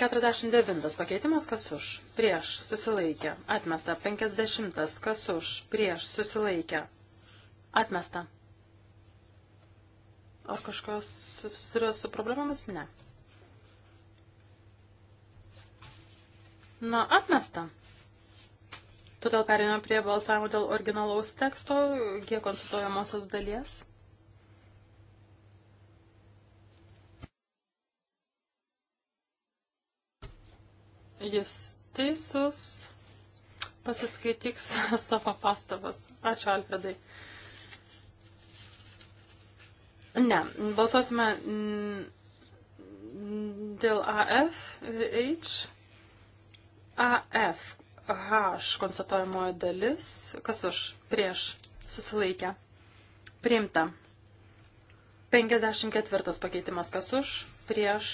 49 pakeitimas kas už, prieš, susilaikė, atmesta, 50 kas už, prieš, susilaikė, atmesta. Ar kažkas susiduria su problemomis? Ne. Na, atmesta. Todėl perėjome prie balsavimo dėl originalaus teksto, kiek konsultuojamosios dalies. Jis teisus. Pasiskaityks [laughs] savo pastabas. Ačiū, Alfredai. Ne, balsuosime dėl AF ir H. AF, H konstatuojamoji dalis, kas už, prieš, susilaikę, priimta. 54 pakeitimas, kas už, prieš,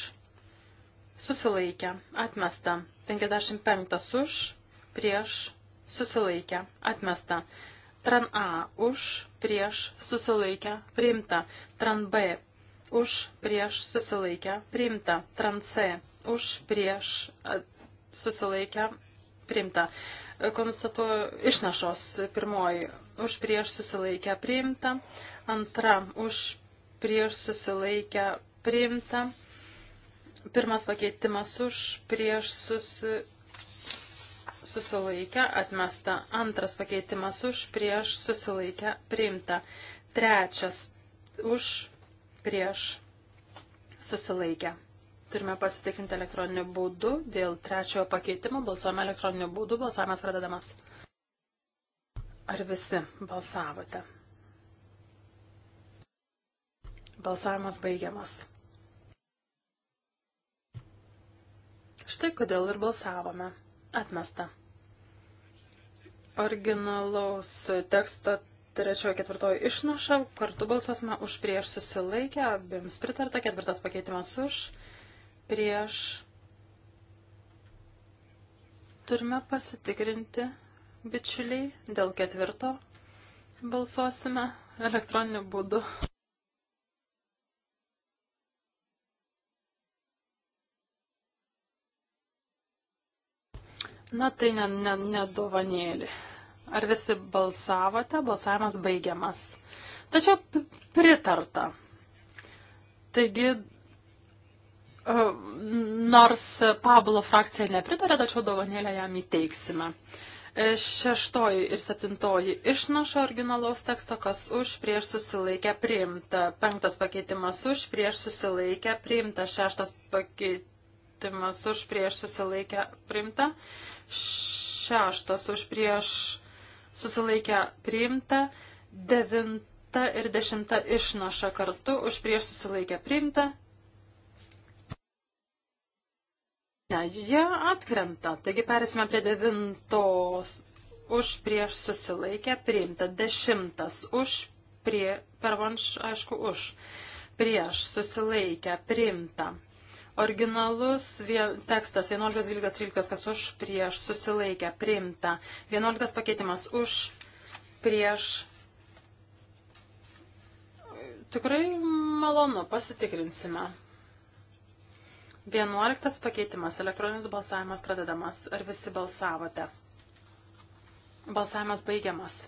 susilaikę, atmesta. 55 už, prieš, susilaikę, atmesta. Tran A už, prieš susilaikę priimta. Tran B už prieš susilaikę priimta. Tran C už prieš susilaikę priimta. Konstatuoju išnašos pirmoji už prieš susilaikę priimta. Antra už prieš susilaikę priimta. Pirmas pakeitimas už prieš susilaikę susilaikę, atmesta. Antras pakeitimas už, prieš, susilaikę, priimta. Trečias už, prieš, susilaikę. Turime pasitikrinti elektroniniu būdu. Dėl trečiojo pakeitimo balsuojame elektroniniu būdu. Balsavimas pradedamas. Ar visi balsavote? Balsavimas baigiamas. Štai kodėl ir balsavome. Atmesta. Originalaus teksto trečiojo ketvirtojo išnaša. Kartu balsuosime už prieš susilaikę. Abims pritarta. Ketvirtas pakeitimas už. Prieš. Turime pasitikrinti, bičiuliai, dėl ketvirto balsuosime elektroniniu būdu. Na tai ne, ne, ne dovanėlė. Ar visi balsavote? Balsavimas baigiamas. Tačiau pritarta. Taigi, e, nors Pablo frakcija nepritarė, tačiau dovanėlę jam įteiksime. E, šeštoji ir septintoji išnaša originalaus teksto, kas už prieš susilaikę priimta. Penktas pakeitimas už prieš susilaikę priimta. Šeštas pakeitimas už prieš susilaikę priimta šeštas už prieš susilaikę priimta, devinta ir dešimta išnaša kartu už prieš susilaikę priimta. Ne, jie atkrenta. Taigi perėsime prie devintos už prieš susilaikę priimta, dešimtas už prie, per vanš, aišku, už prieš susilaikę priimta. Originalus vien, tekstas 11, 12, 13, kas už, prieš, susilaikę, priimta. 11 pakeitimas už, prieš. Tikrai malonu, pasitikrinsime. 11 pakeitimas, elektroninis balsavimas pradedamas. Ar visi balsavote? Balsavimas baigiamas.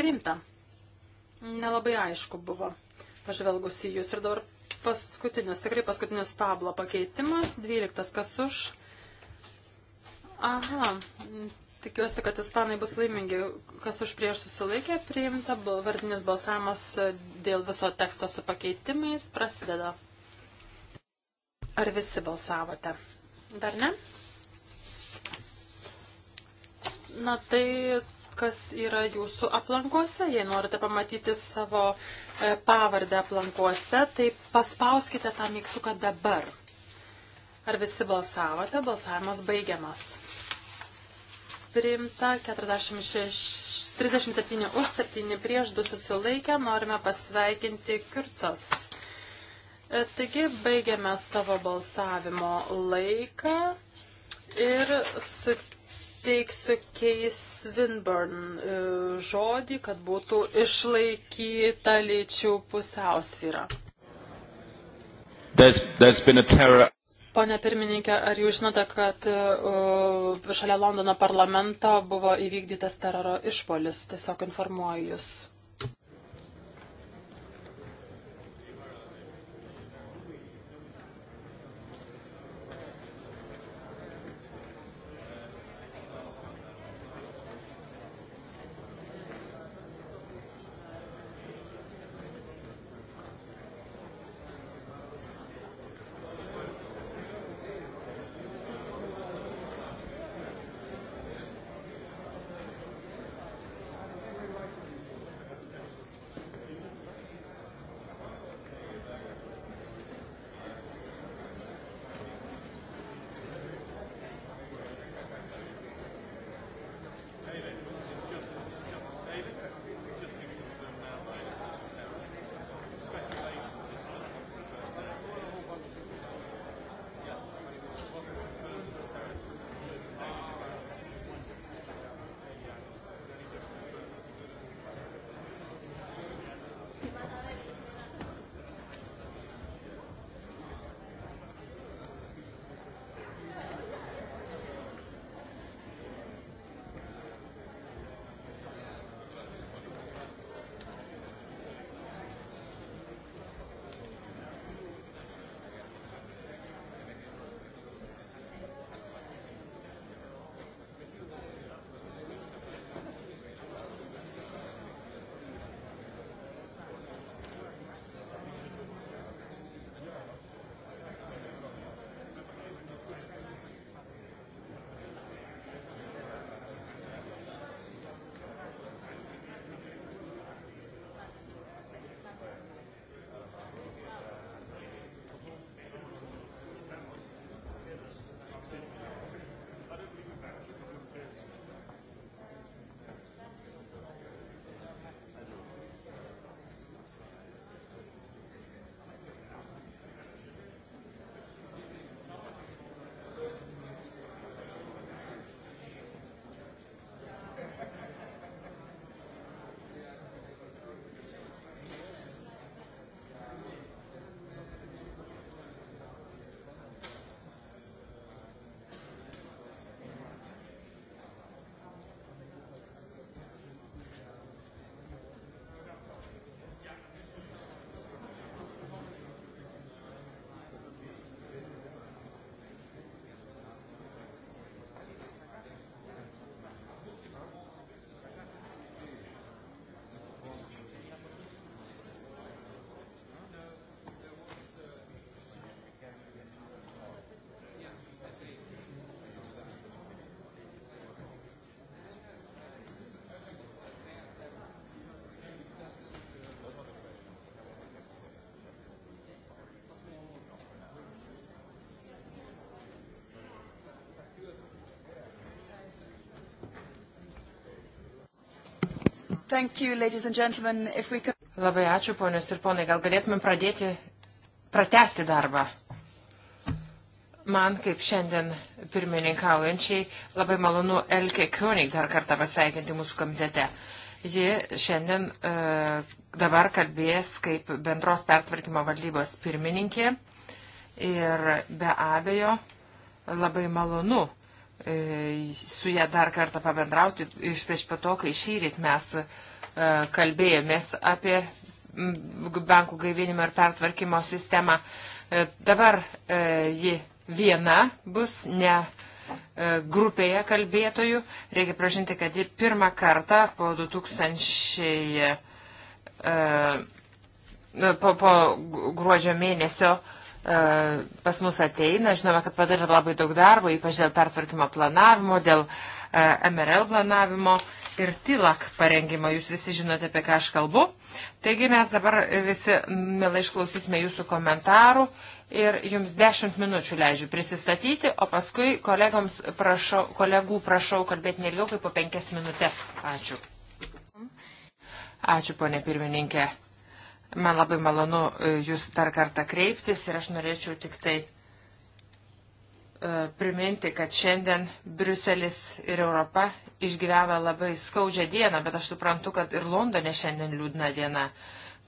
Priimta. Nelabai aišku buvo, pažvelgusi jūs ir dabar paskutinis, tikrai paskutinis Pablo pakeitimas, 12 kas už. Aha, tikiuosi, kad ispanai bus laimingi, kas už prieš susilaikė, priimta vardinis balsavimas e, dėl viso teksto su pakeitimais prasideda. Ar visi balsavote? Dar ne? Na tai kas yra jūsų aplankose. Jei norite pamatyti savo e, pavardę aplankose, tai paspauskite tą mygtuką dabar. Ar visi balsavote? Balsavimas baigiamas. Priimta 46, 37 už 7 prieš 2 susilaikę. Norime pasveikinti Kircos. E, taigi baigiame savo balsavimo laiką ir su suteiksiu Keis Winburn e, žodį, kad būtų išlaikyta lyčių pusiausvyra. There's, there's been a terror. Pone pirmininkė, ar jūs žinote, kad uh, šalia Londono parlamento buvo įvykdytas teroro išpolis? Tiesiog informuoju jūs. Thank you, ladies and gentlemen. If we can... Labai ačiū, ponios ir ponai. Gal galėtumėm pradėti, pratesti darbą. Man, kaip šiandien pirmininkaujančiai, labai malonu Elke Kionik dar kartą pasveikinti mūsų komitete. Ji šiandien e, dabar kalbės kaip bendros pertvarkymo valdybos pirmininkė ir be abejo labai malonu E, su ją dar kartą pabendrauti iš prieš pato, kai šyrit mes e, kalbėjomės apie bankų gaivinimo ir pertvarkymo sistemą. E, dabar ji viena bus ne grupėje kalbėtojų. Reikia pražinti, kad ji pirmą kartą po 2000 po, po gruodžio mėnesio uh, E, pas mus ateina. Žinome, kad padarė labai daug darbo, ypač dėl pertvarkymo planavimo, dėl e, MRL planavimo ir TILAK parengimo. Jūs visi žinote, apie ką aš kalbu. Taigi mes dabar visi, mielai, išklausysime jūsų komentarų ir jums 10 minučių leidžiu prisistatyti, o paskui kolegoms prašau, kolegų prašau kalbėti nelgiau kaip po 5 minutės. Ačiū. Ačiū, ponė pirmininkė. Man labai malonu e, jūs dar kartą kreiptis ir aš norėčiau tik tai e, priminti, kad šiandien Briuselis ir Europa išgyvena labai skaudžią dieną, bet aš suprantu, kad ir Londone šiandien liūdna diena.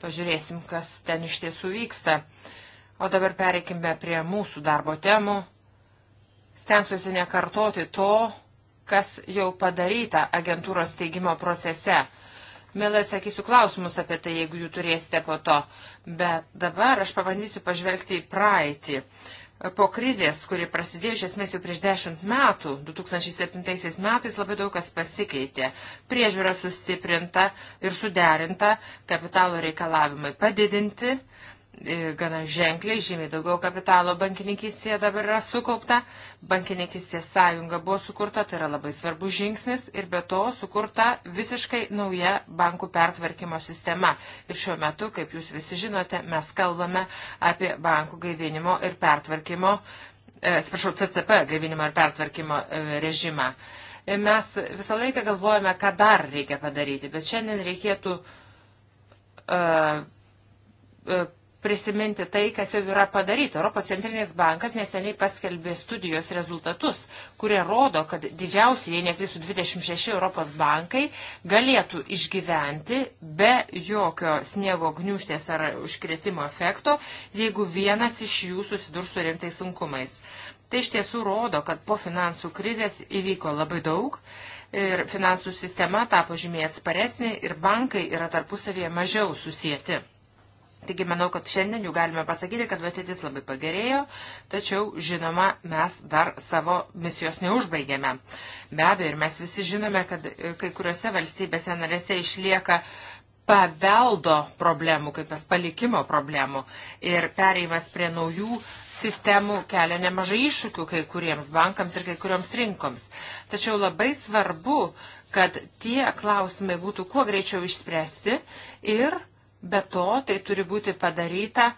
Pažiūrėsim, kas ten iš tiesų vyksta. O dabar pereikime prie mūsų darbo temų. Stengsiuosi nekartoti to, kas jau padaryta agentūros steigimo procese Mielai atsakysiu klausimus apie tai, jeigu jų turėsite po to. Bet dabar aš pabandysiu pažvelgti į praeitį. Po krizės, kuri prasidėjo iš esmės jau prieš dešimt metų, 2007 metais labai daug kas pasikeitė. Priežiūra sustiprinta ir suderinta, kapitalo reikalavimai padidinti, uh, E, gana ženkliai, žymiai daugiau kapitalo bankininkystėje dabar yra sukaupta. Bankininkystės sąjunga buvo sukurta, tai yra labai svarbus žingsnis ir be to sukurta visiškai nauja bankų pertvarkymo sistema. Ir šiuo metu, kaip jūs visi žinote, mes kalbame apie bankų gaivinimo ir pertvarkymo, e, atsiprašau, CCP gaivinimo ir pertvarkymo e, režimą. Mes visą laiką galvojame, ką dar reikia padaryti, bet šiandien reikėtų uh, uh, prisiminti tai, kas jau yra padaryta. Europos centrinis bankas neseniai paskelbė studijos rezultatus, kurie rodo, kad didžiausiai, jei nekrisų 26 Europos bankai, galėtų išgyventi be jokio sniego gniuštės ar užkretimo efekto, jeigu vienas iš jų susidurs su rimtais sunkumais. Tai iš tiesų rodo, kad po finansų krizės įvyko labai daug ir finansų sistema tapo žymiai atsparesnė ir bankai yra tarpusavėje mažiau susijęti. Taigi manau, kad šiandien jau galime pasakyti, kad ateitis labai pagerėjo, tačiau žinoma, mes dar savo misijos neužbaigėme. Be abejo, ir mes visi žinome, kad e, kai kuriuose valstybėse narėse išlieka paveldo problemų, kaip mes palikimo problemų ir pereimas prie naujų sistemų kelia nemažai iššūkių kai kuriems bankams ir kai kurioms rinkoms. Tačiau labai svarbu, kad tie klausimai būtų kuo greičiau išspręsti ir Be to, tai turi būti padaryta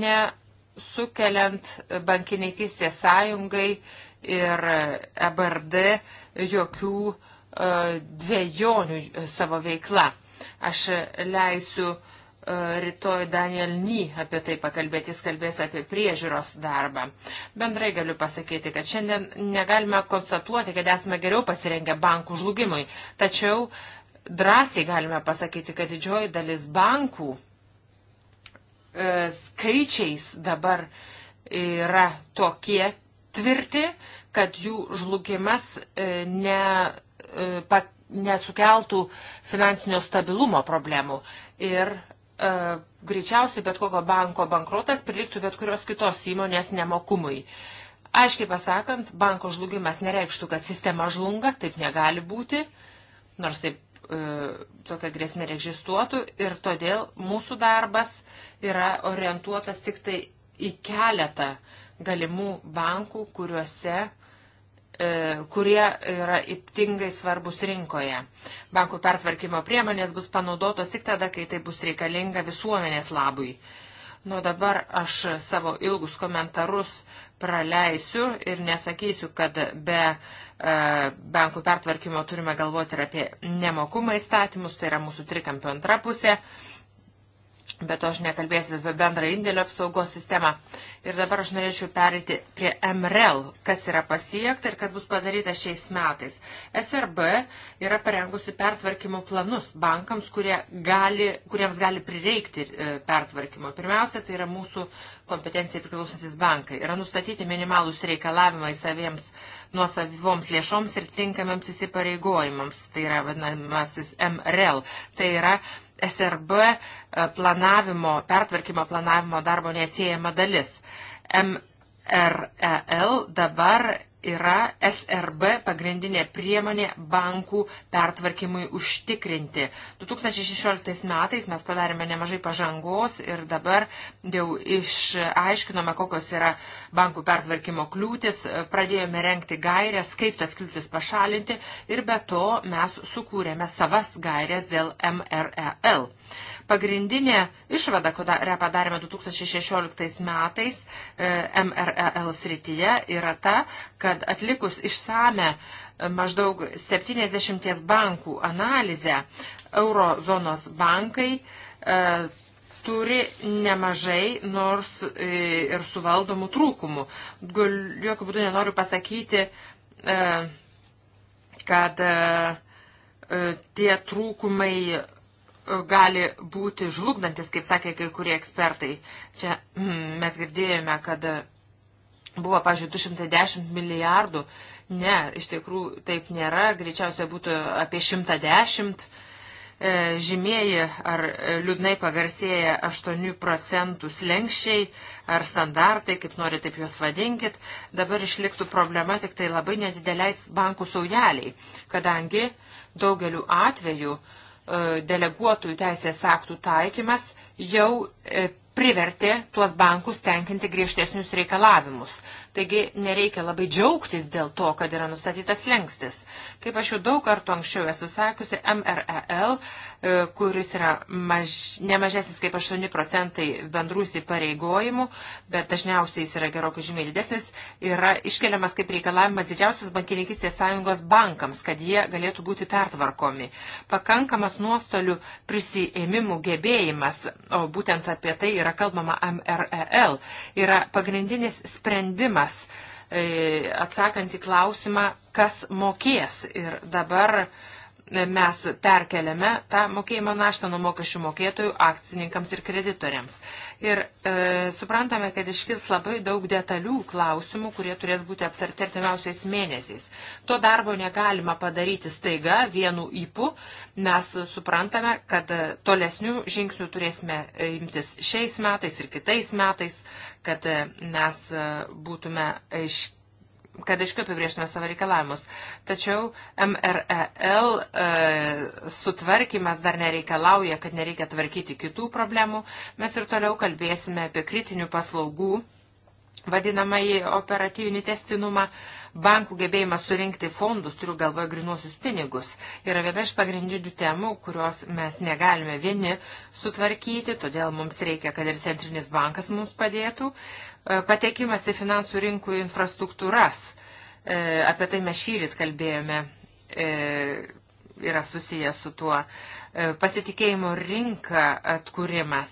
nesukeliant bankininkystės sąjungai ir EBRD jokių e, dviejonių e, savo veikla. Aš leisiu e, rytoj Daniel Ny apie tai pakalbėti, jis kalbės apie priežiūros darbą. Bendrai galiu pasakyti, kad šiandien negalime konstatuoti, kad esame geriau pasirengę bankų žlugimui, tačiau drąsiai galime pasakyti, kad didžioji dalis bankų e, skaičiais dabar yra tokie tvirti, kad jų žlugimas e, ne, e, pa, nesukeltų finansinio stabilumo problemų. Ir e, greičiausiai bet kokio banko bankrotas priliktų bet kurios kitos įmonės nemokumui. Aiškiai pasakant, banko žlugimas nereikštų, kad sistema žlunga, taip negali būti, nors taip E, tokia grėsmė egzistuotų ir todėl mūsų darbas yra orientuotas tik tai į keletą galimų bankų, kuriuose e, kurie yra ypatingai svarbus rinkoje. Bankų pertvarkymo priemonės bus panaudotos tik tada, kai tai bus reikalinga visuomenės labui. Nuo dabar aš savo ilgus komentarus praleisiu ir nesakysiu, kad be uh, E, bankų pertvarkymo turime galvoti ir apie nemokumą įstatymus, tai yra mūsų trikampio antra pusė. E, bet aš nekalbėsiu apie bendrą indėlio apsaugos sistemą. Ir dabar aš norėčiau pereiti prie MREL, kas yra pasiekta ir kas bus padaryta šiais metais. SRB yra parengusi pertvarkymo planus bankams, kurie gali, kuriems gali prireikti e, pertvarkymo. Pirmiausia, tai yra mūsų kompetencijai priklausantis bankai. Yra nustatyti minimalus reikalavimai saviems nuosavivoms lėšoms ir tinkamiams įsipareigojimams. Tai yra vadinamasis MREL. Tai yra SRB e, planavimo, pertvarkymo planavimo darbo neatsiejama dalis. MREL dabar yra SRB pagrindinė priemonė bankų pertvarkymui užtikrinti. 2016 metais mes padarėme nemažai pažangos ir dabar jau išaiškinome, kokios yra bankų pertvarkymo kliūtis, pradėjome renkti gairias, kaip tas kliūtis pašalinti ir be to mes sukūrėme savas gairias dėl MREL. Pagrindinė išvada, kurią padarėme 2016 metais e, MREL srityje, yra ta, kad atlikus išsame e, maždaug 70 bankų analizę, eurozonos bankai e, turi nemažai, nors ir suvaldomų trūkumų. Jokių būdų nenoriu pasakyti, kad tie trūkumai gali būti žlugdantis, kaip sakė kai kurie ekspertai. Čia mm, mes girdėjome, kad buvo, pažiūrėjau, 210 milijardų. Ne, iš tikrųjų taip nėra, greičiausiai būtų apie 110. E, Žymieji ar liūdnai pagarsėja 8 procentų slengščiai ar standartai, kaip nori taip juos vadinkit, dabar išliktų problema tik tai labai nedideliais bankų saujeliai, kadangi daugeliu atveju uh, E, deleguotųjų teisės aktų taikymas jau e, privertė tuos bankus tenkinti griežtesnius reikalavimus. Taigi nereikia labai džiaugtis dėl to, kad yra nustatytas lengstis. Kaip aš jau daug kartų anksčiau esu sakiusi, MREL E, kuris yra maž, nemažesnis kaip 8 procentai bendrų įsipareigojimų, bet dažniausiai jis yra gerokai žymiai didesnis, yra iškeliamas kaip reikalavimas didžiausios bankininkistės sąjungos bankams, kad jie galėtų būti pertvarkomi. Pakankamas nuostolių prisėmimų gebėjimas, o būtent apie tai yra kalbama MREL, yra pagrindinis sprendimas e, atsakant į klausimą, kas mokės. Ir dabar uh, mes perkeliame tą mokėjimo naštą nuo mokesčių mokėtojų akcininkams ir kreditoriams. Ir e, suprantame, kad iškils labai daug detalių klausimų, kurie turės būti aptarti artimiausiais mėnesiais. To darbo negalima padaryti staiga vienu įpu. Mes suprantame, kad e, tolesnių žingsnių turėsime e, imtis šiais metais ir kitais metais, kad e, mes būtume aiškiai kad aiškiau apibrieštume savo reikalavimus. Tačiau MREL e, sutvarkymas dar nereikalauja, kad nereikia tvarkyti kitų problemų. Mes ir toliau kalbėsime apie kritinių paslaugų vadinamąjį operatyvinį testinumą, bankų gebėjimą surinkti fondus, turiu galvoje grinuosius pinigus, yra viena iš pagrindinių temų, kurios mes negalime vieni sutvarkyti, todėl mums reikia, kad ir Centrinis bankas mums padėtų. E, patekimas į finansų rinkų infrastruktūras, e, apie tai mes šyrit kalbėjome, e, yra susijęs su tuo pasitikėjimo rinka atkūrimas.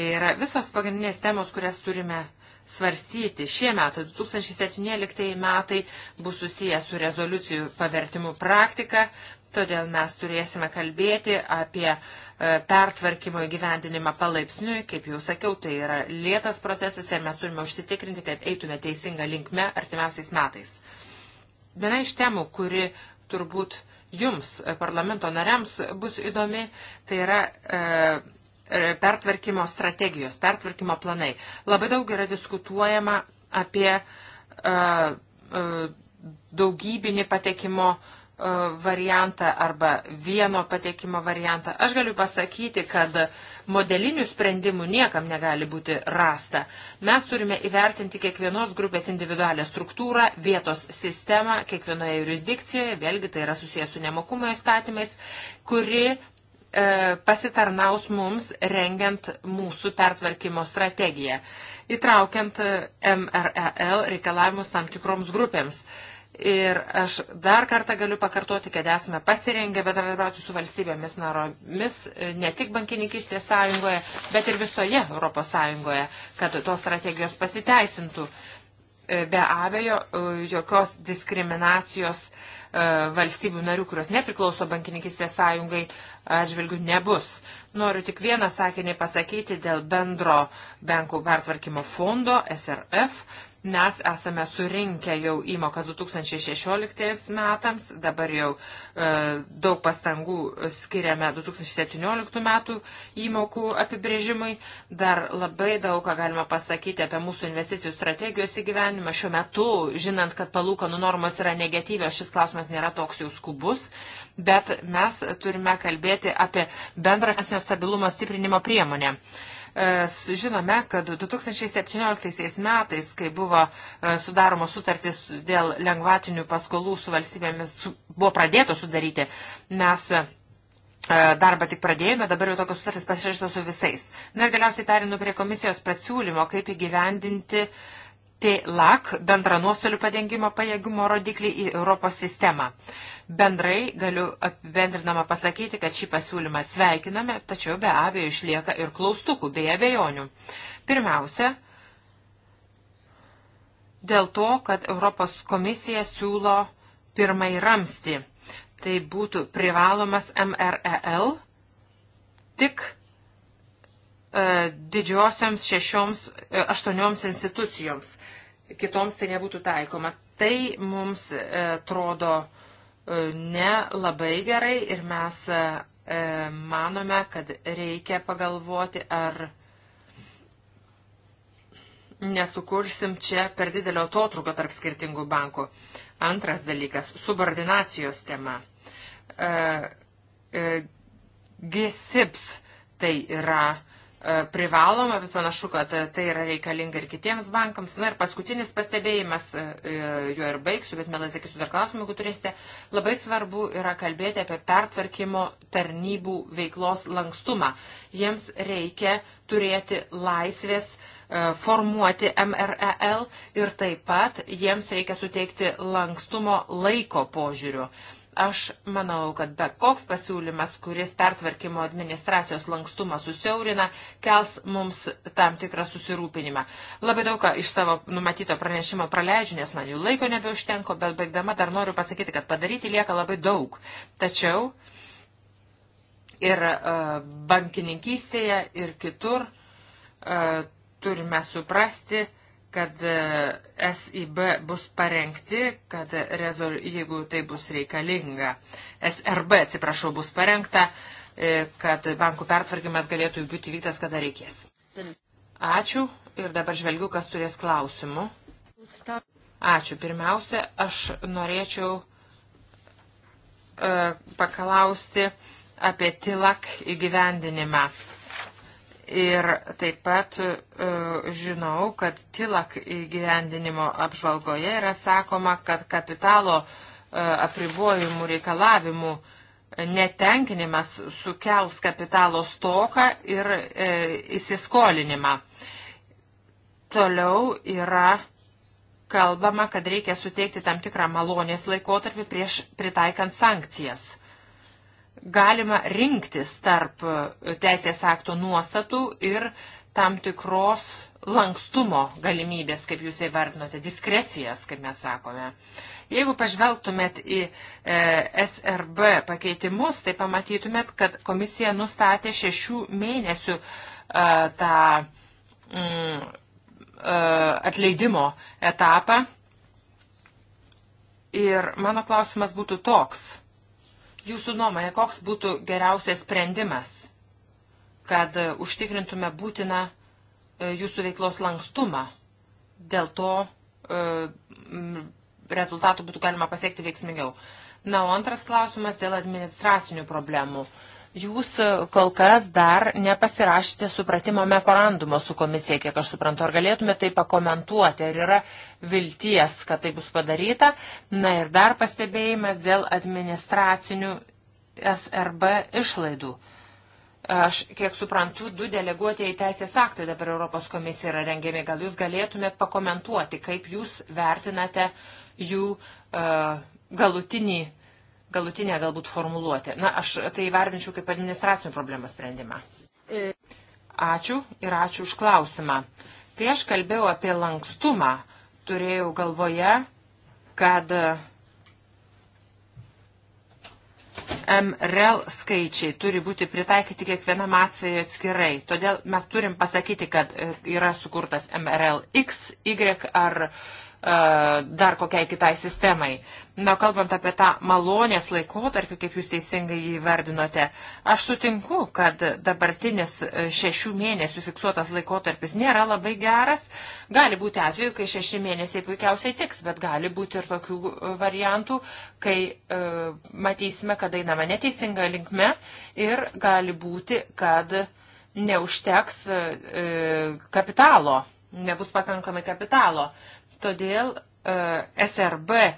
Yra visos pagrindinės temos, kurias turime svarstyti. Šie metai, 2017 metai, bus susijęs su rezoliucijų pavertimų praktika, todėl mes turėsime kalbėti apie e, pertvarkymo įgyvendinimą palaipsniui. Kaip jau sakiau, tai yra lėtas procesas ir mes turime užsitikrinti, kad eitume teisinga linkme artimiausiais metais. Viena iš temų, kuri turbūt jums, e, parlamento nariams, bus įdomi, tai yra. E, E, pertvarkymo strategijos, pertvarkymo planai. Labai daug yra diskutuojama apie uh, uh, daugybinį patekimo uh, variantą arba vieno patekimo variantą. Aš galiu pasakyti, kad modelinių sprendimų niekam negali būti rasta. Mes turime įvertinti kiekvienos grupės individualią struktūrą, vietos sistemą, kiekvienoje jurisdikcijoje, vėlgi tai yra susijęs su nemokumo įstatymais, kuri E, pasitarnaus mums rengiant mūsų pertvarkymo strategiją, įtraukiant MREL reikalavimus tam tikroms grupėms. Ir aš dar kartą galiu pakartoti, kad esame pasirengę bendradarbiauti su valstybėmis naromis, e, ne tik bankininkistės sąjungoje, bet ir visoje Europos sąjungoje, kad tos strategijos pasiteisintų. E, be abejo, jokios diskriminacijos uh, E, valstybių narių, kurios nepriklauso bankininkistės sąjungai, atžvilgių nebus. Noriu tik vieną sakinį pasakyti dėl bendro bankų pertvarkymo fondo SRF. Mes esame surinkę jau įmokas 2016 metams, dabar jau e, daug pastangų skiriame 2017 metų įmokų apibrėžimui. Dar labai daug ką galima pasakyti apie mūsų investicijų strategijos įgyvenimą. Šiuo metu, žinant, kad palūkanų normos yra negatyvios, šis klausimas nėra toks jau skubus, bet mes turime kalbėti apie bendrą stabilumo stiprinimo priemonę. E, E, žinome, kad 2017 metais, kai buvo e, sudaromos sutartys dėl lengvatinių paskolų su valstybėmis, buvo pradėto sudaryti, mes e, darbą tik pradėjome, dabar jau tokios sutartys pasirašytos su visais. Na ir galiausiai perinu prie komisijos pasiūlymo, kaip įgyvendinti uh, TLAC bendrą nuostolių padengimo pajėgumo rodiklį į Europos sistemą. Bendrai galiu apibendrinama pasakyti, kad šį pasiūlymą sveikiname, tačiau be abejo išlieka ir klaustukų bei abejonių. Pirmiausia, dėl to, kad Europos komisija siūlo pirmąjį ramstį. Tai būtų privalomas MREL tik E, didžiosiams šešioms, e, aštuonioms institucijoms. Kitoms tai nebūtų taikoma. Tai mums e, atrodo nelabai gerai ir mes manome, kad reikia pagalvoti, ar nesukursim čia per didelio atotrukio tarp skirtingų bankų. Antras dalykas - subordinacijos tema. GSIPS tai yra E, privaloma, bet panašu, kad tai yra reikalinga ir kitiems bankams. Na ir paskutinis pastebėjimas, e, e, juo ir baigsiu, bet mielai sakysiu dar klausimų, jeigu turėsite. Labai svarbu yra kalbėti apie pertvarkymo tarnybų veiklos lankstumą. Jiems reikia turėti laisvės formuoti MREL ir taip pat jiems reikia suteikti lankstumo laiko požiūriu. Aš manau, kad bet koks pasiūlymas, kuris pertvarkymo administracijos lankstumą susiaurina, kels mums tam tikrą susirūpinimą. Labai daug iš savo numatyto pranešimo praleidžiu, nes man jų laiko nebeužtenko, bet baigdama dar noriu pasakyti, kad padaryti lieka labai daug. Tačiau ir uh, bankininkystėje, ir kitur uh, turime suprasti, uh, kad e, SIB bus parengti, kad rezol, jeigu tai bus reikalinga, SRB, atsiprašau, bus parengta, e, kad bankų pertvarkymas galėtų būti vyktas, kada reikės. Ačiū ir dabar žvelgiu, kas turės klausimų. Ačiū. Pirmiausia, aš norėčiau e, paklausti apie tilak įgyvendinimą. E, Ir taip pat e, žinau, kad tilak įgyvendinimo apžvalgoje yra sakoma, kad kapitalo e, apribojimų reikalavimų e, netenkinimas sukels kapitalo stoką ir e, įsiskolinimą. Toliau yra kalbama, kad reikia suteikti tam tikrą malonės laikotarpį prieš pritaikant sankcijas galima rinktis tarp e, teisės akto nuostatų ir tam tikros lankstumo galimybės, kaip jūs įvardinote, diskrecijas, kaip mes sakome. Jeigu pažvelgtumėt į e, SRB pakeitimus, tai pamatytumėt, kad komisija nustatė šešių mėnesių e, tą mm, e, atleidimo etapą. Ir mano klausimas būtų toks Jūsų nuomonė, koks būtų geriausias sprendimas, kad e, užtikrintume būtiną e, jūsų veiklos lankstumą? Dėl to e, rezultatų būtų galima pasiekti veiksmingiau. Na, o antras klausimas dėl administracinių problemų. Uh, Jūs e, kol kas dar nepasirašėte supratimo memorandumo su komisija, kiek aš suprantu. Ar galėtumėte tai pakomentuoti, ar yra vilties, kad tai bus padaryta? Na ir dar pastebėjimas dėl administracinių SRB išlaidų. Aš, kiek suprantu, du deleguotieji teisės aktai dabar Europos komisija yra rengiami. Gal jūs galėtumėte pakomentuoti, kaip jūs vertinate jų uh, galutinį uh, galutinę galbūt formuluotę. Na, aš tai vardinčiau kaip administracinių problemų sprendimą. E. Ačiū ir ačiū už klausimą. Kai aš kalbėjau apie lankstumą, turėjau galvoje, kad MREL skaičiai turi būti pritaikyti kiekvienam atveju atskirai. Todėl mes turim pasakyti, kad yra sukurtas MRL X, Y ar uh, E, dar kokiai kitai sistemai. Na, kalbant apie tą malonės laikotarpį, kaip jūs teisingai įvardinote, aš sutinku, kad dabartinis e, šešių mėnesių fiksuotas laikotarpis nėra labai geras. Gali būti atveju, kai šeši mėnesiai puikiausiai tiks, bet gali būti ir tokių e, variantų, kai e, matysime, kad einame neteisinga linkme ir gali būti, kad neužteks e, kapitalo nebus pakankamai kapitalo. Todėl e, SRB e,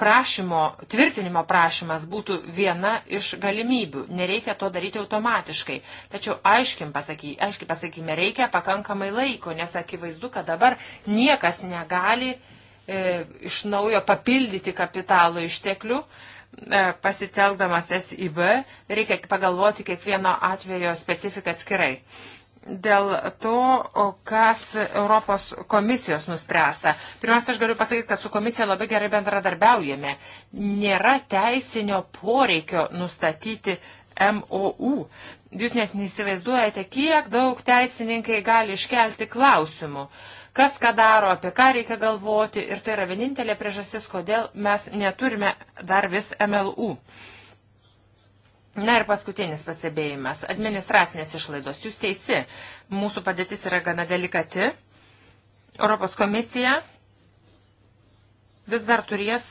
prašymo, tvirtinimo prašymas būtų viena iš galimybių. Nereikia to daryti automatiškai. Tačiau aiškim pasaky, aiškiai pasakykime, reikia pakankamai laiko, nes akivaizdu, kad dabar niekas negali e, iš naujo papildyti kapitalo išteklių. E, pasiteldamas SIB reikia pagalvoti kiekvieno atvejo specifiką atskirai. E, dėl to, kas Europos komisijos nuspręsta. Pirmiausia, aš galiu pasakyti, kad su komisija labai gerai bendradarbiaujame. Nėra teisinio poreikio nustatyti MOU. Jūs net neįsivaizduojate, kiek daug teisininkai gali iškelti klausimų, kas ką daro, apie ką reikia galvoti ir tai yra vienintelė priežastis, kodėl mes neturime dar vis MLU. Uh, Na ir paskutinis pasibėjimas. Administracinės išlaidos. Jūs teisi, mūsų padėtis yra gana delikati. Europos komisija vis dar turės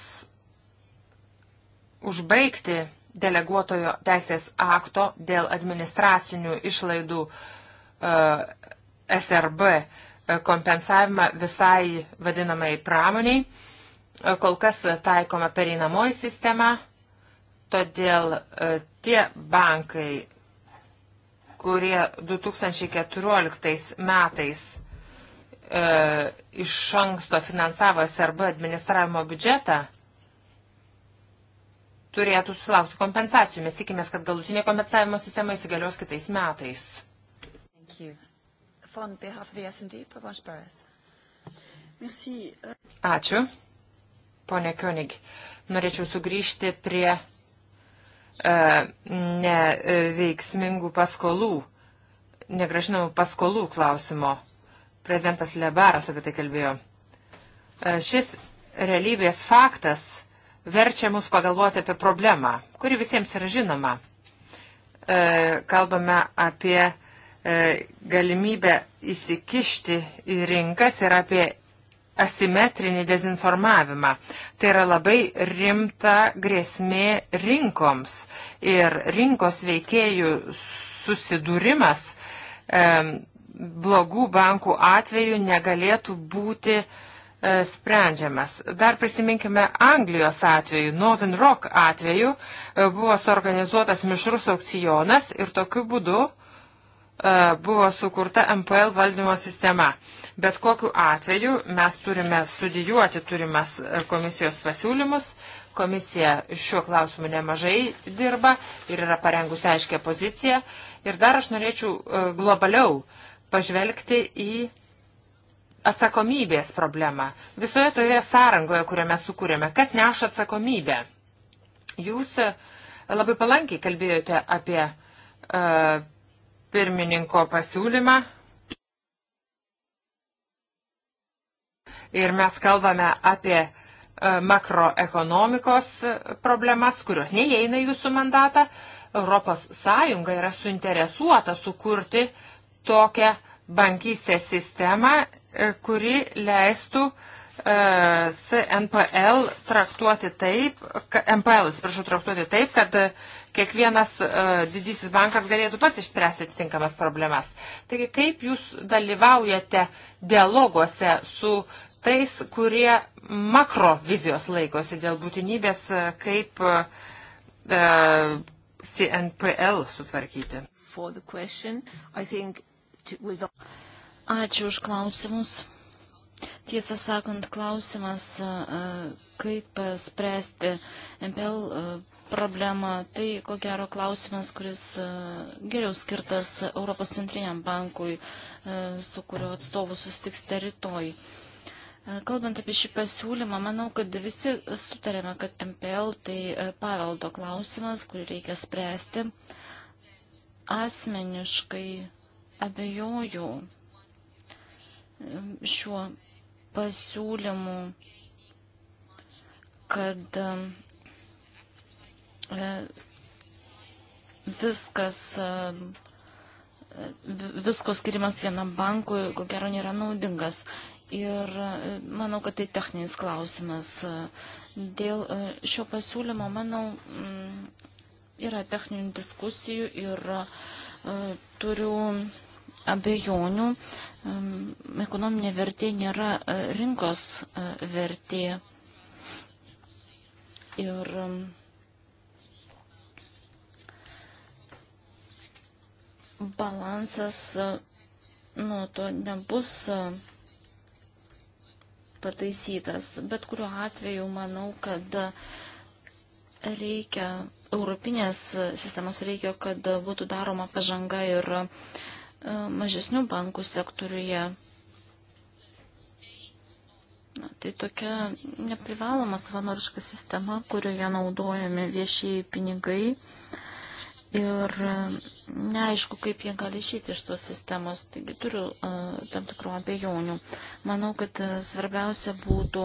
užbaigti deleguotojo teisės akto dėl administracinių išlaidų uh, e, SRB e, kompensavimą visai vadinamai pramoniai. E, kol kas taikoma pereinamoji sistema, todėl uh, Tie bankai, kurie 2014 metais e, iš anksto finansavo SRB administravimo biudžetą, turėtų sulaukti kompensacijų. Mes tikimės, kad galutinė kompensavimo sistema įsigalios kitais metais. Ačiū. Pone Kionig, norėčiau sugrįžti prie E, neveiksmingų paskolų, negražinamų paskolų klausimo. Prezidentas Lebaras apie tai kalbėjo. E, šis realybės faktas verčia mus pagalvoti apie problemą, kuri visiems yra žinoma. E, kalbame apie galimybę įsikišti į rinkas ir apie asimetrinį dezinformavimą. Tai yra labai rimta grėsmė rinkoms ir rinkos veikėjų susidūrimas e, blogų bankų atveju negalėtų būti e, sprendžiamas. Dar prisiminkime Anglijos atveju, Northern Rock atveju e, buvo suorganizuotas mišrus aukcionas ir tokiu būdu e, buvo sukurta MPL valdymo sistema. Bet kokiu atveju mes turime studijuoti turimas e, komisijos pasiūlymus. Komisija šiuo klausimu nemažai dirba ir yra parengusi aiškę poziciją. Ir dar aš norėčiau e, globaliau pažvelgti į atsakomybės problemą. Visoje toje sąrangoje, kurią mes sukūrėme, kas neša atsakomybę? Jūs e, labai palankiai kalbėjote apie uh, pirmininko pasiūlymą ir mes kalbame apie e, makroekonomikos e, problemas, kurios neįeina į jūsų mandatą. Europos Sąjunga yra suinteresuota sukurti tokią bankystės sistemą, e, kuri leistų NPL traktuoti taip, MPL, atsiprašau, traktuoti taip, kad kiekvienas didysis bankas galėtų pats išspręsti atitinkamas problemas. Taigi, kaip jūs dalyvaujate dialoguose su tais, kurie makro vizijos laikosi dėl būtinybės, e, kaip e, e CNPL sutvarkyti. Ačiū už klausimus. Tiesą sakant, klausimas, e, kaip spręsti MPL problemą, tai ko gero klausimas, kuris geriau skirtas Europos centriniam bankui, su kurio atstovu susitiksite rytoj. Kalbant apie šį pasiūlymą, manau, kad visi sutarėme, kad MPL tai e, paveldo klausimas, kurį reikia spręsti. Asmeniškai abejoju e, šiuo pasiūlymu, kad e, viskas visko skirimas vienam bankui, ko gero, nėra naudingas. Ir e, manau, kad tai techninis klausimas. Dėl e, šio pasiūlymo, manau, mm, yra techninių diskusijų ir e, turiu abejonių. Mm, ekonominė vertė nėra rinkos vertė. Ir mm, balansas nuo to nebus pataisytas. Bet kuriuo atveju manau, kad reikia europinės sistemos, reikia, kad būtų daroma pažanga ir e, mažesnių bankų sektoriuje. Na, tai tokia neprivaloma savanoriška sistema, kurioje naudojami viešieji pinigai. Uh, Ir e, neaišku, kaip jie gali išėti iš tos sistemos, taigi turiu uh, tam tikrų abejonių. Manau, kad uh, svarbiausia būtų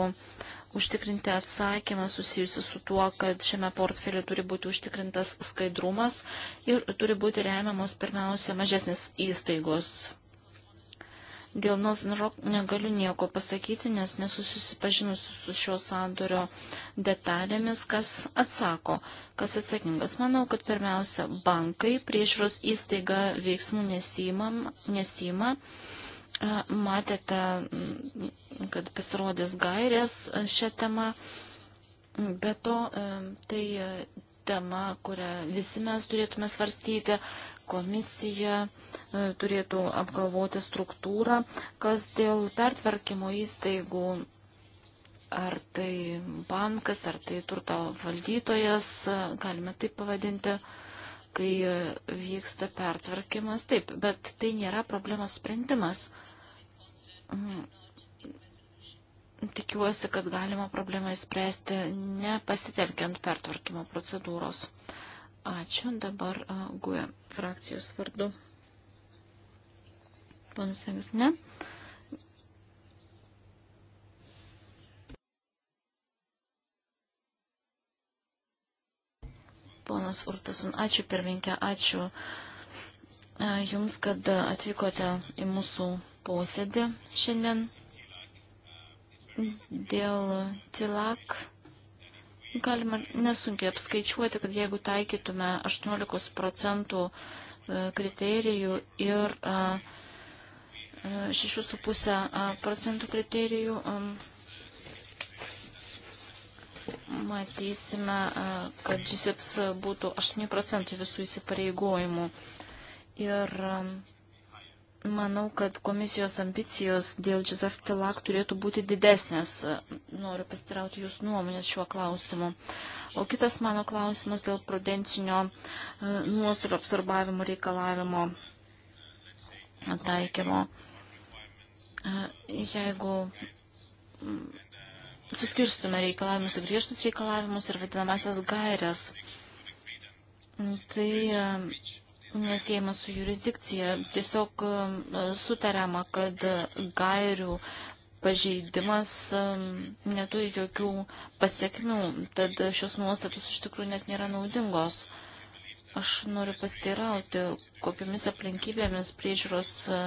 užtikrinti atsakymą susijusi su tuo, kad šiame portfelė turi būti užtikrintas skaidrumas ir turi būti remiamos pirmiausia mažesnės įstaigos Dėl Nozenrok negaliu nieko pasakyti, nes nesu susipažinusi su šio sandorio detalėmis, kas atsako, kas atsakingas. Manau, kad pirmiausia, bankai priežiūros įstaiga veiksmų nesima. Matėte, kad pasirodės gairės šią temą. Be to, tai tema, kurią visi mes turėtume svarstyti, Komisija e, turėtų apgalvoti struktūrą, kas dėl pertvarkymo įstaigų, ar tai bankas, ar tai turto valdytojas, e, galime taip pavadinti, kai e, vyksta pertvarkymas, taip, bet tai nėra problemos sprendimas. Mhm. Tikiuosi, kad galima problemą įspręsti nepasitelkiant pertvarkymo procedūros. Ačiū. Dabar GUE frakcijos vardu. Ponas Segas, ne. Ponas Urtasun, ačiū pirminkė, ačiū Jums, kad atvykote į mūsų posėdį šiandien dėl TILAK Galima nesunkiai apskaičiuoti, kad jeigu taikytume 18 e, e, e, procentų kriterijų ir 6,5 procentų kriterijų, matysime, kad GSIPS būtų 8 procentai visų įsipareigojimų. Ir Manau, kad komisijos ambicijos dėl Joseph Tilak turėtų būti didesnės. Noriu pasitrauti jūsų nuomonės šiuo klausimu. O kitas mano klausimas dėl prudencinio e, nuostolio absorbavimo reikalavimo taikymo. E, jeigu suskirstume reikalavimus į griežtus reikalavimus ir vadinamasias gairias, tai e, nesiejamas su jurisdikcija. Tiesiog e, sutariama, kad gairių pažeidimas e, neturi jokių pasiekmių, tad šios nuostatos iš tikrųjų net nėra naudingos. Aš noriu pasiteirauti, kokiamis aplinkybėmis priežiūros e,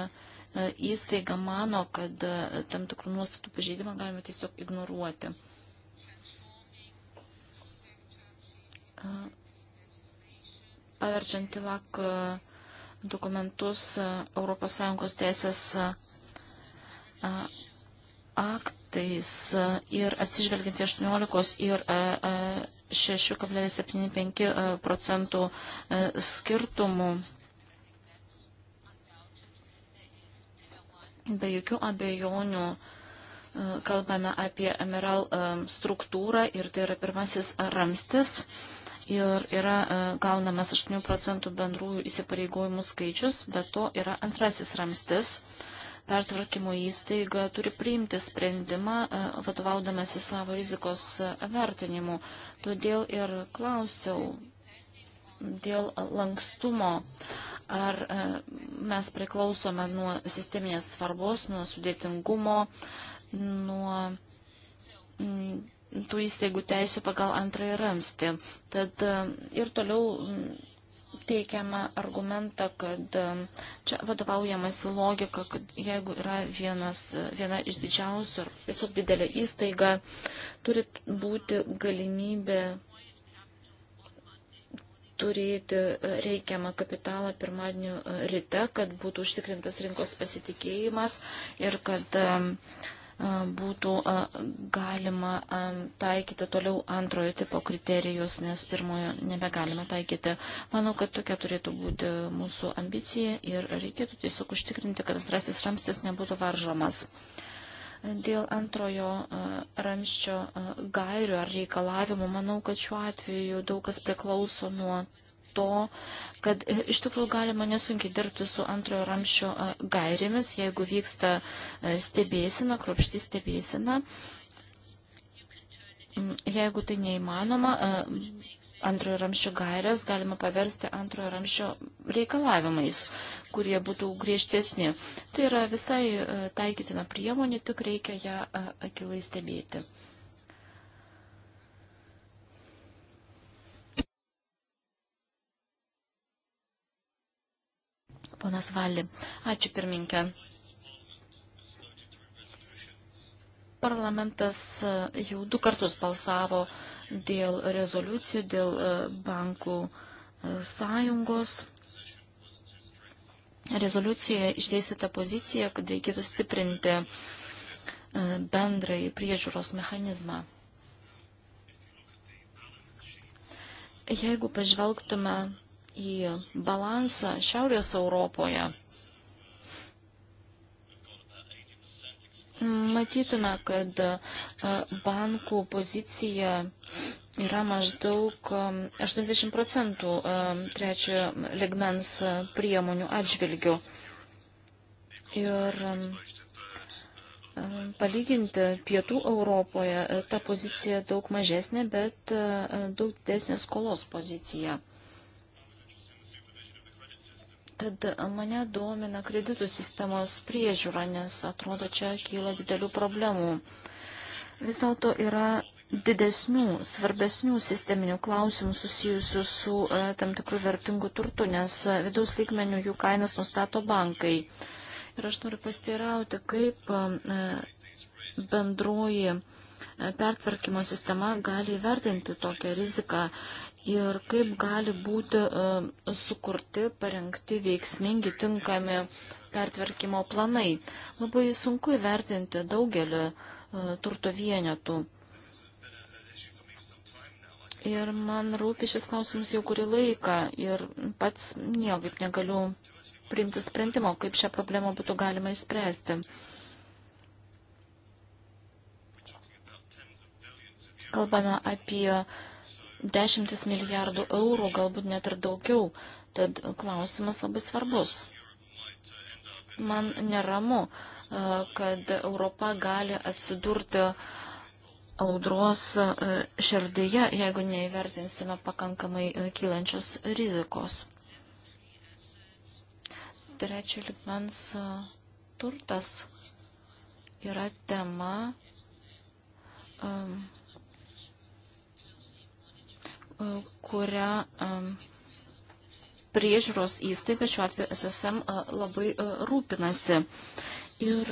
įstaiga mano, kad tam tikrų nuostatų pažeidimą galime tiesiog ignoruoti paverčiant TILAK e, dokumentus ES teisės e, aktais e, ir atsižvelgiant 18 ir 6,75 procentų skirtumų. Be jokių abejonių kalbame apie emeral struktūrą ir tai yra pirmasis ramstis ir yra e, gaunamas 8 procentų bendrųjų įsipareigojimų skaičius, bet to yra antrasis ramstis. Pertvarkymo įstaiga turi priimti sprendimą, e, vadovaudamasi savo rizikos e, vertinimu. Todėl ir klausiau dėl lankstumo, ar mes priklausome nuo sisteminės svarbos, nuo sudėtingumo, nuo tų įsteigų teisų pagal antrąjį ramstį. Tad e, ir toliau teikiama argumenta, kad e, čia vadovaujamas logika, kad jeigu yra vienas, e, viena iš didžiausių ar tiesiog didelė įstaiga, turi būti galimybė turėti reikiamą kapitalą pirmadienio ryte, kad būtų užtikrintas rinkos pasitikėjimas ir kad uh, būtų galima taikyti toliau antrojo tipo kriterijus, nes pirmojo nebegalime taikyti. Manau, kad tokia turėtų būti mūsų ambicija ir reikėtų tiesiog užtikrinti, kad antrasis ramstis nebūtų varžomas. Dėl antrojo ramščio gairių ar reikalavimų, manau, kad šiuo atveju daug kas priklauso nuo to, kad e, iš tikrųjų galima nesunkiai dirbti su antrojo ramščio e, gairėmis, jeigu vyksta e, stebėsina, kruopšti stebėsina. Mm, jeigu tai neįmanoma, antrojo ramščio gairės galima paversti antrojo ramščio reikalavimais, kurie būtų griežtesni. Tai yra visai taikytina priemonė, tik reikia ją akilai stebėti. Ponas Valli, ačiū pirminkė. Parlamentas e, jau du kartus balsavo dėl rezoliucijų, dėl e, bankų e, sąjungos. Rezoliucijoje išdėstyta pozicija, kad reikėtų stiprinti bendrai priežiūros mechanizmą. Jeigu pažvelgtume į balansą Šiaurės Europoje, matytume, kad e, bankų pozicija yra maždaug 80 e, procentų e, trečiojo ligmens priemonių atžvilgių. Ir palyginti pietų Europoje ta pozicija daug mažesnė, bet daug didesnė skolos pozicija. Tad mane domina kreditų sistemos priežiūra, nes atrodo, čia kyla didelių problemų. Vis dėlto yra didesnių, svarbesnių sisteminių klausimų susijusių su e, tam tikrų vertingų turtų, nes e, vidaus lygmenių jų kainas nustato bankai. Ir aš noriu pasteirauti, kaip e, e bendroji e, pertvarkymo sistema gali vertinti tokią riziką ir kaip gali būti e, sukurti, parengti veiksmingi, tinkami pertvarkymo planai. Labai sunku įvertinti daugelį e, turto vienetų. Ir man rūpi šis klausimas jau kurį laiką ir pats niekaip negaliu priimti sprendimo, kaip šią problemą būtų galima įspręsti. Kalbame apie dešimtis milijardų eurų, galbūt net ir daugiau. Tad klausimas labai svarbus. Man neramu, kad Europa gali atsidurti audros širdyje, jeigu neįvertinsime pakankamai kylančios rizikos. Trečio likmens turtas yra tema. Um, E, kurią e, priežiūros įstaiga, šiuo atveju SSM, e, labai rūpinasi. Ir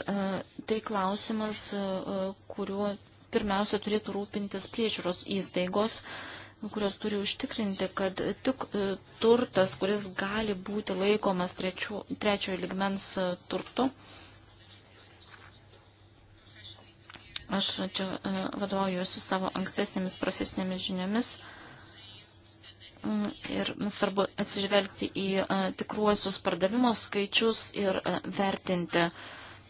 tai klausimas, kuriuo pirmiausia turėtų rūpintis priežiūros įstaigos, kurios turi užtikrinti, kad tik turtas, kuris gali būti laikomas trečio, trečiojo ligmens turtu, aš čia vadovaujuosi savo ankstesnėmis profesinėmis žiniomis, Mm, ir svarbu atsižvelgti į e, tikruosius pardavimo skaičius ir e, vertinti,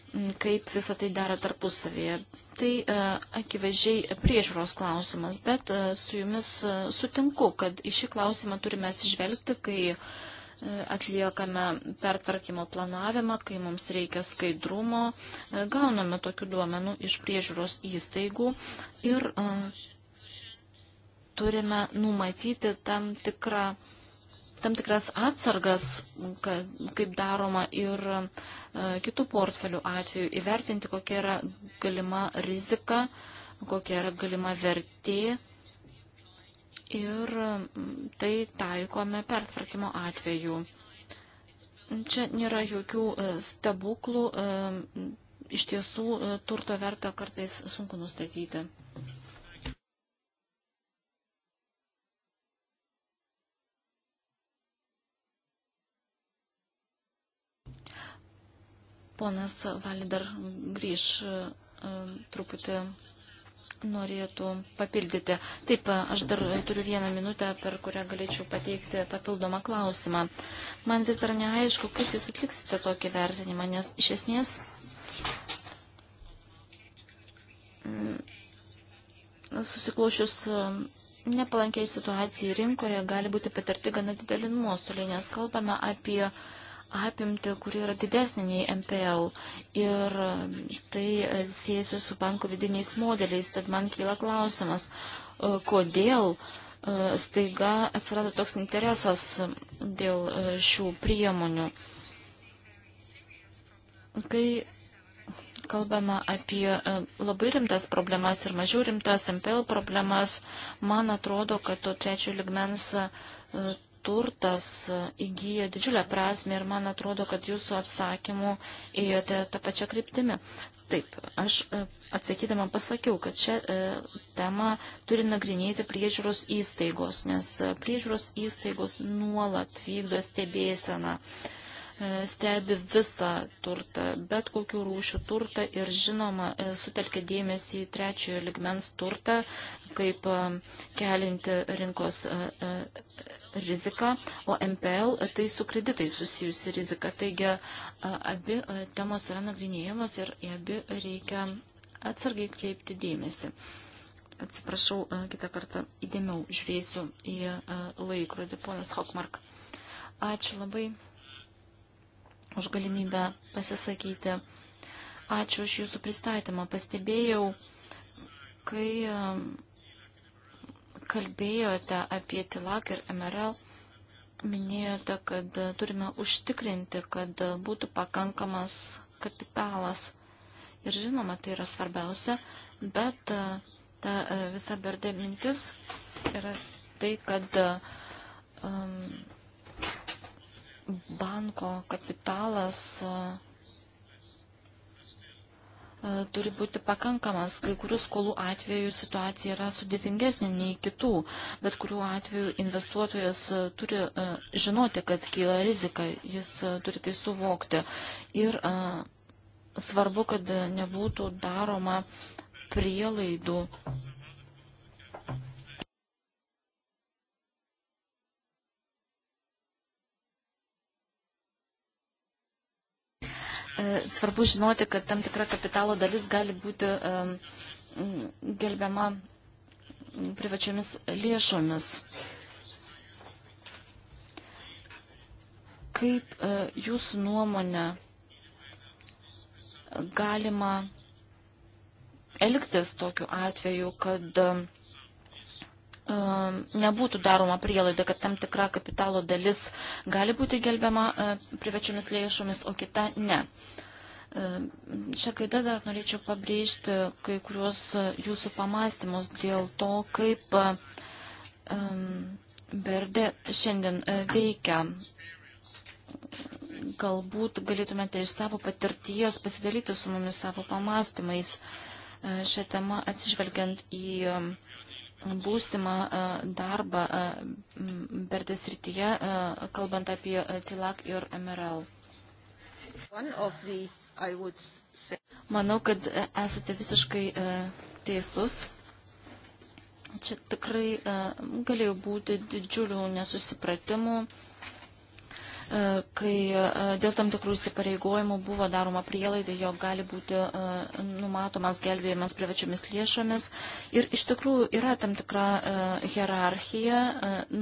mm, kaip visą tai dera tarpusavėje. Tai e, akivaizdžiai priežiūros klausimas, bet su jumis sutinku, kad į šį klausimą turime atsižvelgti, kai atliekame pertvarkymo planavimą, kai mums reikia skaidrumo, gauname tokių duomenų iš priežiūros įstaigų ir turime numatyti tam, tikrą, tam tikras atsargas, kad, kaip daroma ir e, kitų portfelių atveju, įvertinti, kokia yra galima rizika, kokia yra galima vertė ir tai taikome pertvarkymo atveju. Čia nėra jokių e, stebuklų, e, iš tiesų e, turto vertą kartais sunku nustatyti. Ponas Valė dar grįž e, e, truputį norėtų papildyti. Taip, e, aš dar turiu vieną minutę, per kurią galėčiau pateikti papildomą klausimą. Man vis dar neaišku, kaip jūs atliksite tokį vertinimą, nes iš esmės mm, susiklošius nepalankiai situacijai rinkoje gali būti patirti gana dideli nuostoliai, nes kalbame apie uh, apimti, kuri yra didesnė nei MPL. Ir tai siejasi su banko vidiniais modeliais. Tad man kyla klausimas, e, kodėl e, staiga atsirado toks interesas dėl e, šių priemonių. Kai kalbama apie labai rimtas problemas ir mažiau rimtas MPL problemas, man atrodo, kad to trečio ligmens turtas įgyja didžiulę prasme ir man atrodo, kad jūsų atsakymu ėjote tą pačią kryptimį. Taip, aš e, atsakydama pasakiau, kad šią e, temą turi nagrinėti priežiūros įstaigos, nes e, priežiūros įstaigos nuolat vykdo stebėseną. E, E, stebi visą turtą, bet kokių rūšių turtą ir žinoma e, sutelkia dėmesį į trečiojo ligmens turtą, kaip e, kelinti rinkos riziką, o MPL tai su kreditais susijusi rizika. Taigi abi temos yra nagrinėjamos ir į abi reikia atsargiai kreipti dėmesį. Atsiprašau, kitą kartą įdėmiau žiūrėsiu į laikrodį, ponas Hokmark. Ačiū labai už galimybę pasisakyti. Ačiū už Jūsų pristatymą. Pastebėjau, kai um, kalbėjote apie TILAK ir MRL, minėjote, kad uh, turime užtikrinti, kad uh, būtų pakankamas kapitalas. Ir žinoma, tai yra svarbiausia, bet uh, ta visa berdė mintis yra tai, kad um, banko kapitalas turi būti pakankamas. Kai kurių skolų atveju situacija yra sudėtingesnė nei kitų, bet kuriuo atveju investuotojas turi žinoti, kad kyla rizika, jis turi tai suvokti. Ir svarbu, kad nebūtų daroma prielaidų E, svarbu žinoti, kad tam tikra kapitalo dalis gali būti e, gelbiama privačiomis lėšomis. Kaip e, jūsų nuomonė galima elgtis tokiu atveju, kad Ehm, nebūtų daroma prielaida, kad tam tikra kapitalo dalis gali būti gelbiama e, privačiomis lėšomis, o kita ne. Ehm, šią kaidą dar norėčiau pabrėžti kai kuriuos e, jūsų pamastymus dėl to, kaip e, ehm, Berdė šiandien veikia. Galbūt galėtumėte iš savo patirties pasidalyti su mumis savo pamastymais šią temą atsižvelgiant į būsimą e, darbą e, Bertės rytyje, e, kalbant apie TILAK ir MRL. Manau, kad esate visiškai teisus. Čia tikrai galėjo būti didžiulių nesusipratimų E, kai e, dėl tam tikrų įsipareigojimų buvo daroma prielaida, jog gali būti e, numatomas gelbėjimas privačiomis lėšomis. Ir iš tikrųjų yra tam tikra hierarchija,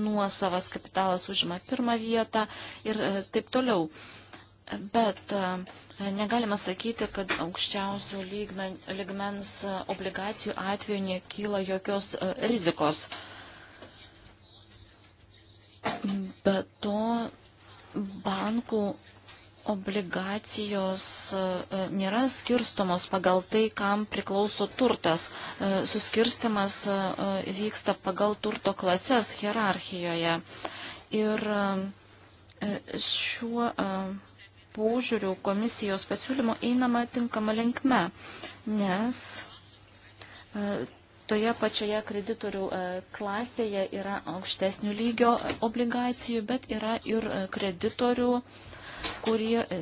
nuosavas kapitalas užima pirmą vietą ir taip toliau. Bet negalima sakyti, kad aukščiausio lygmens obligacijų atveju nekyla jokios rizikos. Bet to bankų obligacijos e, nėra skirstomos pagal tai, kam priklauso turtas. E, suskirstimas e, vyksta pagal turto klases hierarchijoje. Ir šiuo požiūriu komisijos pasiūlymo einama tinkama linkme, nes toje pačioje kreditorių e, klasėje yra aukštesnių lygio obligacijų, bet yra ir e, kreditorių, kurie e,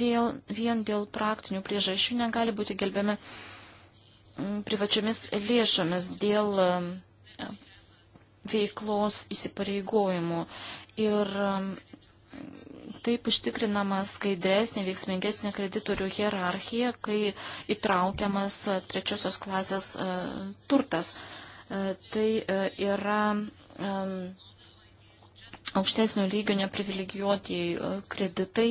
vėl, vien dėl praktinių priežasčių negali būti gelbėmi privačiomis lėšomis dėl veiklos įsipareigojimų. Ir Taip užtikrinama skaidresnė, veiksmingesnė kreditorių hierarchija, kai įtraukiamas e, trečiosios klasės e, turtas. E, tai yra aukštesnio lygio neprivilegijuotieji kreditai.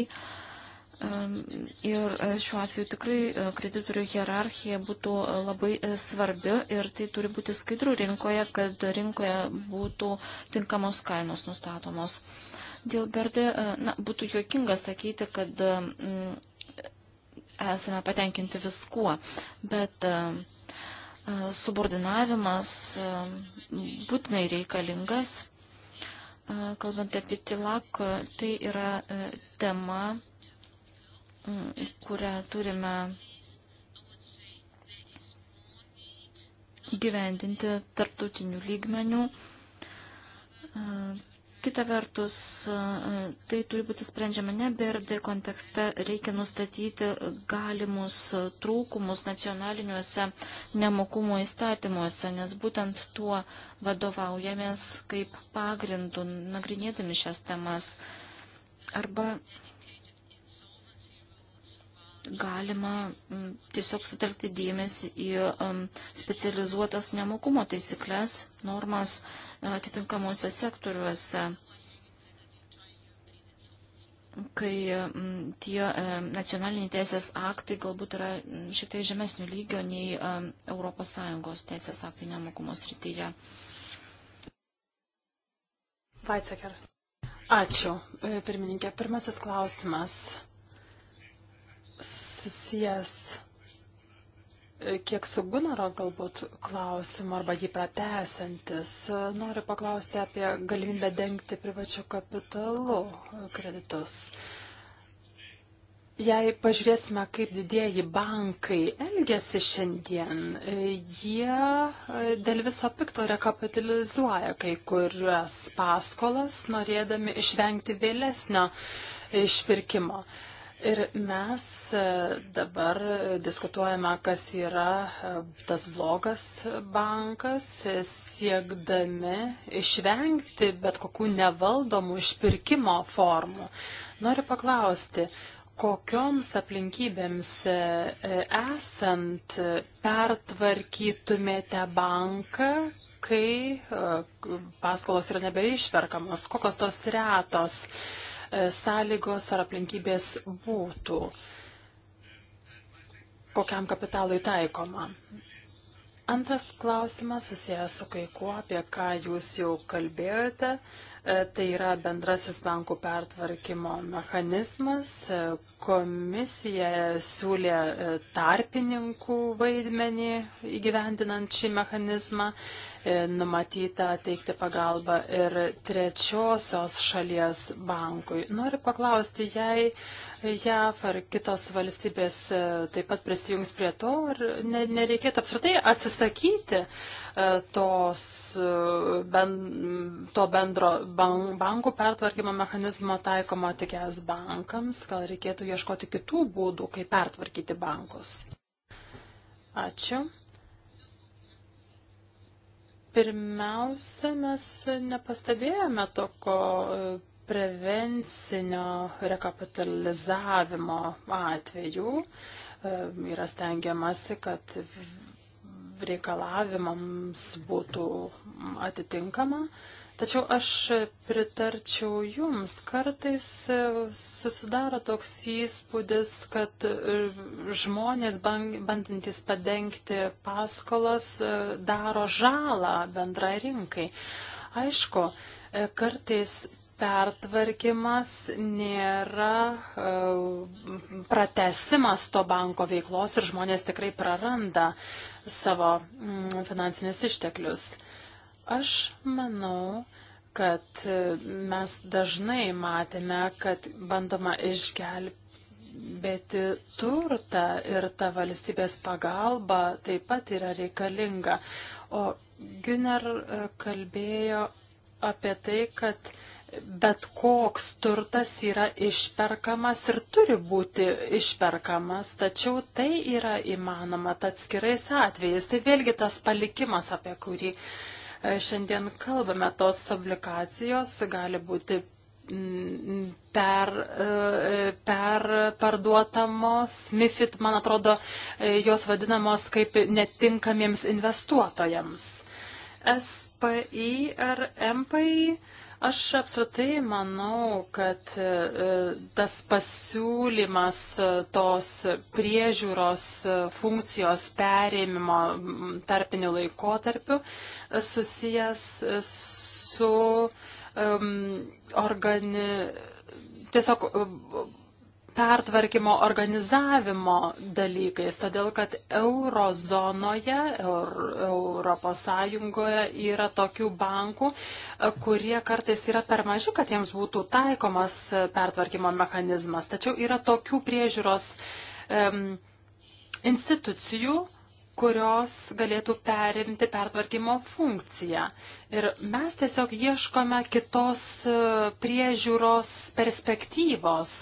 Ir šiuo atveju tikrai kreditorių hierarchija būtų labai svarbi ir tai turi būti skaidru rinkoje, kad rinkoje būtų tinkamos kainos nustatomos. Dėl Berdi, e, na, būtų juokinga sakyti, kad e, m, esame patenkinti viskuo, bet m, e, subordinavimas būtinai reikalingas. Kalbant apie tilak, tai yra tema, kurią turime gyvendinti tarptautinių lygmenių. Kita vertus, tai turi būti sprendžiama ne BRD kontekste, reikia nustatyti galimus trūkumus nacionaliniuose nemokumo įstatymuose, nes būtent tuo vadovaujamės kaip pagrindu nagrinėdami šias temas. Arba galima mm, tiesiog sutelkti dėmesį į mm, specializuotas nemokumo taisyklės, normas e, atitinkamuose sektoriuose, kai mm, tie e, nacionaliniai teisės aktai galbūt yra šiek tiek žemesnių lygio nei ES teisės aktai nemokumo srityje. Vaitsaker. Ačiū, e, pirmininkė. Pirmasis klausimas susijęs e, kiek su Gunaro galbūt klausimu arba jį pratesantis. E, noriu paklausti apie galimybę dengti privačių kapitalų kreditus. Jei pažiūrėsime, kaip didieji bankai elgesi šiandien, e, jie dėl viso pikto rekapitalizuoja kai kurias paskolas, norėdami išvengti vėlesnio išpirkimo. Uh, Ir mes e, dabar diskutuojame, kas yra e, tas blogas bankas, e, siekdami išvengti bet kokių nevaldomų išpirkimo formų. Noriu paklausti, kokioms aplinkybėms esant pertvarkytumėte banką, kai paskolos yra nebeišperkamos, kokios tos retos E, sąlygos ar aplinkybės būtų, kokiam kapitalui taikoma. Antras klausimas susijęs su kai kuo, apie ką jūs jau kalbėjote. E, tai yra bendrasis bankų pertvarkymo mechanizmas. E, komisija siūlė tarpininkų vaidmenį įgyvendinant šį mechanizmą. E, numatyta teikti pagalbą ir trečiosios šalies bankui. Noriu paklausti, jei JAF ar kitos valstybės e, taip pat prisijungs prie to, ar nereikėtų apsirtai atsisakyti e, tos, ben, to bendro bank, bankų pertvarkymo mechanizmo taikomo tik es bankams, gal reikėtų ieškoti kitų būdų, kaip pertvarkyti bankus. Ačiū. Pirmiausia, mes nepastebėjome toko e, prevencinio rekapitalizavimo atvejų. E, yra stengiamasi, kad reikalavimams būtų atitinkama. Tačiau aš pritarčiau jums, kartais e, susidaro toks įspūdis, kad e, žmonės bandantys padengti paskolas e, daro žalą bendrai rinkai. Aišku, kartais pertvarkymas nėra pratesimas to banko veiklos ir žmonės tikrai praranda savo mm, finansinius išteklius. Aš manau, kad mes dažnai matėme, kad bandoma išgelbėti turtą ir ta valstybės pagalba taip pat yra reikalinga. O Güner e, kalbėjo apie tai, kad bet koks turtas yra išperkamas ir turi būti išperkamas, tačiau tai yra įmanoma atskirais atvejais. Tai vėlgi tas palikimas, apie kurį uh, E, šiandien kalbame. Tos obligacijos gali būti mm, per, e, per parduotamos, MIFID, man atrodo, e, jos vadinamos kaip netinkamiems investuotojams. SPI ar MPI Aš apsratai manau, kad e, tas pasiūlymas e, tos priežiūros e, funkcijos perėmimo tarpiniu laikotarpiu susijęs su um, organi... tiesiog pertvarkymo organizavimo dalykais, todėl kad eurozonoje, Eur, Europos Sąjungoje yra tokių bankų, kurie kartais yra per maži, kad jiems būtų taikomas pertvarkymo mechanizmas. Tačiau yra tokių priežiūros um, institucijų, kurios galėtų perimti pertvarkymo funkciją. Ir mes tiesiog ieškome kitos e, priežiūros perspektyvos,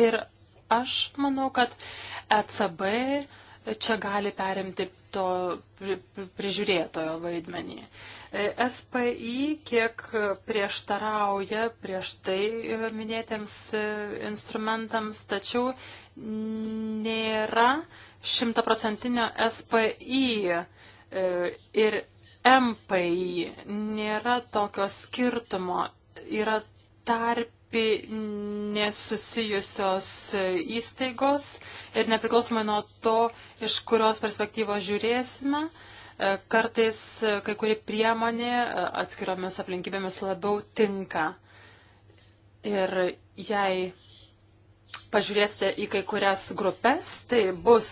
Ir aš manau, kad ECB čia gali perimti to prižiūrėtojo vaidmenį. SPI kiek prieštarauja prieš tai minėtiems instrumentams, tačiau nėra šimtaprocentinio SPI e, ir MPI, nėra tokio skirtumo, yra tarp nesusijusios įstaigos ir nepriklausomai nuo to, iš kurios perspektyvos žiūrėsime, e, kartais e, kai kuri priemonė e, atskiromis aplinkybėmis labiau tinka. Ir jei pažiūrėsite į kai kurias grupės, tai bus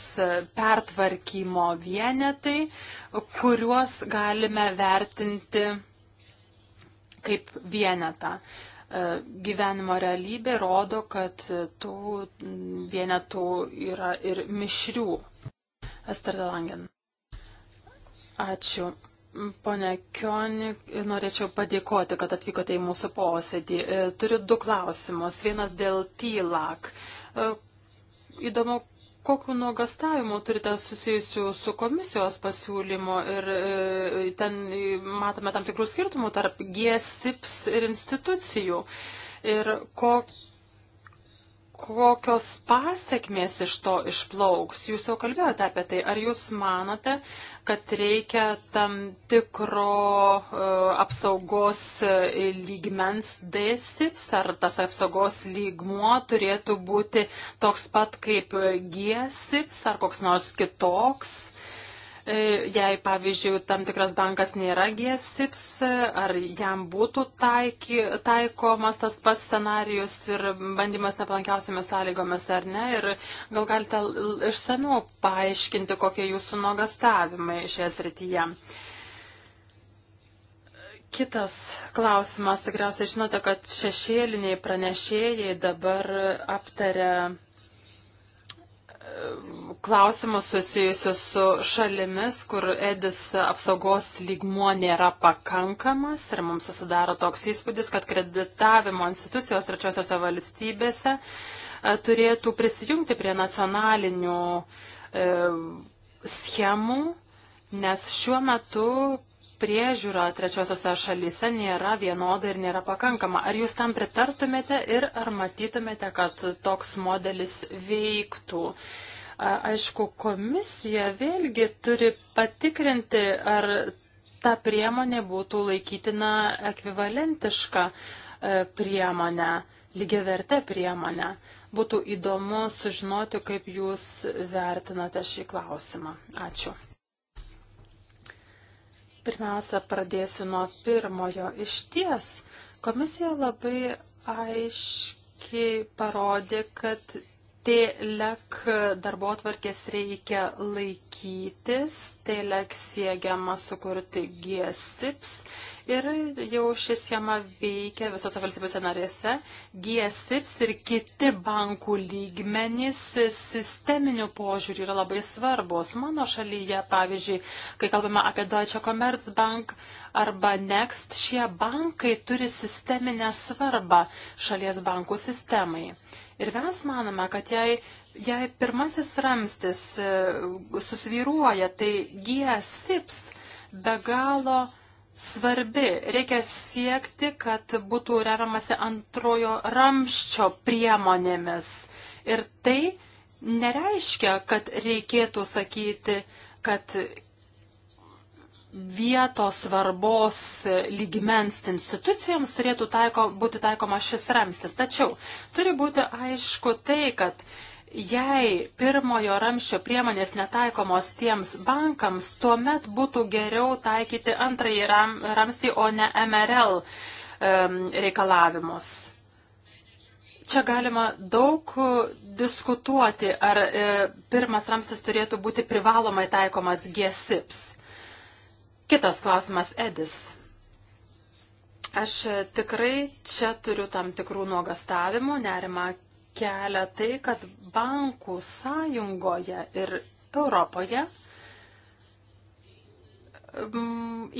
pertvarkymo vienetai, kuriuos galime vertinti kaip vienetą. E, gyvenimo realybė rodo, kad tų vienetų yra ir mišrių. Esterda Langen. Ačiū. Pone Kioni, norėčiau padėkoti, kad atvykote į mūsų posėdį. E, turiu du klausimus. Vienas dėl TILAK. E, įdomu, Kokiu nuogastavimu turite susijusiu su komisijos pasiūlymu ir e, ten matome tam tikrų skirtumų tarp G, SIPS ir institucijų. Ir kokiu kokios pasiekmės iš to išplauks. Jūs jau kalbėjote apie tai. Ar jūs manote, kad reikia tam tikro uh, apsaugos e, lygmens dėsips, ar tas apsaugos lygmuo turėtų būti toks pat kaip gėsips, ar koks nors kitoks? E, jei, pavyzdžiui, tam tikras bankas nėra GSIPS, ar jam būtų taiky, taikomas tas pas scenarius ir bandymas nepalankiausiamis sąlygomis ar ne. Ir gal galite išsamiau paaiškinti, kokie jūsų nuogastavimai šioje srityje. Kitas klausimas, tikriausiai žinote, kad šešėliniai pranešėjai dabar aptaria klausimus susijusius su šalimis, kur edis apsaugos lygmuo nėra pakankamas ir mums susidaro toks įspūdis, kad kreditavimo institucijos trečiosiose valstybėse e, turėtų prisijungti prie nacionalinių e, schemų, nes šiuo metu priežiūra trečiosiose šalyse nėra vienoda ir nėra pakankama. Ar jūs tam pritartumėte ir ar matytumėte, kad toks modelis veiktų? Aišku, komisija vėlgi turi patikrinti, ar ta priemonė būtų laikytina ekvivalentiška e, priemonė, lygiavertė priemonė. Būtų įdomu sužinoti, kaip jūs vertinate šį klausimą. Ačiū. Pirmiausia, pradėsiu nuo pirmojo. Iš ties, komisija labai aiškiai parodė, kad Tėlek darbo atvarkės reikia laikytis, tėlek siekiama sukurti GSIPS ir jau ši schema veikia visose valstybėse narėse. GSIPS ir kiti bankų lygmenys sisteminių požiūrių yra labai svarbus. Mano šalyje, pavyzdžiui, kai kalbame apie Deutsche Commerzbank arba Next, šie bankai turi sisteminę svarbą šalies bankų sistemai. Ir mes manome, kad jei, jei pirmasis ramstis e, susvyruoja, tai G-SIPS be galo svarbi. Reikia siekti, kad būtų remiamasi antrojo ramščio priemonėmis. Ir tai nereiškia, kad reikėtų sakyti, kad vietos svarbos lygmens institucijoms turėtų taiko, būti taikoma šis ramstis. Tačiau turi būti aišku tai, kad jei pirmojo ramščio priemonės netaikomos tiems bankams, tuomet būtų geriau taikyti antrąjį ram, ramstį, o ne MRL um, reikalavimus. Čia galima daug diskutuoti, ar e, pirmas ramstis turėtų būti privalomai taikomas GSIPS. Kitas klausimas, Edis. Aš e, tikrai čia turiu tam tikrų nuogastavimų, nerima kelia tai, kad bankų sąjungoje ir Europoje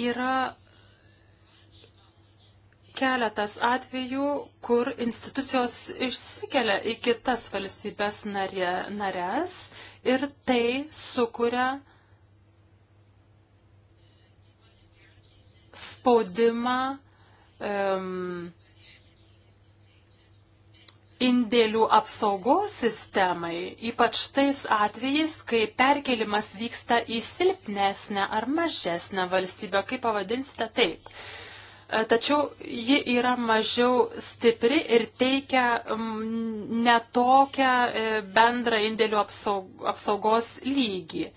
yra keletas atvejų, kur institucijos išsikelia į kitas valstybės narė, narės ir tai sukuria uh, spaudimą um, indėlių apsaugos sistemai, ypač tais atvejais, kai perkelimas vyksta į silpnesnę ar mažesnę valstybę, kaip pavadinsite taip. E, tačiau ji yra mažiau stipri ir teikia netokią e, bendrą indėlių apsaugos lygį.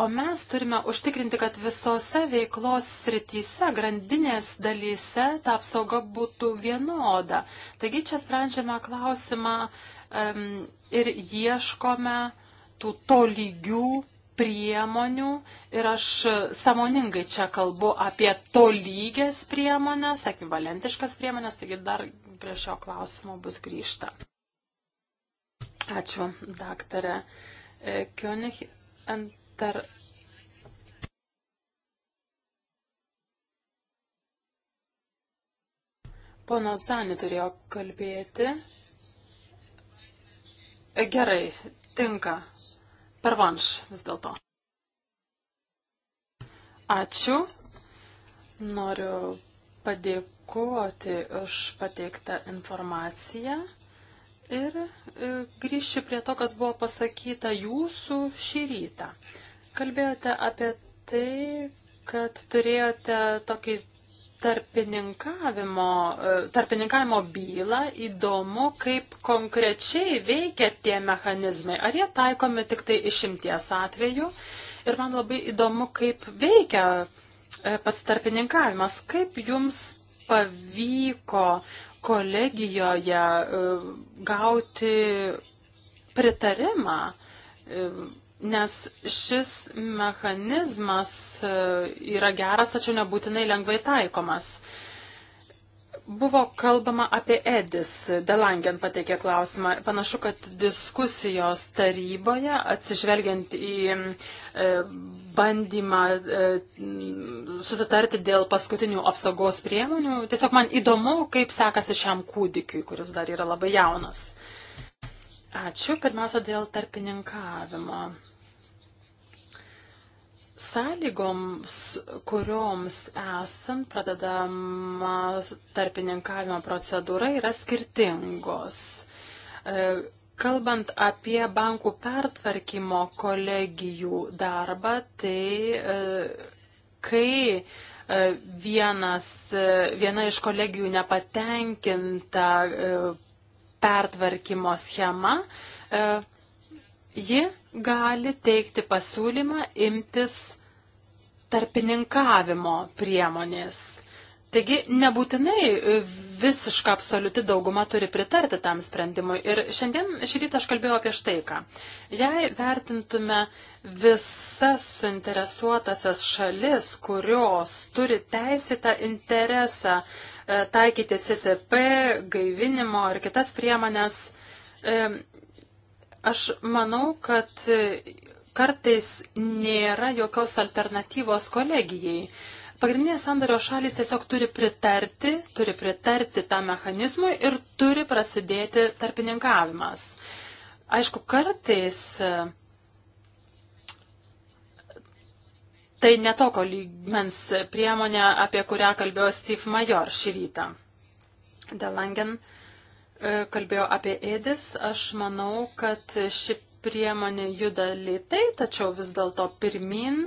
O mes turime užtikrinti, kad visose veiklos srityse, grandinės dalyse ta apsauga būtų vienoda. Taigi čia sprendžiame klausimą um, ir ieškome tų tolygių priemonių ir aš samoningai čia kalbu apie tolygės priemonės, ekvivalentiškas priemonės, taigi dar prie šio klausimo bus grįžta. Ačiū, daktarė e, Kionik. Ant tar... Pono Zani turėjo kalbėti. E, gerai, tinka. Pervanš vis dėlto. Ačiū. Noriu padėkoti už pateiktą informaciją ir e, grįžti prie to, kas buvo pasakyta jūsų šį rytą. Kalbėjote apie tai, kad turėjote tokį tarpininkavimo, e, tarpininkavimo bylą. Įdomu, kaip konkrečiai veikia tie mechanizmai. Ar jie taikomi tik tai išimties atveju? Ir man labai įdomu, kaip veikia e, pats tarpininkavimas. Kaip jums pavyko kolegijoje e, gauti pritarimą Nes šis mechanizmas e, yra geras, tačiau nebūtinai lengvai taikomas. Buvo kalbama apie Edis. Delangen pateikė klausimą. Panašu, kad diskusijos taryboje, atsižvelgiant į e, bandymą e, susitarti dėl paskutinių apsaugos priemonių, tiesiog man įdomu, kaip sekasi šiam kūdikiui, kuris dar yra labai jaunas. Ačiū pirmiausia dėl tarpininkavimo sąlygoms, kurioms esant pradedama tarpininkavimo procedūra, yra skirtingos. E, kalbant apie bankų pertvarkymo kolegijų darbą, tai e, kai e, vienas, viena iš kolegijų nepatenkinta pertvarkymo schema, ji gali teikti pasiūlymą imtis tarpininkavimo priemonės. Taigi nebūtinai visiška absoliuti dauguma turi pritarti tam sprendimui. Ir šiandien šį rytą aš kalbėjau apie štai ką. Jei vertintume visas suinteresuotasias šalis, kurios turi teisėtą interesą e, taikyti CCP, gaivinimo ir kitas priemonės, e, Aš manau, kad kartais nėra jokios alternatyvos kolegijai. Pagrindinės sandario šalis tiesiog turi pritarti, turi pritarti tą mechanizmui ir turi prasidėti tarpininkavimas. Aišku, kartais e, tai netoko lygmens priemonė, apie kurią kalbėjo Steve Major šį rytą. Delangen. Uh, E, kalbėjo apie ėdis, aš manau, kad ši priemonė juda lėtai, tačiau vis dėlto pirmin.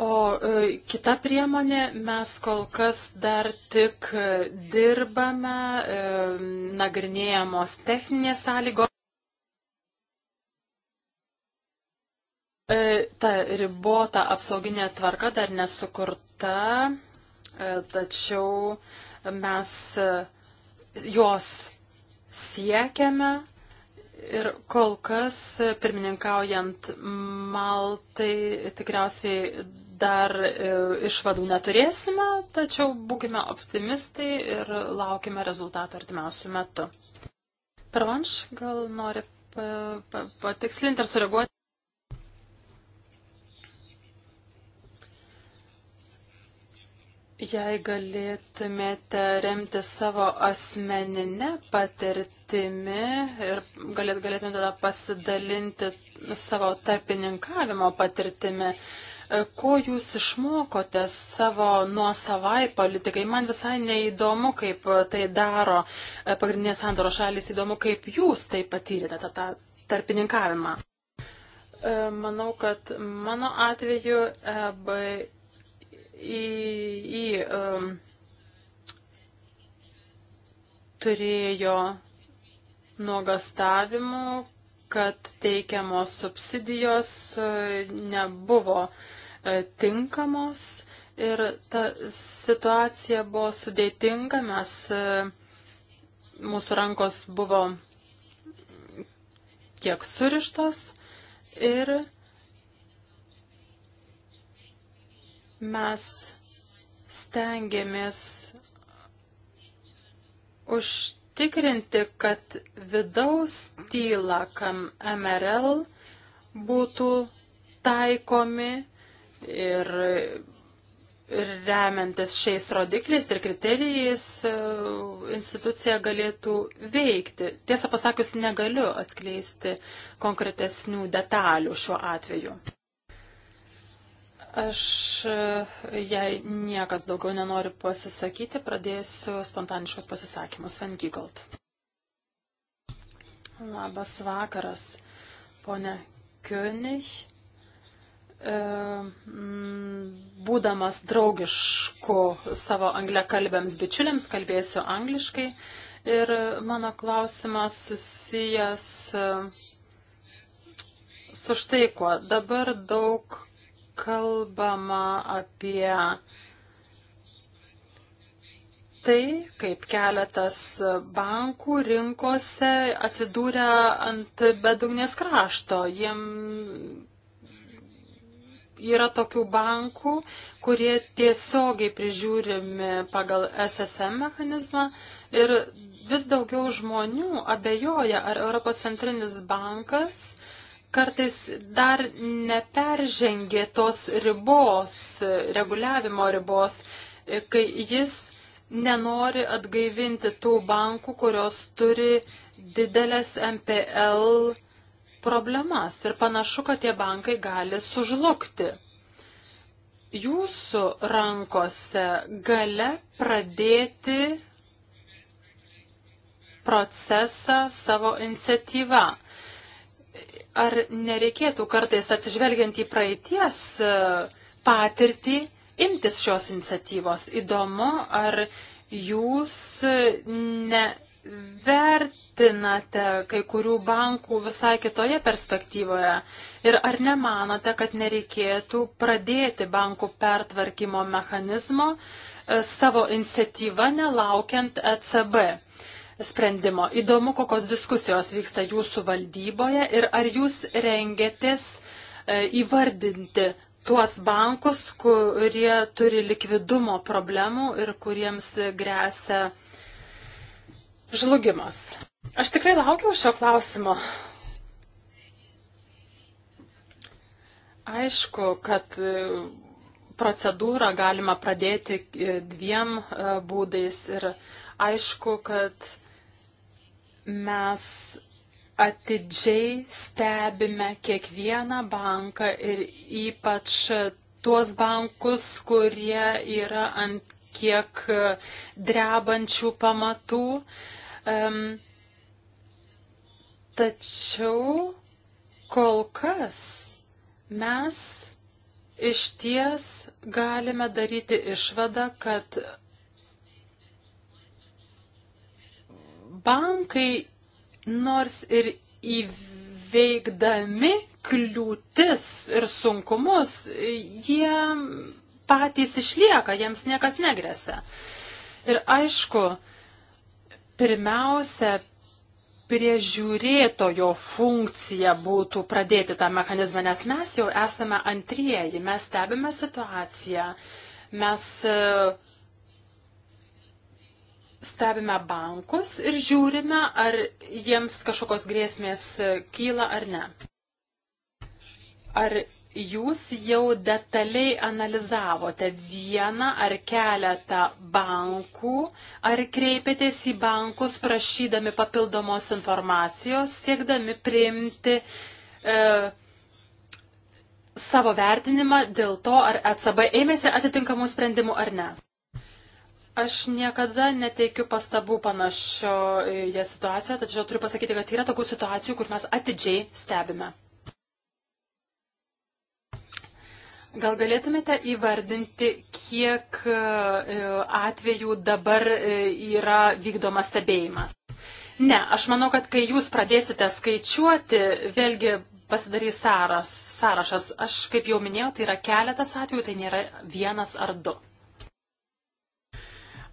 O e, kita priemonė, mes kol kas dar tik dirbame, e, nagrinėjamos techninės sąlygos. E, ta ribota apsauginė tvarka dar nesukurta, e, tačiau mes e, jos siekiame ir kol kas, pirmininkaujant Maltai, tikriausiai dar išvadų neturėsime, tačiau būkime optimistai ir laukime rezultatų artimiausių metų. Pervanš, gal nori patikslinti ar sureaguoti? Jei galėtumėte remti savo asmeninę patirtimi ir galėt, galėtumėte tada pasidalinti savo tarpininkavimo patirtimi, e, ko jūs išmokote savo nuosavai politikai. Man visai neįdomu, kaip tai daro e, pagrindinės sandoro šalis, įdomu, kaip jūs tai patyrėte, tą, tą tarpininkavimą. E, manau, kad mano atveju EBI į, į um, turėjo nuogastavimų, kad teikiamos subsidijos e, nebuvo e, tinkamos ir ta situacija buvo sudėtinga, mes e, mūsų rankos buvo kiek surištos ir Mes stengiamės užtikrinti, kad vidaus tylakam MRL būtų taikomi ir remiantis šiais rodikliais ir kriterijais e, institucija galėtų veikti. Tiesą pasakius, negaliu atskleisti konkretesnių detalių šiuo atveju. Aš, e, jei niekas daugiau nenori pasisakyti, pradėsiu spontaniškos pasisakymus. Van Gigalt. Labas vakaras, ponė König. E, būdamas draugišku savo angliakalbėms bičiuliams, kalbėsiu angliškai ir mano klausimas susijęs e, su štai kuo. Dabar daug kalbama apie tai, kaip keletas bankų rinkose atsidūrė ant bedugnės krašto. Jiem yra tokių bankų, kurie tiesiogiai prižiūrimi pagal SSM mechanizmą ir vis daugiau žmonių abejoja, ar Europos centrinis bankas kartais dar neperžengė tos ribos, reguliavimo ribos, kai jis nenori atgaivinti tų bankų, kurios turi didelės MPL problemas ir panašu, kad tie bankai gali sužlugti. Jūsų rankose gale pradėti procesą savo iniciatyvą ar nereikėtų kartais atsižvelgiant į praeities e, patirtį imtis šios iniciatyvos? Įdomu, ar jūs e, nevertinate kai kurių bankų visai kitoje perspektyvoje ir ar nemanote, kad nereikėtų pradėti bankų pertvarkymo mechanizmo e, savo iniciatyvą nelaukiant ECB? sprendimo. Įdomu, kokios diskusijos vyksta jūsų valdyboje ir ar jūs rengėtės e, įvardinti tuos bankus, kurie turi likvidumo problemų ir kuriems grėsia žlugimas. Aš tikrai laukiau šio klausimo. Aišku, kad e, procedūrą galima pradėti e, dviem būdais ir aišku, kad mes atidžiai stebime kiekvieną banką ir ypač tuos bankus, kurie yra ant kiek drebančių pamatų. Um, tačiau kol kas mes iš ties galime daryti išvadą, kad bankai nors ir įveikdami kliūtis ir sunkumus, jie patys išlieka, jiems niekas negresia. Ir aišku, pirmiausia, priežiūrėtojo funkcija būtų pradėti tą mechanizmą, nes mes jau esame antrieji, mes stebime situaciją, mes uh, stebime bankus ir žiūrime, ar jiems kažkokios grėsmės kyla ar ne. Ar jūs jau detaliai analizavote vieną ar keletą bankų, ar kreipėtės į bankus prašydami papildomos informacijos, siekdami priimti e, savo vertinimą dėl to, ar ECB ėmėsi atitinkamų sprendimų ar ne? Aš niekada neteikiu pastabų panašioje situacijoje, tačiau turiu pasakyti, kad yra tokių situacijų, kur mes atidžiai stebime. Gal galėtumėte įvardinti, kiek e, atvejų dabar e, yra vykdomas stebėjimas? Ne, aš manau, kad kai jūs pradėsite skaičiuoti, vėlgi pasidarys sąrašas. Aš, kaip jau minėjau, tai yra keletas atvejų, tai nėra vienas ar du.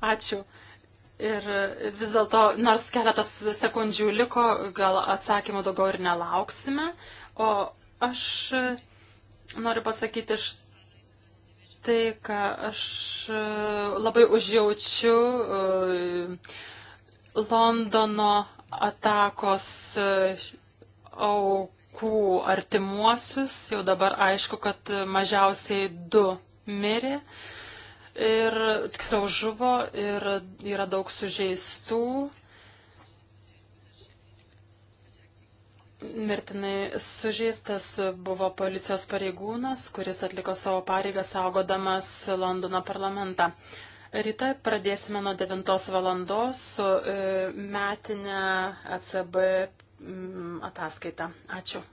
Ačiū. Ir vis dėlto, nors keletas sekundžių liko, gal atsakymų daugiau ir nelauksime. O aš noriu pasakyti iš tai, ką aš labai užjaučiu e, Londono atakos e, aukų artimuosius. Jau dabar aišku, kad mažiausiai du mirė. Uh, ir tiksliau žuvo ir yra daug sužeistų. Mirtinai sužeistas buvo policijos pareigūnas, kuris atliko savo pareigą saugodamas Londono parlamentą. Ryte pradėsime nuo 9 valandos su e, metinė ECB ataskaita. Ačiū.